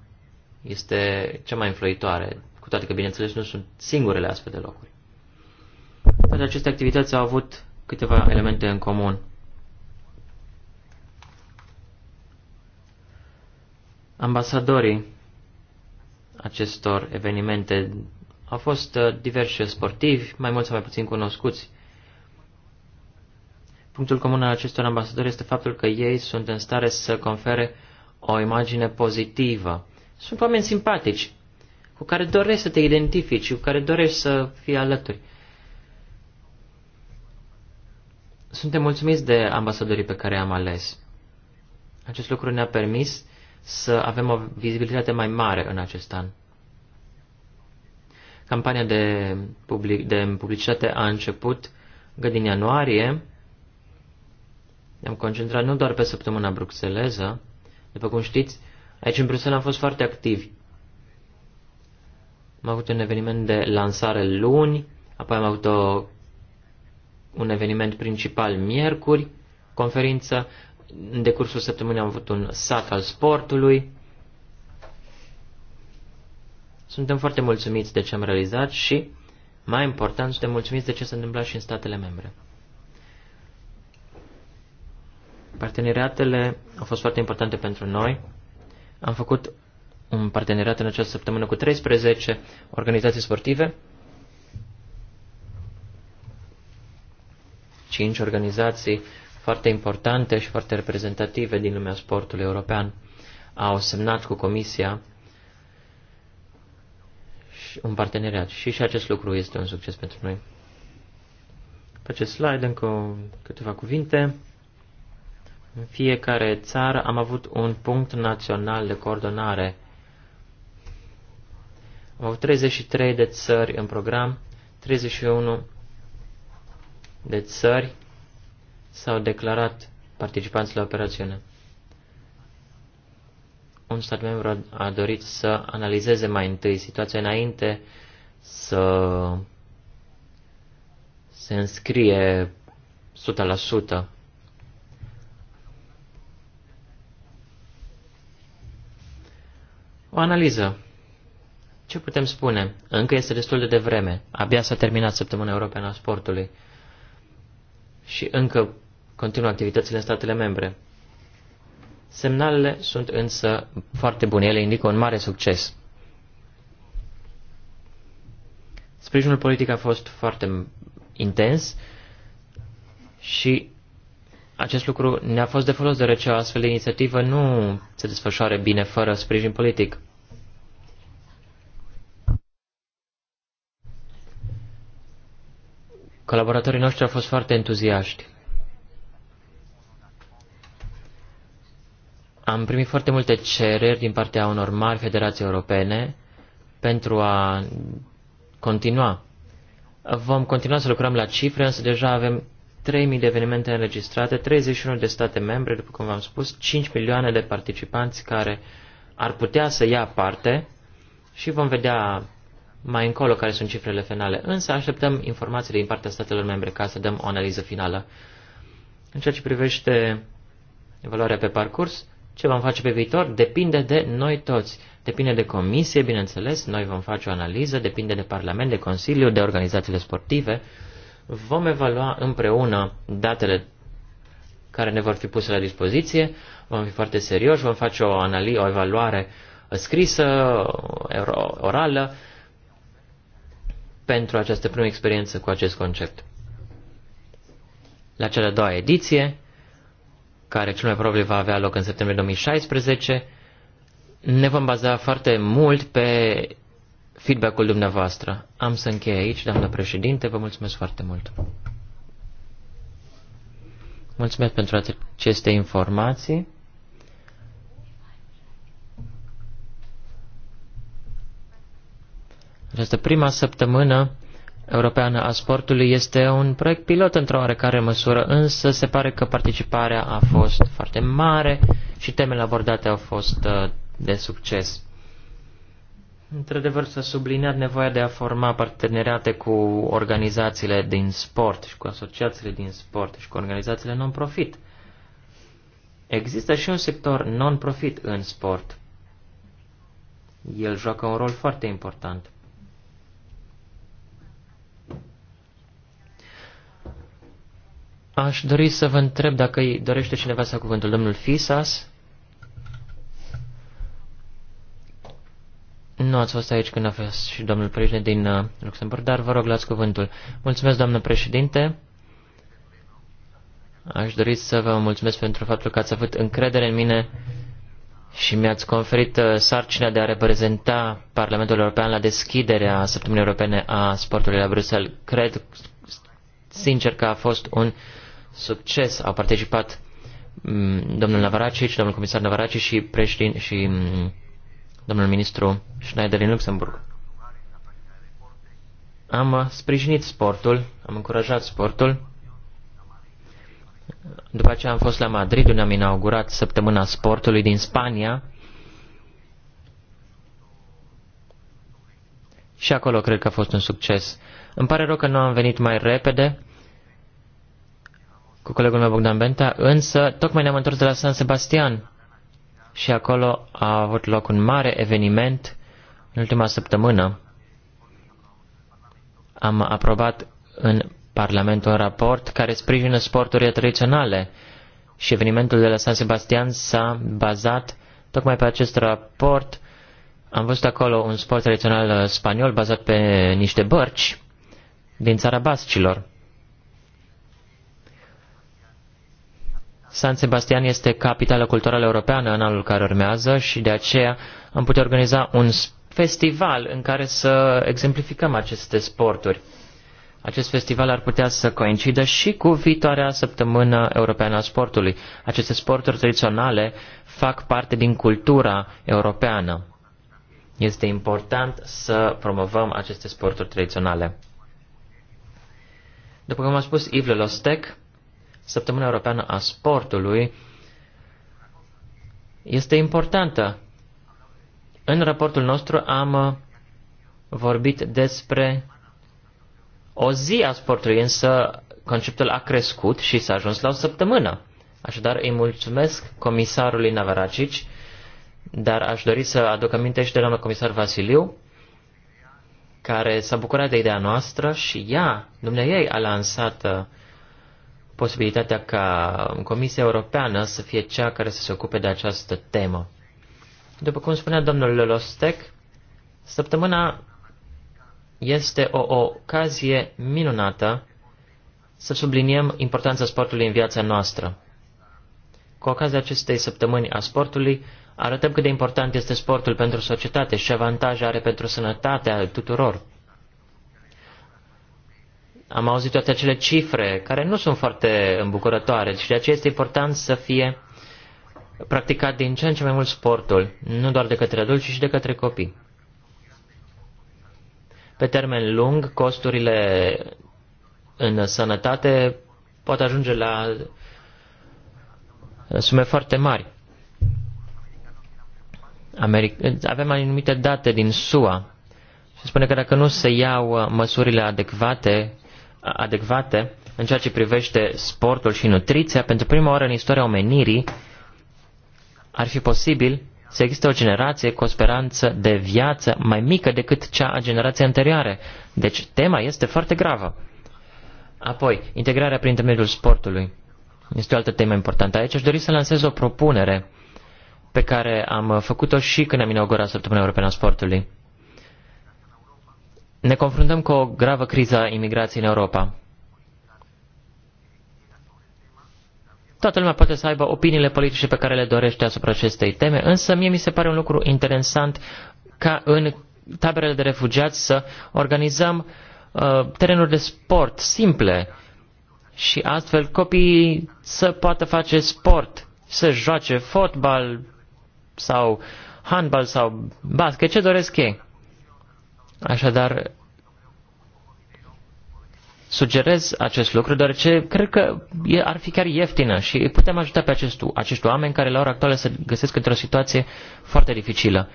este cea mai înfloitoare, cu toate că, bineînțeles, nu sunt singurele astfel de locuri. Toate aceste activități au avut câteva elemente în comun. Ambasadorii acestor evenimente au fost uh, diversi sportivi, mai mult sau mai puțin cunoscuți, Punctul comun al acestor ambasadori este faptul că ei sunt în stare să confere o imagine pozitivă. Sunt oameni simpatici, cu care dorești să te identifici, cu care dorești să fii alături. Suntem mulțumiți de ambasadorii pe care am ales. Acest lucru ne-a permis să avem o vizibilitate mai mare în acest an. Campania de, public, de publicitate a început încă din ianuarie ne-am concentrat nu doar pe săptămâna bruxeleză, după cum știți, aici în Bruxelles am fost foarte activi. Am avut un eveniment de lansare luni, apoi am avut o, un eveniment principal miercuri, conferință. În decursul săptămânii am avut un sat al sportului. Suntem foarte mulțumiți de ce am realizat și, mai important, suntem mulțumiți de ce s-a întâmplat și în statele membre. Parteneriatele au fost foarte importante pentru noi. Am făcut un parteneriat în această săptămână cu 13 organizații sportive, 5 organizații foarte importante și foarte reprezentative din lumea sportului european au semnat cu Comisia un parteneriat și și acest lucru este un succes pentru noi. Pe acest slide încă câteva cuvinte. În fiecare țară am avut un punct național de coordonare. Am avut 33 de țări în program, 31 de țări s-au declarat participanți la operațiune. Un stat membru a dorit să analizeze mai întâi situația înainte să se înscrie 100% O analiză. Ce putem spune? Încă este destul de devreme. Abia s-a terminat săptămâna europeană a sportului. Și încă continuă activitățile în statele membre. Semnalele sunt însă foarte bune. Ele indică un mare succes. Sprijinul politic a fost foarte intens și acest lucru ne-a fost de folos deoarece o astfel de inițiativă nu se desfășoară bine fără sprijin politic. Colaboratorii noștri au fost foarte entuziaști. Am primit foarte multe cereri din partea unor mari federații europene pentru a continua. Vom continua să lucrăm la cifre, însă deja avem 3.000 de evenimente înregistrate, 31 de state membre, după cum v-am spus, 5 milioane de participanți care ar putea să ia parte și vom vedea mai încolo care sunt cifrele finale. Însă așteptăm informațiile din partea statelor membre ca să dăm o analiză finală. În ceea ce privește evaluarea pe parcurs, ce vom face pe viitor depinde de noi toți. Depinde de comisie, bineînțeles, noi vom face o analiză, depinde de Parlament, de Consiliu, de organizațiile sportive, Vom evalua împreună datele care ne vor fi puse la dispoziție, vom fi foarte serioși, vom face o analiză, o evaluare scrisă, orală, pentru această primă experiență cu acest concept. La cea de-a doua ediție, care cel mai probabil va avea loc în septembrie 2016, ne vom baza foarte mult pe feedback-ul dumneavoastră. Am să închei aici, doamnă președinte, vă mulțumesc foarte mult. Mulțumesc pentru aceste informații. Această prima săptămână europeană a sportului este un proiect pilot într-o oarecare măsură, însă se pare că participarea a fost foarte mare și temele abordate au fost uh, de succes. Într-adevăr, s-a subliniat nevoia de a forma parteneriate cu organizațiile din sport și cu asociațiile din sport și cu organizațiile non-profit. Există și un sector non-profit în sport. El joacă un rol foarte important. Aș dori să vă întreb dacă dorește cineva să cuvântul domnul Fisas. Nu ați fost aici când a fost și domnul președinte din uh, Luxemburg, dar vă rog, luați cuvântul. Mulțumesc, doamnă președinte. Aș dori să vă mulțumesc pentru faptul că ați avut încredere în mine și mi-ați conferit uh, sarcina de a reprezenta Parlamentul European la deschiderea Săptămânii Europene a Sportului la Bruxelles. Cred sincer că a fost un succes. Au participat mm, domnul Navaraci, domnul comisar Navaraci și, președinte și mm, domnul ministru Schneider din Luxemburg. Am sprijinit sportul, am încurajat sportul. După aceea am fost la Madrid, unde am inaugurat săptămâna sportului din Spania. Și acolo cred că a fost un succes. Îmi pare rău că nu am venit mai repede cu colegul meu Bogdan Benta, însă tocmai ne-am întors de la San Sebastian și acolo a avut loc un mare eveniment în ultima săptămână. Am aprobat în Parlament un raport care sprijină sporturile tradiționale și evenimentul de la San Sebastian s-a bazat tocmai pe acest raport. Am văzut acolo un sport tradițional spaniol bazat pe niște bărci din țara bascilor. San Sebastian este capitală culturală europeană în anul care urmează și de aceea am putea organiza un festival în care să exemplificăm aceste sporturi. Acest festival ar putea să coincidă și cu viitoarea săptămână europeană a sportului. Aceste sporturi tradiționale fac parte din cultura europeană. Este important să promovăm aceste sporturi tradiționale. După cum a spus Yves Lostec, Săptămâna Europeană a Sportului este importantă. În raportul nostru am uh, vorbit despre o zi a sportului, însă conceptul a crescut și s-a ajuns la o săptămână. Așadar, îi mulțumesc comisarului Navaracici, dar aș dori să aduc aminte și de doamna comisar Vasiliu, care s-a bucurat de ideea noastră și ea, dumneavoastră ei, a lansat uh, posibilitatea ca Comisia Europeană să fie cea care să se ocupe de această temă. După cum spunea domnul Lelostec, săptămâna este o ocazie minunată să subliniem importanța sportului în viața noastră. Cu ocazia acestei săptămâni a sportului, arătăm cât de important este sportul pentru societate și ce avantaje are pentru sănătatea tuturor am auzit toate acele cifre care nu sunt foarte îmbucurătoare și deci de aceea este important să fie practicat din ce în ce mai mult sportul, nu doar de către adulți, ci și de către copii. Pe termen lung, costurile în sănătate pot ajunge la sume foarte mari. America, avem anumite date din SUA se spune că dacă nu se iau măsurile adecvate, adecvate în ceea ce privește sportul și nutriția, pentru prima oară în istoria omenirii ar fi posibil să existe o generație cu o speranță de viață mai mică decât cea a generației anterioare. Deci tema este foarte gravă. Apoi, integrarea prin intermediul sportului. Este o altă temă importantă. Aici aș dori să lansez o propunere pe care am făcut-o și când am inaugurat Săptămâna Europeană a Sportului. Ne confruntăm cu o gravă criză a imigrației în Europa. Toată lumea poate să aibă opiniile politice pe care le dorește asupra acestei teme, însă mie mi se pare un lucru interesant ca în taberele de refugiați să organizăm uh, terenuri de sport simple și astfel copiii să poată face sport, să joace fotbal sau handbal sau basket, ce doresc ei. Așadar, sugerez acest lucru, deoarece cred că ar fi chiar ieftină și putem ajuta pe acest, acești oameni care la ora actuală se găsesc într-o situație foarte dificilă.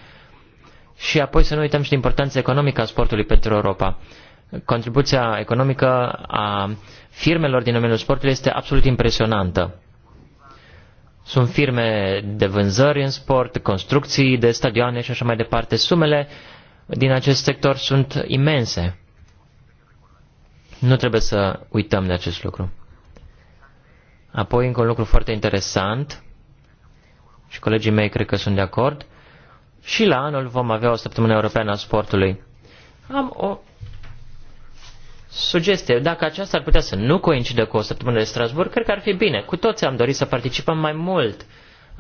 Și apoi să nu uităm și de importanța economică a sportului pentru Europa. Contribuția economică a firmelor din domeniul sportului este absolut impresionantă. Sunt firme de vânzări în sport, construcții de stadioane și așa mai departe. Sumele uh, din acest sector sunt imense. Nu trebuie să uităm de acest lucru. Apoi, încă un lucru foarte interesant, și colegii mei cred că sunt de acord, și la anul vom avea o săptămână europeană a sportului. Am o sugestie. Dacă aceasta ar putea să nu coincidă cu o săptămână de Strasburg, cred că ar fi bine. Cu toți am dorit să participăm mai mult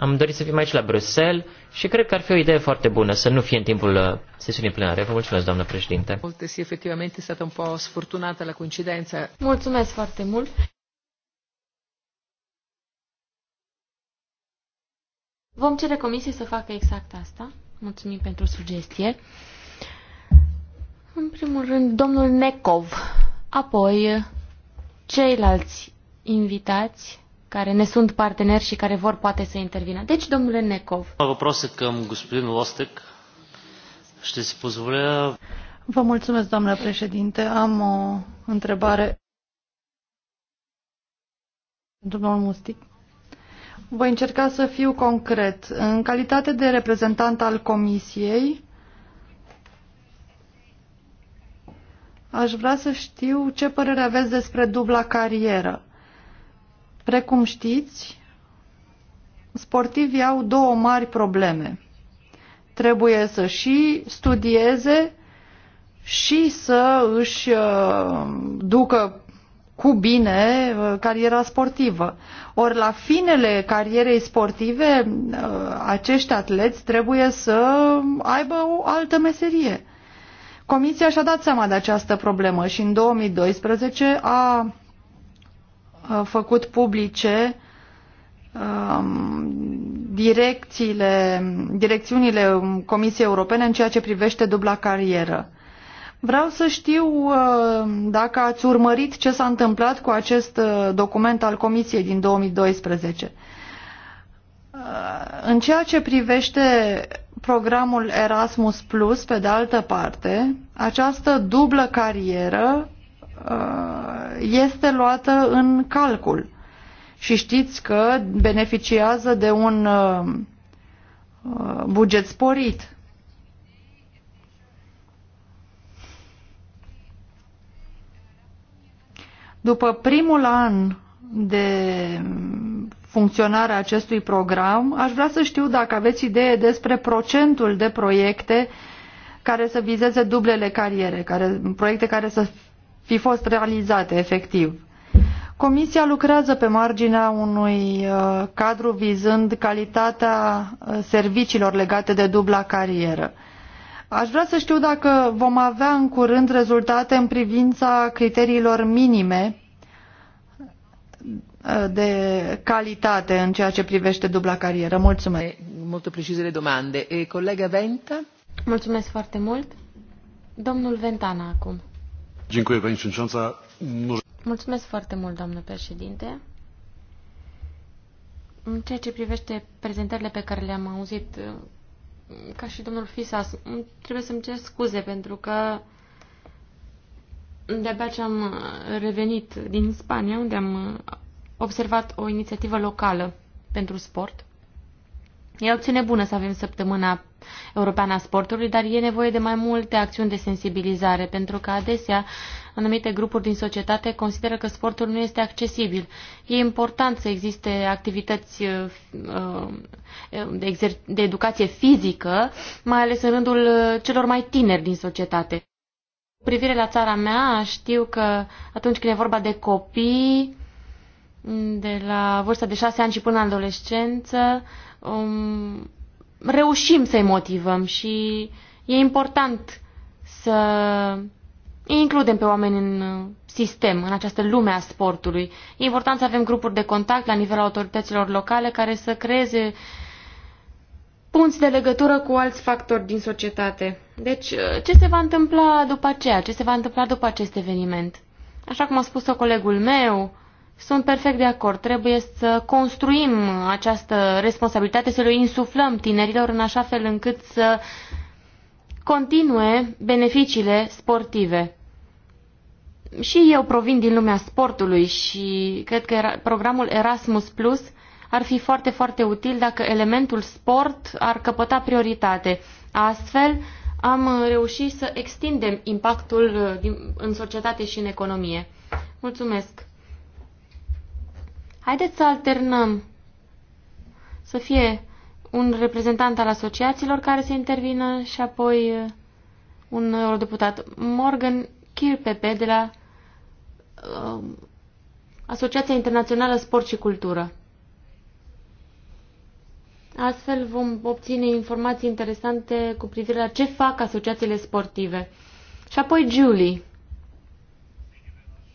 am dorit să fim aici la Bruxelles și cred că ar fi o idee foarte bună să nu fie în timpul uh, sesiunii plenare. Vă mulțumesc, doamnă președinte. Mulțumesc, effettivamente è un po' sfortunată la coincidență. Mulțumesc foarte mult. Vom cere comisiei să facă exact asta. Mulțumim pentru sugestie. În primul rând, domnul Necov, apoi ceilalți invitați care ne sunt parteneri și care vor poate să intervină. Deci, domnule Necov. Въпросът към господин Лостек. Ще си позволя... Vă mulțumesc, doamnă președinte. Am o întrebare. Domnul Mustic. Voi încerca să fiu concret. În calitate de reprezentant al Comisiei, aș vrea să știu ce părere aveți despre dubla carieră. Precum știți, sportivii au două mari probleme. Trebuie să și studieze și să își uh, ducă cu bine uh, cariera sportivă. Ori la finele carierei sportive, uh, acești atleți trebuie să aibă o altă meserie. Comisia și-a dat seama de această problemă și în 2012 a Uh, făcut publice um, direcțiile, direcțiunile Comisiei Europene în ceea ce privește dubla carieră. Vreau să știu uh, dacă ați urmărit ce s-a întâmplat cu acest uh, document al Comisiei din 2012. În ceea ce privește programul Erasmus Plus, pe de altă parte, această dublă carieră Uh, este luată în calcul. Și știți că beneficiază de un uh, uh, buget sporit. După primul an de funcționarea acestui program, aș vrea să știu dacă aveți idee despre procentul de proiecte care să vizeze dublele cariere, care, proiecte care să fi fost realizate efectiv. Comisia lucrează pe marginea unui uh, cadru vizând calitatea uh, serviciilor legate de dubla carieră. Aș vrea să știu dacă vom avea în curând rezultate în privința criteriilor minime uh, de calitate în ceea ce privește dubla carieră. Mulțumesc. Multe precizele domande. E, colega Venta? Mulțumesc foarte mult. Domnul Ventana acum. Mulțumesc foarte mult, doamnă președinte. În ceea ce privește prezentările pe care le-am auzit, uh, ca și domnul Fisas, trebuie să-mi cer scuze pentru că de-abia ce am uh, revenit din Spania, unde am uh, observat o inițiativă locală pentru sport. E o acțiune bună să avem săptămâna Europeană a Sportului, dar e nevoie de mai multe acțiuni de sensibilizare, pentru că adesea anumite grupuri din societate consideră că sportul nu este accesibil. E important să existe activități uh, uh, de, educație fizică, mai ales în rândul uh, celor mai tineri din societate. Cu privire la țara mea, știu că atunci când e vorba de copii, de la vârsta de șase ani și până la adolescență, um, reușim să-i motivăm și e important să includem pe oameni în uh, sistem, în această lume a sportului. E important să avem grupuri de contact la nivelul autorităților locale care să creeze punți de legătură cu alți factori din societate. Deci, uh, ce se va întâmpla după aceea? Ce se va întâmpla după acest eveniment? Așa cum a spus-o colegul meu, sunt perfect de acord. Trebuie să construim această responsabilitate, să le insuflăm tinerilor în așa fel încât să continue beneficiile sportive. Și eu provin din lumea sportului și cred că programul Erasmus Plus ar fi foarte, foarte util dacă elementul sport ar căpăta prioritate. Astfel, am reușit să extindem impactul uh, în societate și în economie. Mulțumesc! Haideți să alternăm să fie un reprezentant al asociațiilor care să intervină și apoi uh, un eurodeputat. Morgan Kirpepe de la uh, Asociația Internațională Sport și Cultură. Astfel vom obține informații interesante cu privire la ce fac asociațiile sportive. Și apoi Julie.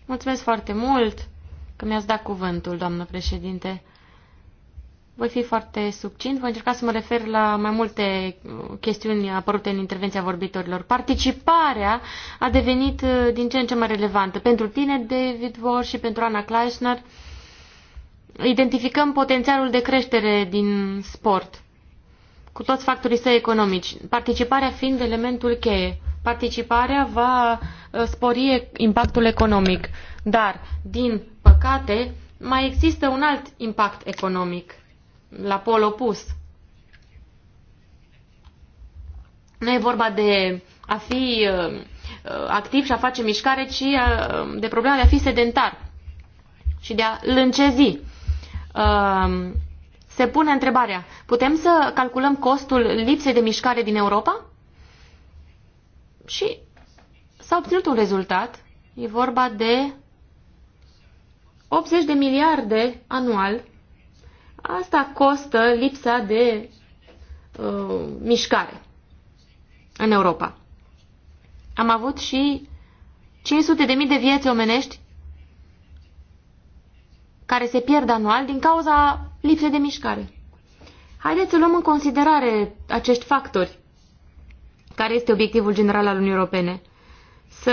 Mulțumesc foarte mult! că mi-ați dat cuvântul, doamnă președinte. Voi fi foarte succint, voi încerca să mă refer la mai multe chestiuni apărute în intervenția vorbitorilor. Participarea a devenit uh, din ce în ce mai relevantă pentru tine, David Walsh, și pentru Ana Kleisner. Identificăm potențialul de creștere din sport cu toți factorii săi economici, participarea fiind elementul cheie. Participarea va uh, spori impactul economic, dar din păcate, mai există un alt impact economic, la pol opus. Nu e vorba de a fi uh, uh, activ și a face mișcare, ci uh, de problema de a fi sedentar și de a lâncezi. Se pune întrebarea, putem să calculăm costul lipsei de mișcare din Europa? Și s-a obținut un rezultat. E vorba de 80 de miliarde anual. Asta costă lipsa de uh, mișcare în Europa. Am avut și 500 de mii de vieți omenești care se pierd anual din cauza lipsei de mișcare. Haideți să luăm în considerare acești factori. Care este obiectivul general al Uniunii Europene? Să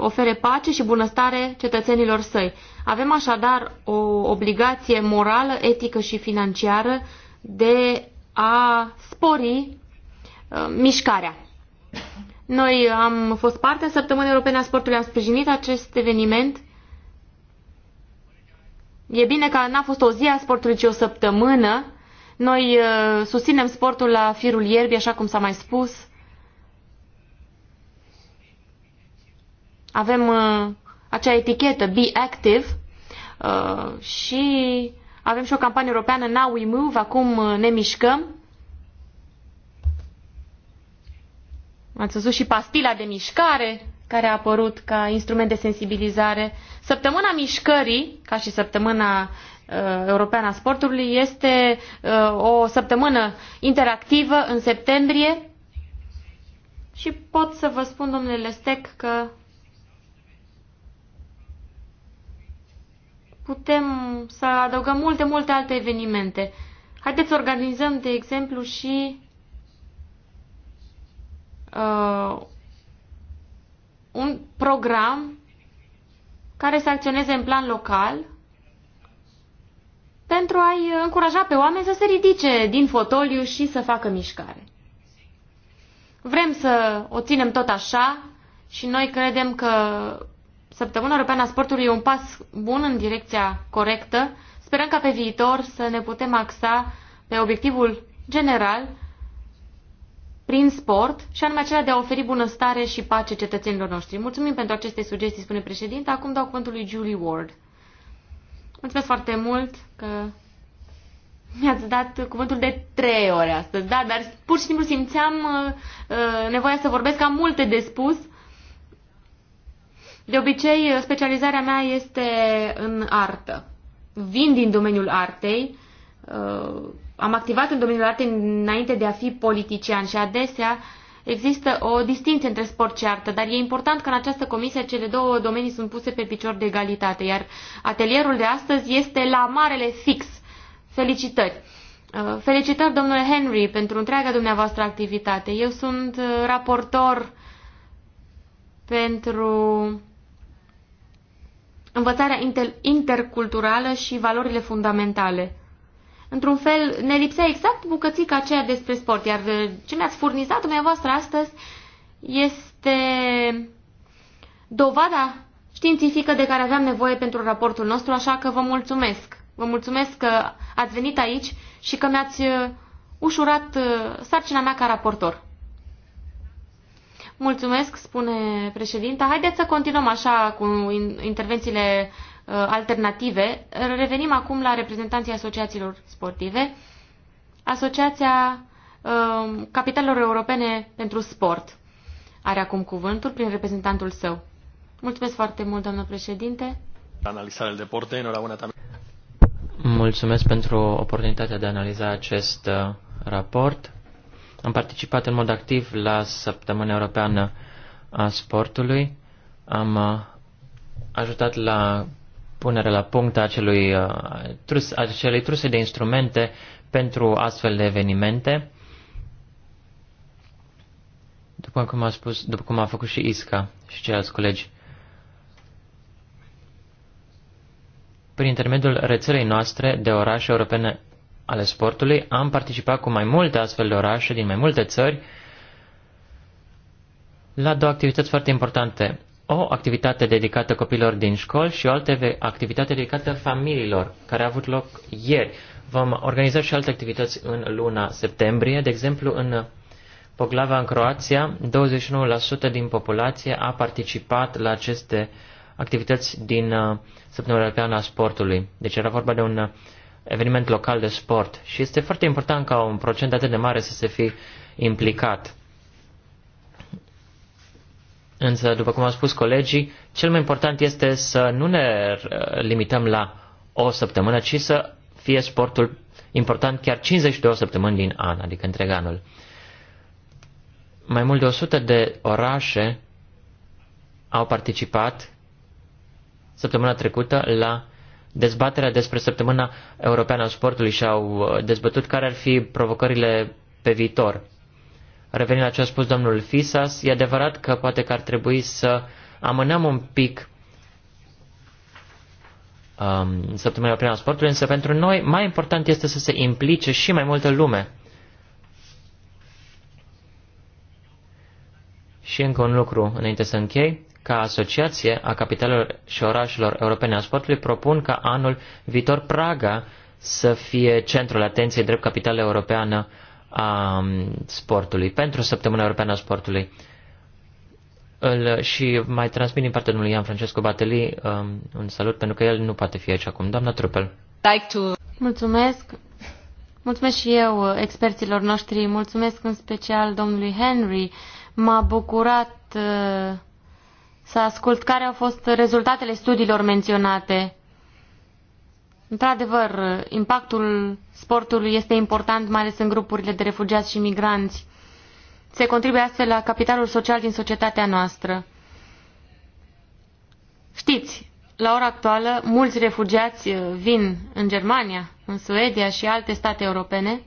ofere pace și bunăstare cetățenilor săi. Avem așadar o obligație morală, etică și financiară de a spori uh, mișcarea. Noi am fost parte a Săptămânii Europene a Sportului, am sprijinit acest eveniment. E bine că n-a fost o zi a sportului, ci o săptămână. Noi uh, susținem sportul la firul ierbii, așa cum s-a mai spus. Avem uh, acea etichetă Be Active uh, și avem și o campanie europeană Now We Move, acum uh, ne mișcăm. Ați văzut și pastila de mișcare care a apărut ca instrument de sensibilizare. Săptămâna mișcării, ca și săptămâna uh, europeană a sportului, este uh, o săptămână interactivă în septembrie și pot să vă spun, domnule Lestec, că putem să adăugăm multe, multe alte evenimente. Haideți să organizăm, de exemplu, și uh, un program care să acționeze în plan local pentru a-i încuraja pe oameni să se ridice din fotoliu și să facă mișcare. Vrem să o ținem tot așa și noi credem că Săptămâna Europeană a Sportului e un pas bun în direcția corectă. Sperăm ca pe viitor să ne putem axa pe obiectivul general prin sport și anume acela de a oferi bunăstare și pace cetățenilor noștri. Mulțumim pentru aceste sugestii, spune președinte. Acum dau cuvântul lui Julie Ward. Mulțumesc foarte mult că mi-ați dat cuvântul de trei ore astăzi, da, dar pur și simplu simțeam uh, uh nevoia să vorbesc, am multe de spus. De obicei, specializarea mea este în artă. Vin din domeniul artei, uh, am activat în domeniul artei înainte de a fi politician și adesea există o distinție între sport și artă, dar e important că în această comisie cele două domenii sunt puse pe picior de egalitate, iar atelierul de astăzi este la marele fix. Felicitări! Uh, felicitări, domnule Henry, pentru întreaga dumneavoastră activitate. Eu sunt uh, raportor pentru învățarea inter- interculturală și valorile fundamentale. Într-un fel, ne lipsea exact bucățica aceea despre sport, iar uh, ce mi-ați furnizat dumneavoastră astăzi este dovada științifică de care aveam nevoie pentru raportul nostru, așa că vă mulțumesc. Vă mulțumesc că ați venit aici și că mi-ați uh, ușurat uh, sarcina mea ca raportor. Mulțumesc, spune președinta. Haideți să continuăm așa cu intervențiile uh, alternative. Revenim acum la reprezentanții asociațiilor sportive. Asociația um, Capitalelor Europene pentru Sport are acum cuvântul prin reprezentantul său. Mulțumesc foarte mult, doamnă președinte. Analizare el deporte, enhorabuena también. Mulțumesc pentru oportunitatea de a analiza acest uh, raport. Am participat în mod activ la Săptămâna Europeană a Sportului. Am uh, ajutat la punerea la punct a acelui, uh, trus, acelei truse de instrumente pentru astfel de evenimente. După cum a spus, după cum a făcut și Isca și ceilalți colegi. Prin intermediul rețelei noastre de orașe europene ale sportului. Am participat cu mai multe astfel de orașe din mai multe țări la două activități foarte importante. O activitate dedicată copilor din școli și o altă activitate dedicată familiilor, care a avut loc ieri. Vom organiza și alte activități în luna septembrie, de exemplu în Poglava în Croația, 29% din populație a participat la aceste activități din uh, Săptămâna Europeană a Sportului. Deci era vorba de un uh, eveniment local de sport și este foarte important ca un procent atât de mare să se fi implicat. Însă, după cum au spus colegii, cel mai important este să nu ne uh, limităm la o săptămână, ci să fie sportul important chiar 52 săptămâni din an, adică întreg anul. Mai mult de 100 de orașe au participat săptămâna trecută la dezbaterea despre săptămâna europeană a sportului și au uh, dezbătut care ar fi provocările pe viitor. Revenind la ce a spus domnul Fisas, e adevărat că poate că ar trebui să amânăm un pic um, săptămâna europeană a sportului, însă pentru noi mai important este să se implice și mai multă lume. Și încă un lucru înainte să închei ca asociație a capitalelor și orașelor europene a sportului, propun ca anul viitor Praga să fie centrul atenției drept capitală europeană a um, sportului, pentru Săptămâna Europeană a Sportului. Îl, și mai transmit din partea domnului Ian Francesco Bateli um, un salut, pentru că el nu poate fi aici acum. Doamna Trupel. Like to... Mulțumesc. Mulțumesc și eu experților noștri. Mulțumesc în special domnului Henry. M-a bucurat uh, să ascult care au fost rezultatele studiilor menționate. Într-adevăr, impactul sportului este important, mai ales în grupurile de refugiați și migranți. Se contribuie astfel la capitalul social din societatea noastră. Știți, la ora actuală, mulți refugiați vin în Germania, în Suedia și alte state europene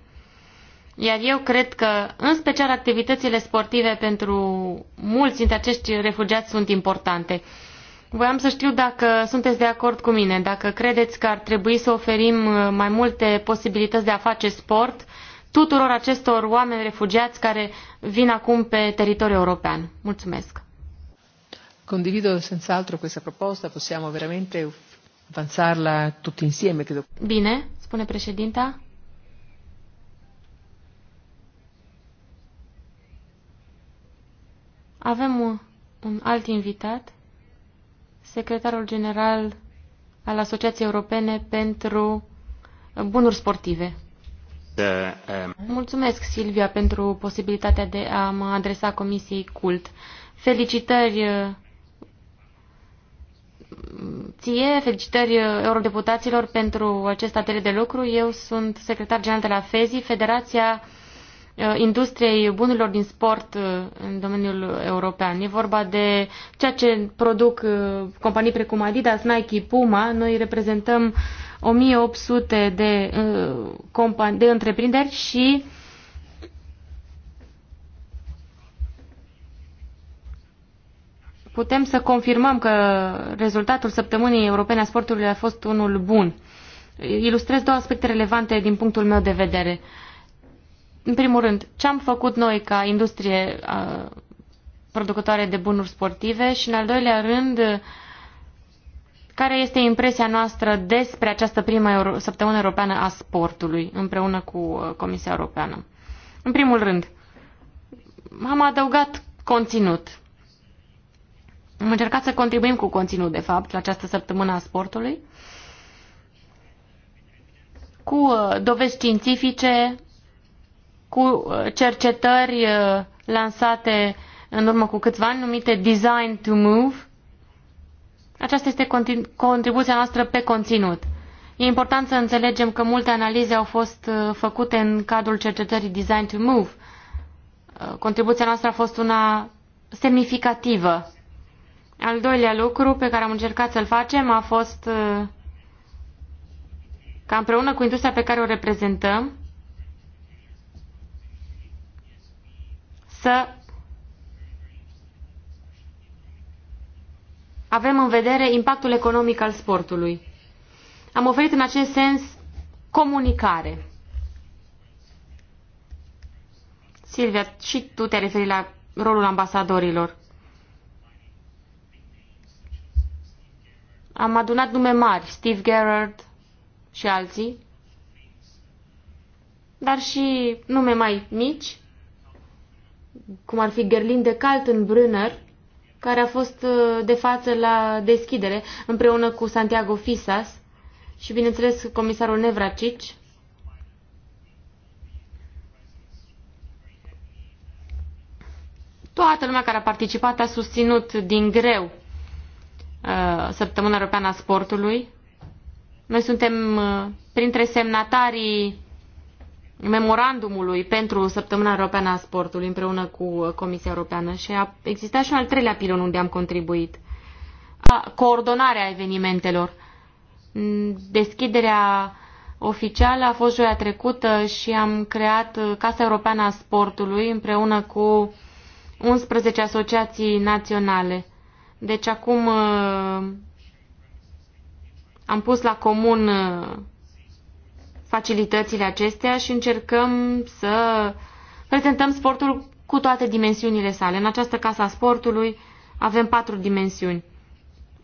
iar eu cred că, în special, activitățile sportive pentru mulți dintre acești refugiați sunt importante. Voiam să știu dacă sunteți de acord cu mine, dacă credeți că ar trebui să oferim uh, mai multe posibilități de a face sport tuturor acestor oameni refugiați care vin acum pe teritoriul european. Mulțumesc! Condivido senz'altro questa proposta, possiamo veramente avanzarla tutti insieme. Credo. Bine, spune președinta. Avem un, un alt invitat, secretarul general al Asociației Europene pentru Bunuri Sportive. The, um... Mulțumesc, Silvia, pentru posibilitatea de a mă adresa Comisiei CULT. Felicitări uh, ție, felicitări uh, eurodeputaților pentru acest atelier de lucru. Eu sunt secretar general de la FEZI, Federația Uh, industriei bunurilor din sport uh, în domeniul european. E vorba de ceea ce produc uh, companii precum Adidas, Nike, Puma. Noi reprezentăm 1800 de, de întreprinderi și putem să confirmăm că rezultatul săptămânii europene a sportului a fost unul bun. Ilustrez două aspecte relevante din punctul meu de vedere. Uh, în primul rând, ce am făcut noi ca industrie uh, producătoare de bunuri sportive și, în al doilea rând, care este impresia noastră despre această primă săptămână europeană a sportului împreună cu uh, Comisia Europeană. În primul rând, am adăugat conținut. Am încercat să contribuim cu conținut, de fapt, la această săptămână a sportului, cu uh, dovezi științifice, cu uh, cercetări uh, lansate în urmă cu câțiva ani, numite Design to Move. Aceasta este contribuția noastră pe conținut. E important să înțelegem că multe analize au fost uh, făcute în cadrul cercetării Design to Move. Contribuția noastră a fost una semnificativă. Al doilea lucru pe care am încercat să-l facem a fost ca împreună cu industria pe care o reprezentăm să avem în vedere impactul economic al sportului. Am oferit în acest sens comunicare. Silvia, și tu te referi la rolul ambasadorilor. Am adunat nume mari, Steve Gerrard și alții, dar și nume mai mici, cum ar fi Gerlin de Kaltenbrunner, care a fost uh, de față la deschidere, împreună cu Santiago Fisas și, bineînțeles, comisarul Nevracici. Toată lumea care a participat a susținut din greu uh, Săptămâna Europeană a Sportului. Noi suntem uh, printre semnatarii memorandumului pentru Săptămâna Europeană a Sportului împreună cu Comisia Europeană și a existat și un al treilea pilon unde am contribuit. A, coordonarea evenimentelor. Deschiderea oficială a fost joia trecută și am creat Casa Europeană a Sportului împreună cu 11 asociații naționale. Deci acum uh, am pus la comun uh, facilitățile acestea și încercăm să prezentăm sportul cu toate dimensiunile sale. În această casă a sportului avem patru dimensiuni.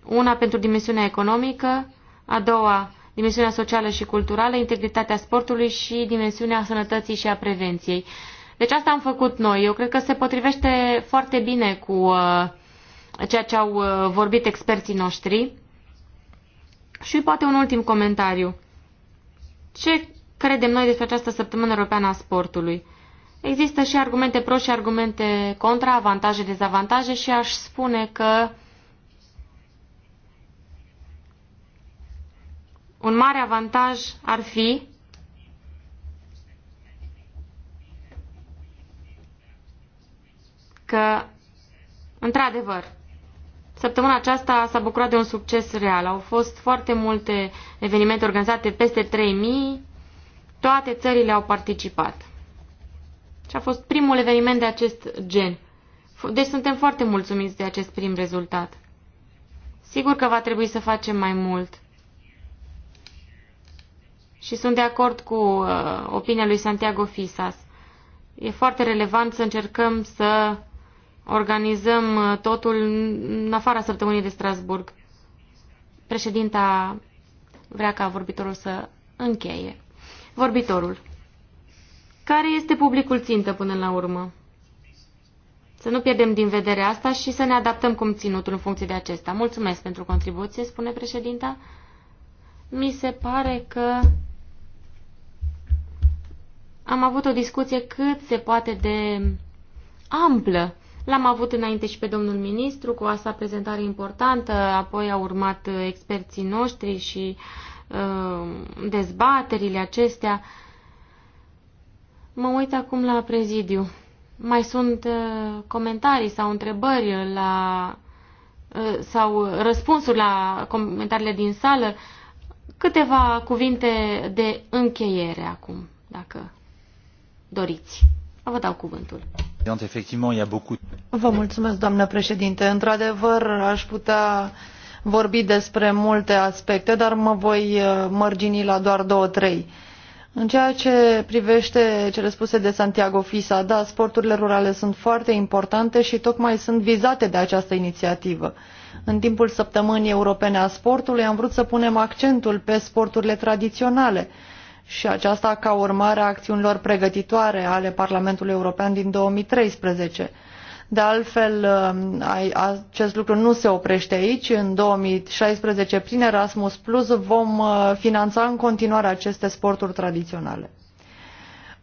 Una pentru dimensiunea economică, a doua dimensiunea socială și culturală, integritatea sportului și dimensiunea sănătății și a prevenției. Deci asta am făcut noi. Eu cred că se potrivește foarte bine cu uh, ceea ce au uh, vorbit experții noștri. Și poate un ultim comentariu ce credem noi despre această săptămână europeană a sportului. Există și argumente pro și argumente contra, avantaje, dezavantaje și aș spune că un mare avantaj ar fi că, într-adevăr, Săptămâna aceasta s-a bucurat de un succes real. Au fost foarte multe evenimente organizate, peste 3.000. Toate țările au participat. Și a fost primul eveniment de acest gen. Deci suntem foarte mulțumiți de acest prim rezultat. Sigur că va trebui să facem mai mult. Și sunt de acord cu uh, opinia lui Santiago Fisas. E foarte relevant să încercăm să organizăm uh, totul în afara săptămânii de Strasburg. Președinta vrea ca vorbitorul să încheie. Vorbitorul. Care este publicul țintă până la urmă? Să nu pierdem din vedere asta și să ne adaptăm cum ținutul în funcție de acesta. Mulțumesc pentru contribuție, spune președinta. Mi se pare că am avut o discuție cât se poate de amplă L-am avut înainte și pe domnul ministru cu asta prezentare importantă, apoi au urmat uh, experții noștri și uh, dezbaterile acestea. Mă uit acum la prezidiu. Mai sunt uh, comentarii sau întrebări la sau răspunsuri la comentariile din sală. Câteva cuvinte de încheiere acum, dacă doriți. Vă dau cuvântul. Vă mulțumesc, doamnă președinte. Într-adevăr, aș putea vorbi despre multe aspecte, dar mă voi uh, mărgini la doar două, trei. În ceea ce privește cele spuse de Santiago Fisa, da, sporturile rurale sunt foarte importante și tocmai sunt vizate de această inițiativă. În timpul săptămânii europene a sportului am vrut să punem accentul pe sporturile tradiționale, și aceasta ca urmare a acțiunilor pregătitoare ale Parlamentului European din 2013. De altfel, um, acest lucru nu se oprește aici. În 2016, prin Erasmus Plus, vom uh, finanța în continuare aceste sporturi tradiționale.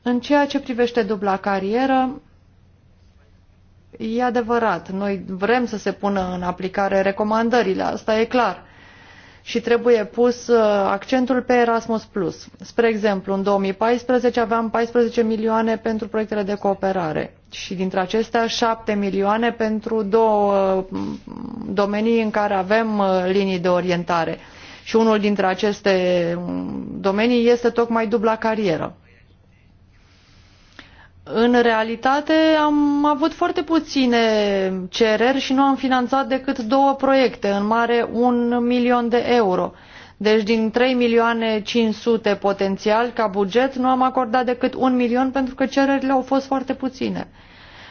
În ceea ce privește dubla carieră, e adevărat, noi vrem să se pună în aplicare recomandările, asta e clar și trebuie pus uh, accentul pe Erasmus+. Spre exemplu, în 2014 aveam 14 milioane pentru proiectele de cooperare și dintre acestea 7 milioane pentru două mm, domenii în care avem uh, linii de orientare. Și unul dintre aceste mm, domenii este tocmai dubla carieră. În realitate am avut foarte puține cereri și nu am finanțat decât două proiecte, în mare un milion de euro. Deci din 3 milioane 500 potențial ca buget nu am acordat decât un milion pentru că cererile au fost foarte puține.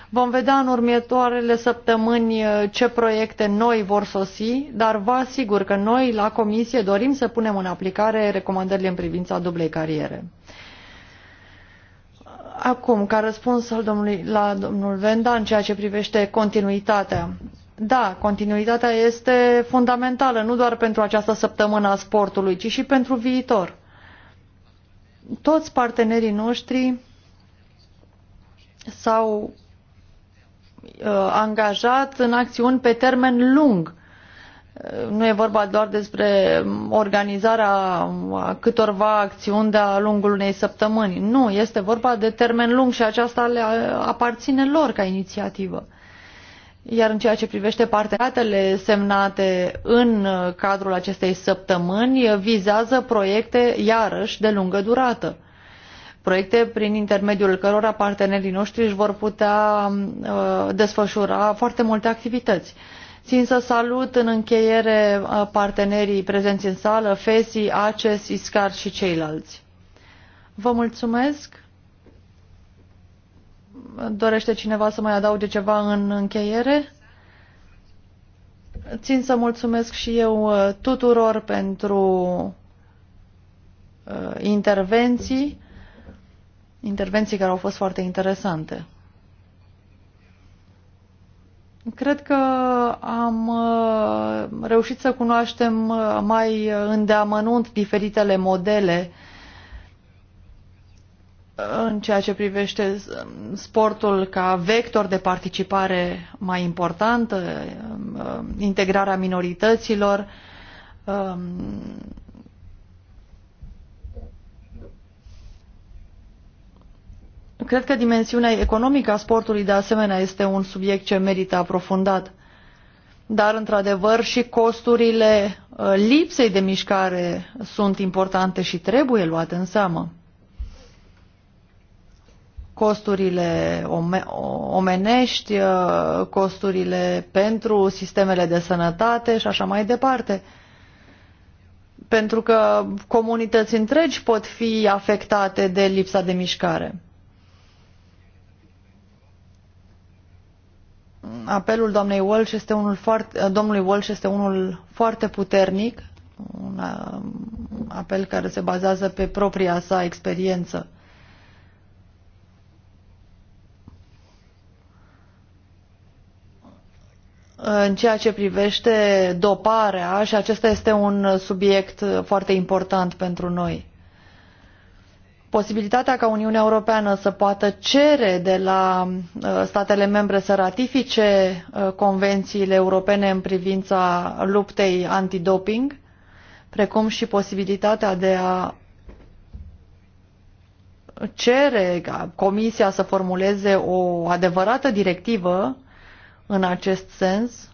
Vom vedea în următoarele săptămâni uh, ce proiecte noi vor sosi, dar vă asigur că noi la Comisie dorim să punem în aplicare recomandările în privința dublei cariere. Acum, ca răspuns al la domnul Venda în ceea ce privește continuitatea. Da, continuitatea este fundamentală, nu doar pentru această săptămână a sportului, ci și pentru viitor. Toți partenerii noștri s-au uh, angajat în acțiuni pe termen lung nu e vorba doar despre organizarea câtorva acțiuni de-a lungul unei săptămâni. Nu, este vorba de termen lung și aceasta le aparține lor ca inițiativă. Iar în ceea ce privește parteneriatele semnate în cadrul acestei săptămâni, vizează proiecte, iarăși, de lungă durată. Proiecte prin intermediul cărora partenerii noștri își vor putea uh, desfășura foarte multe activități. Uh, Țin să salut în încheiere uh, partenerii prezenți în sală, FESI, ACES, ISCAR și ceilalți. Vă mulțumesc. Dorește cineva să mai adauge ceva în încheiere? Țin să mulțumesc și eu uh, tuturor pentru uh, intervenții, intervenții care au fost foarte interesante. Cred că am uh, reușit să cunoaștem uh, mai îndeamănunt diferitele modele în ceea ce privește um, sportul ca vector de participare mai importantă, um, uh, integrarea minorităților, um, Cred că dimensiunea economică a sportului de asemenea este un subiect ce merită aprofundat. Dar, într-adevăr, și costurile uh, lipsei de mișcare sunt importante și trebuie luate în seamă. Costurile omenești, uh, costurile pentru sistemele de sănătate și așa mai departe pentru că comunități întregi pot fi afectate de lipsa de mișcare. apelul doamnei Walsh este unul foarte, domnului Walsh este unul foarte puternic, un uh, apel care se bazează pe propria sa experiență. În ceea ce privește doparea, și acesta este un subiect foarte important pentru noi posibilitatea ca Uniunea Europeană să poată cere de la uh, statele membre să ratifice uh, convențiile europene în privința luptei antidoping, precum și posibilitatea de a cere ca Comisia să formuleze o adevărată directivă în acest sens,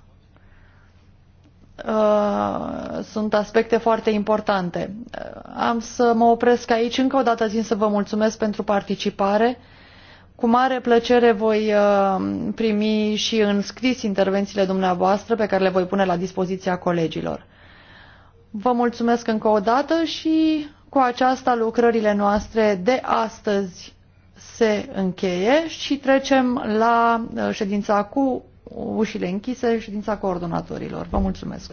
Uh, sunt aspecte foarte importante. Uh, am să mă opresc aici. Încă o dată țin să vă mulțumesc pentru participare. Cu mare plăcere voi uh, primi și în scris intervențiile dumneavoastră pe care le voi pune la dispoziția colegilor. Vă mulțumesc încă o dată și cu aceasta lucrările noastre de astăzi se încheie și trecem la ședința cu ușile închise, ședința coordonatorilor. Vă mulțumesc!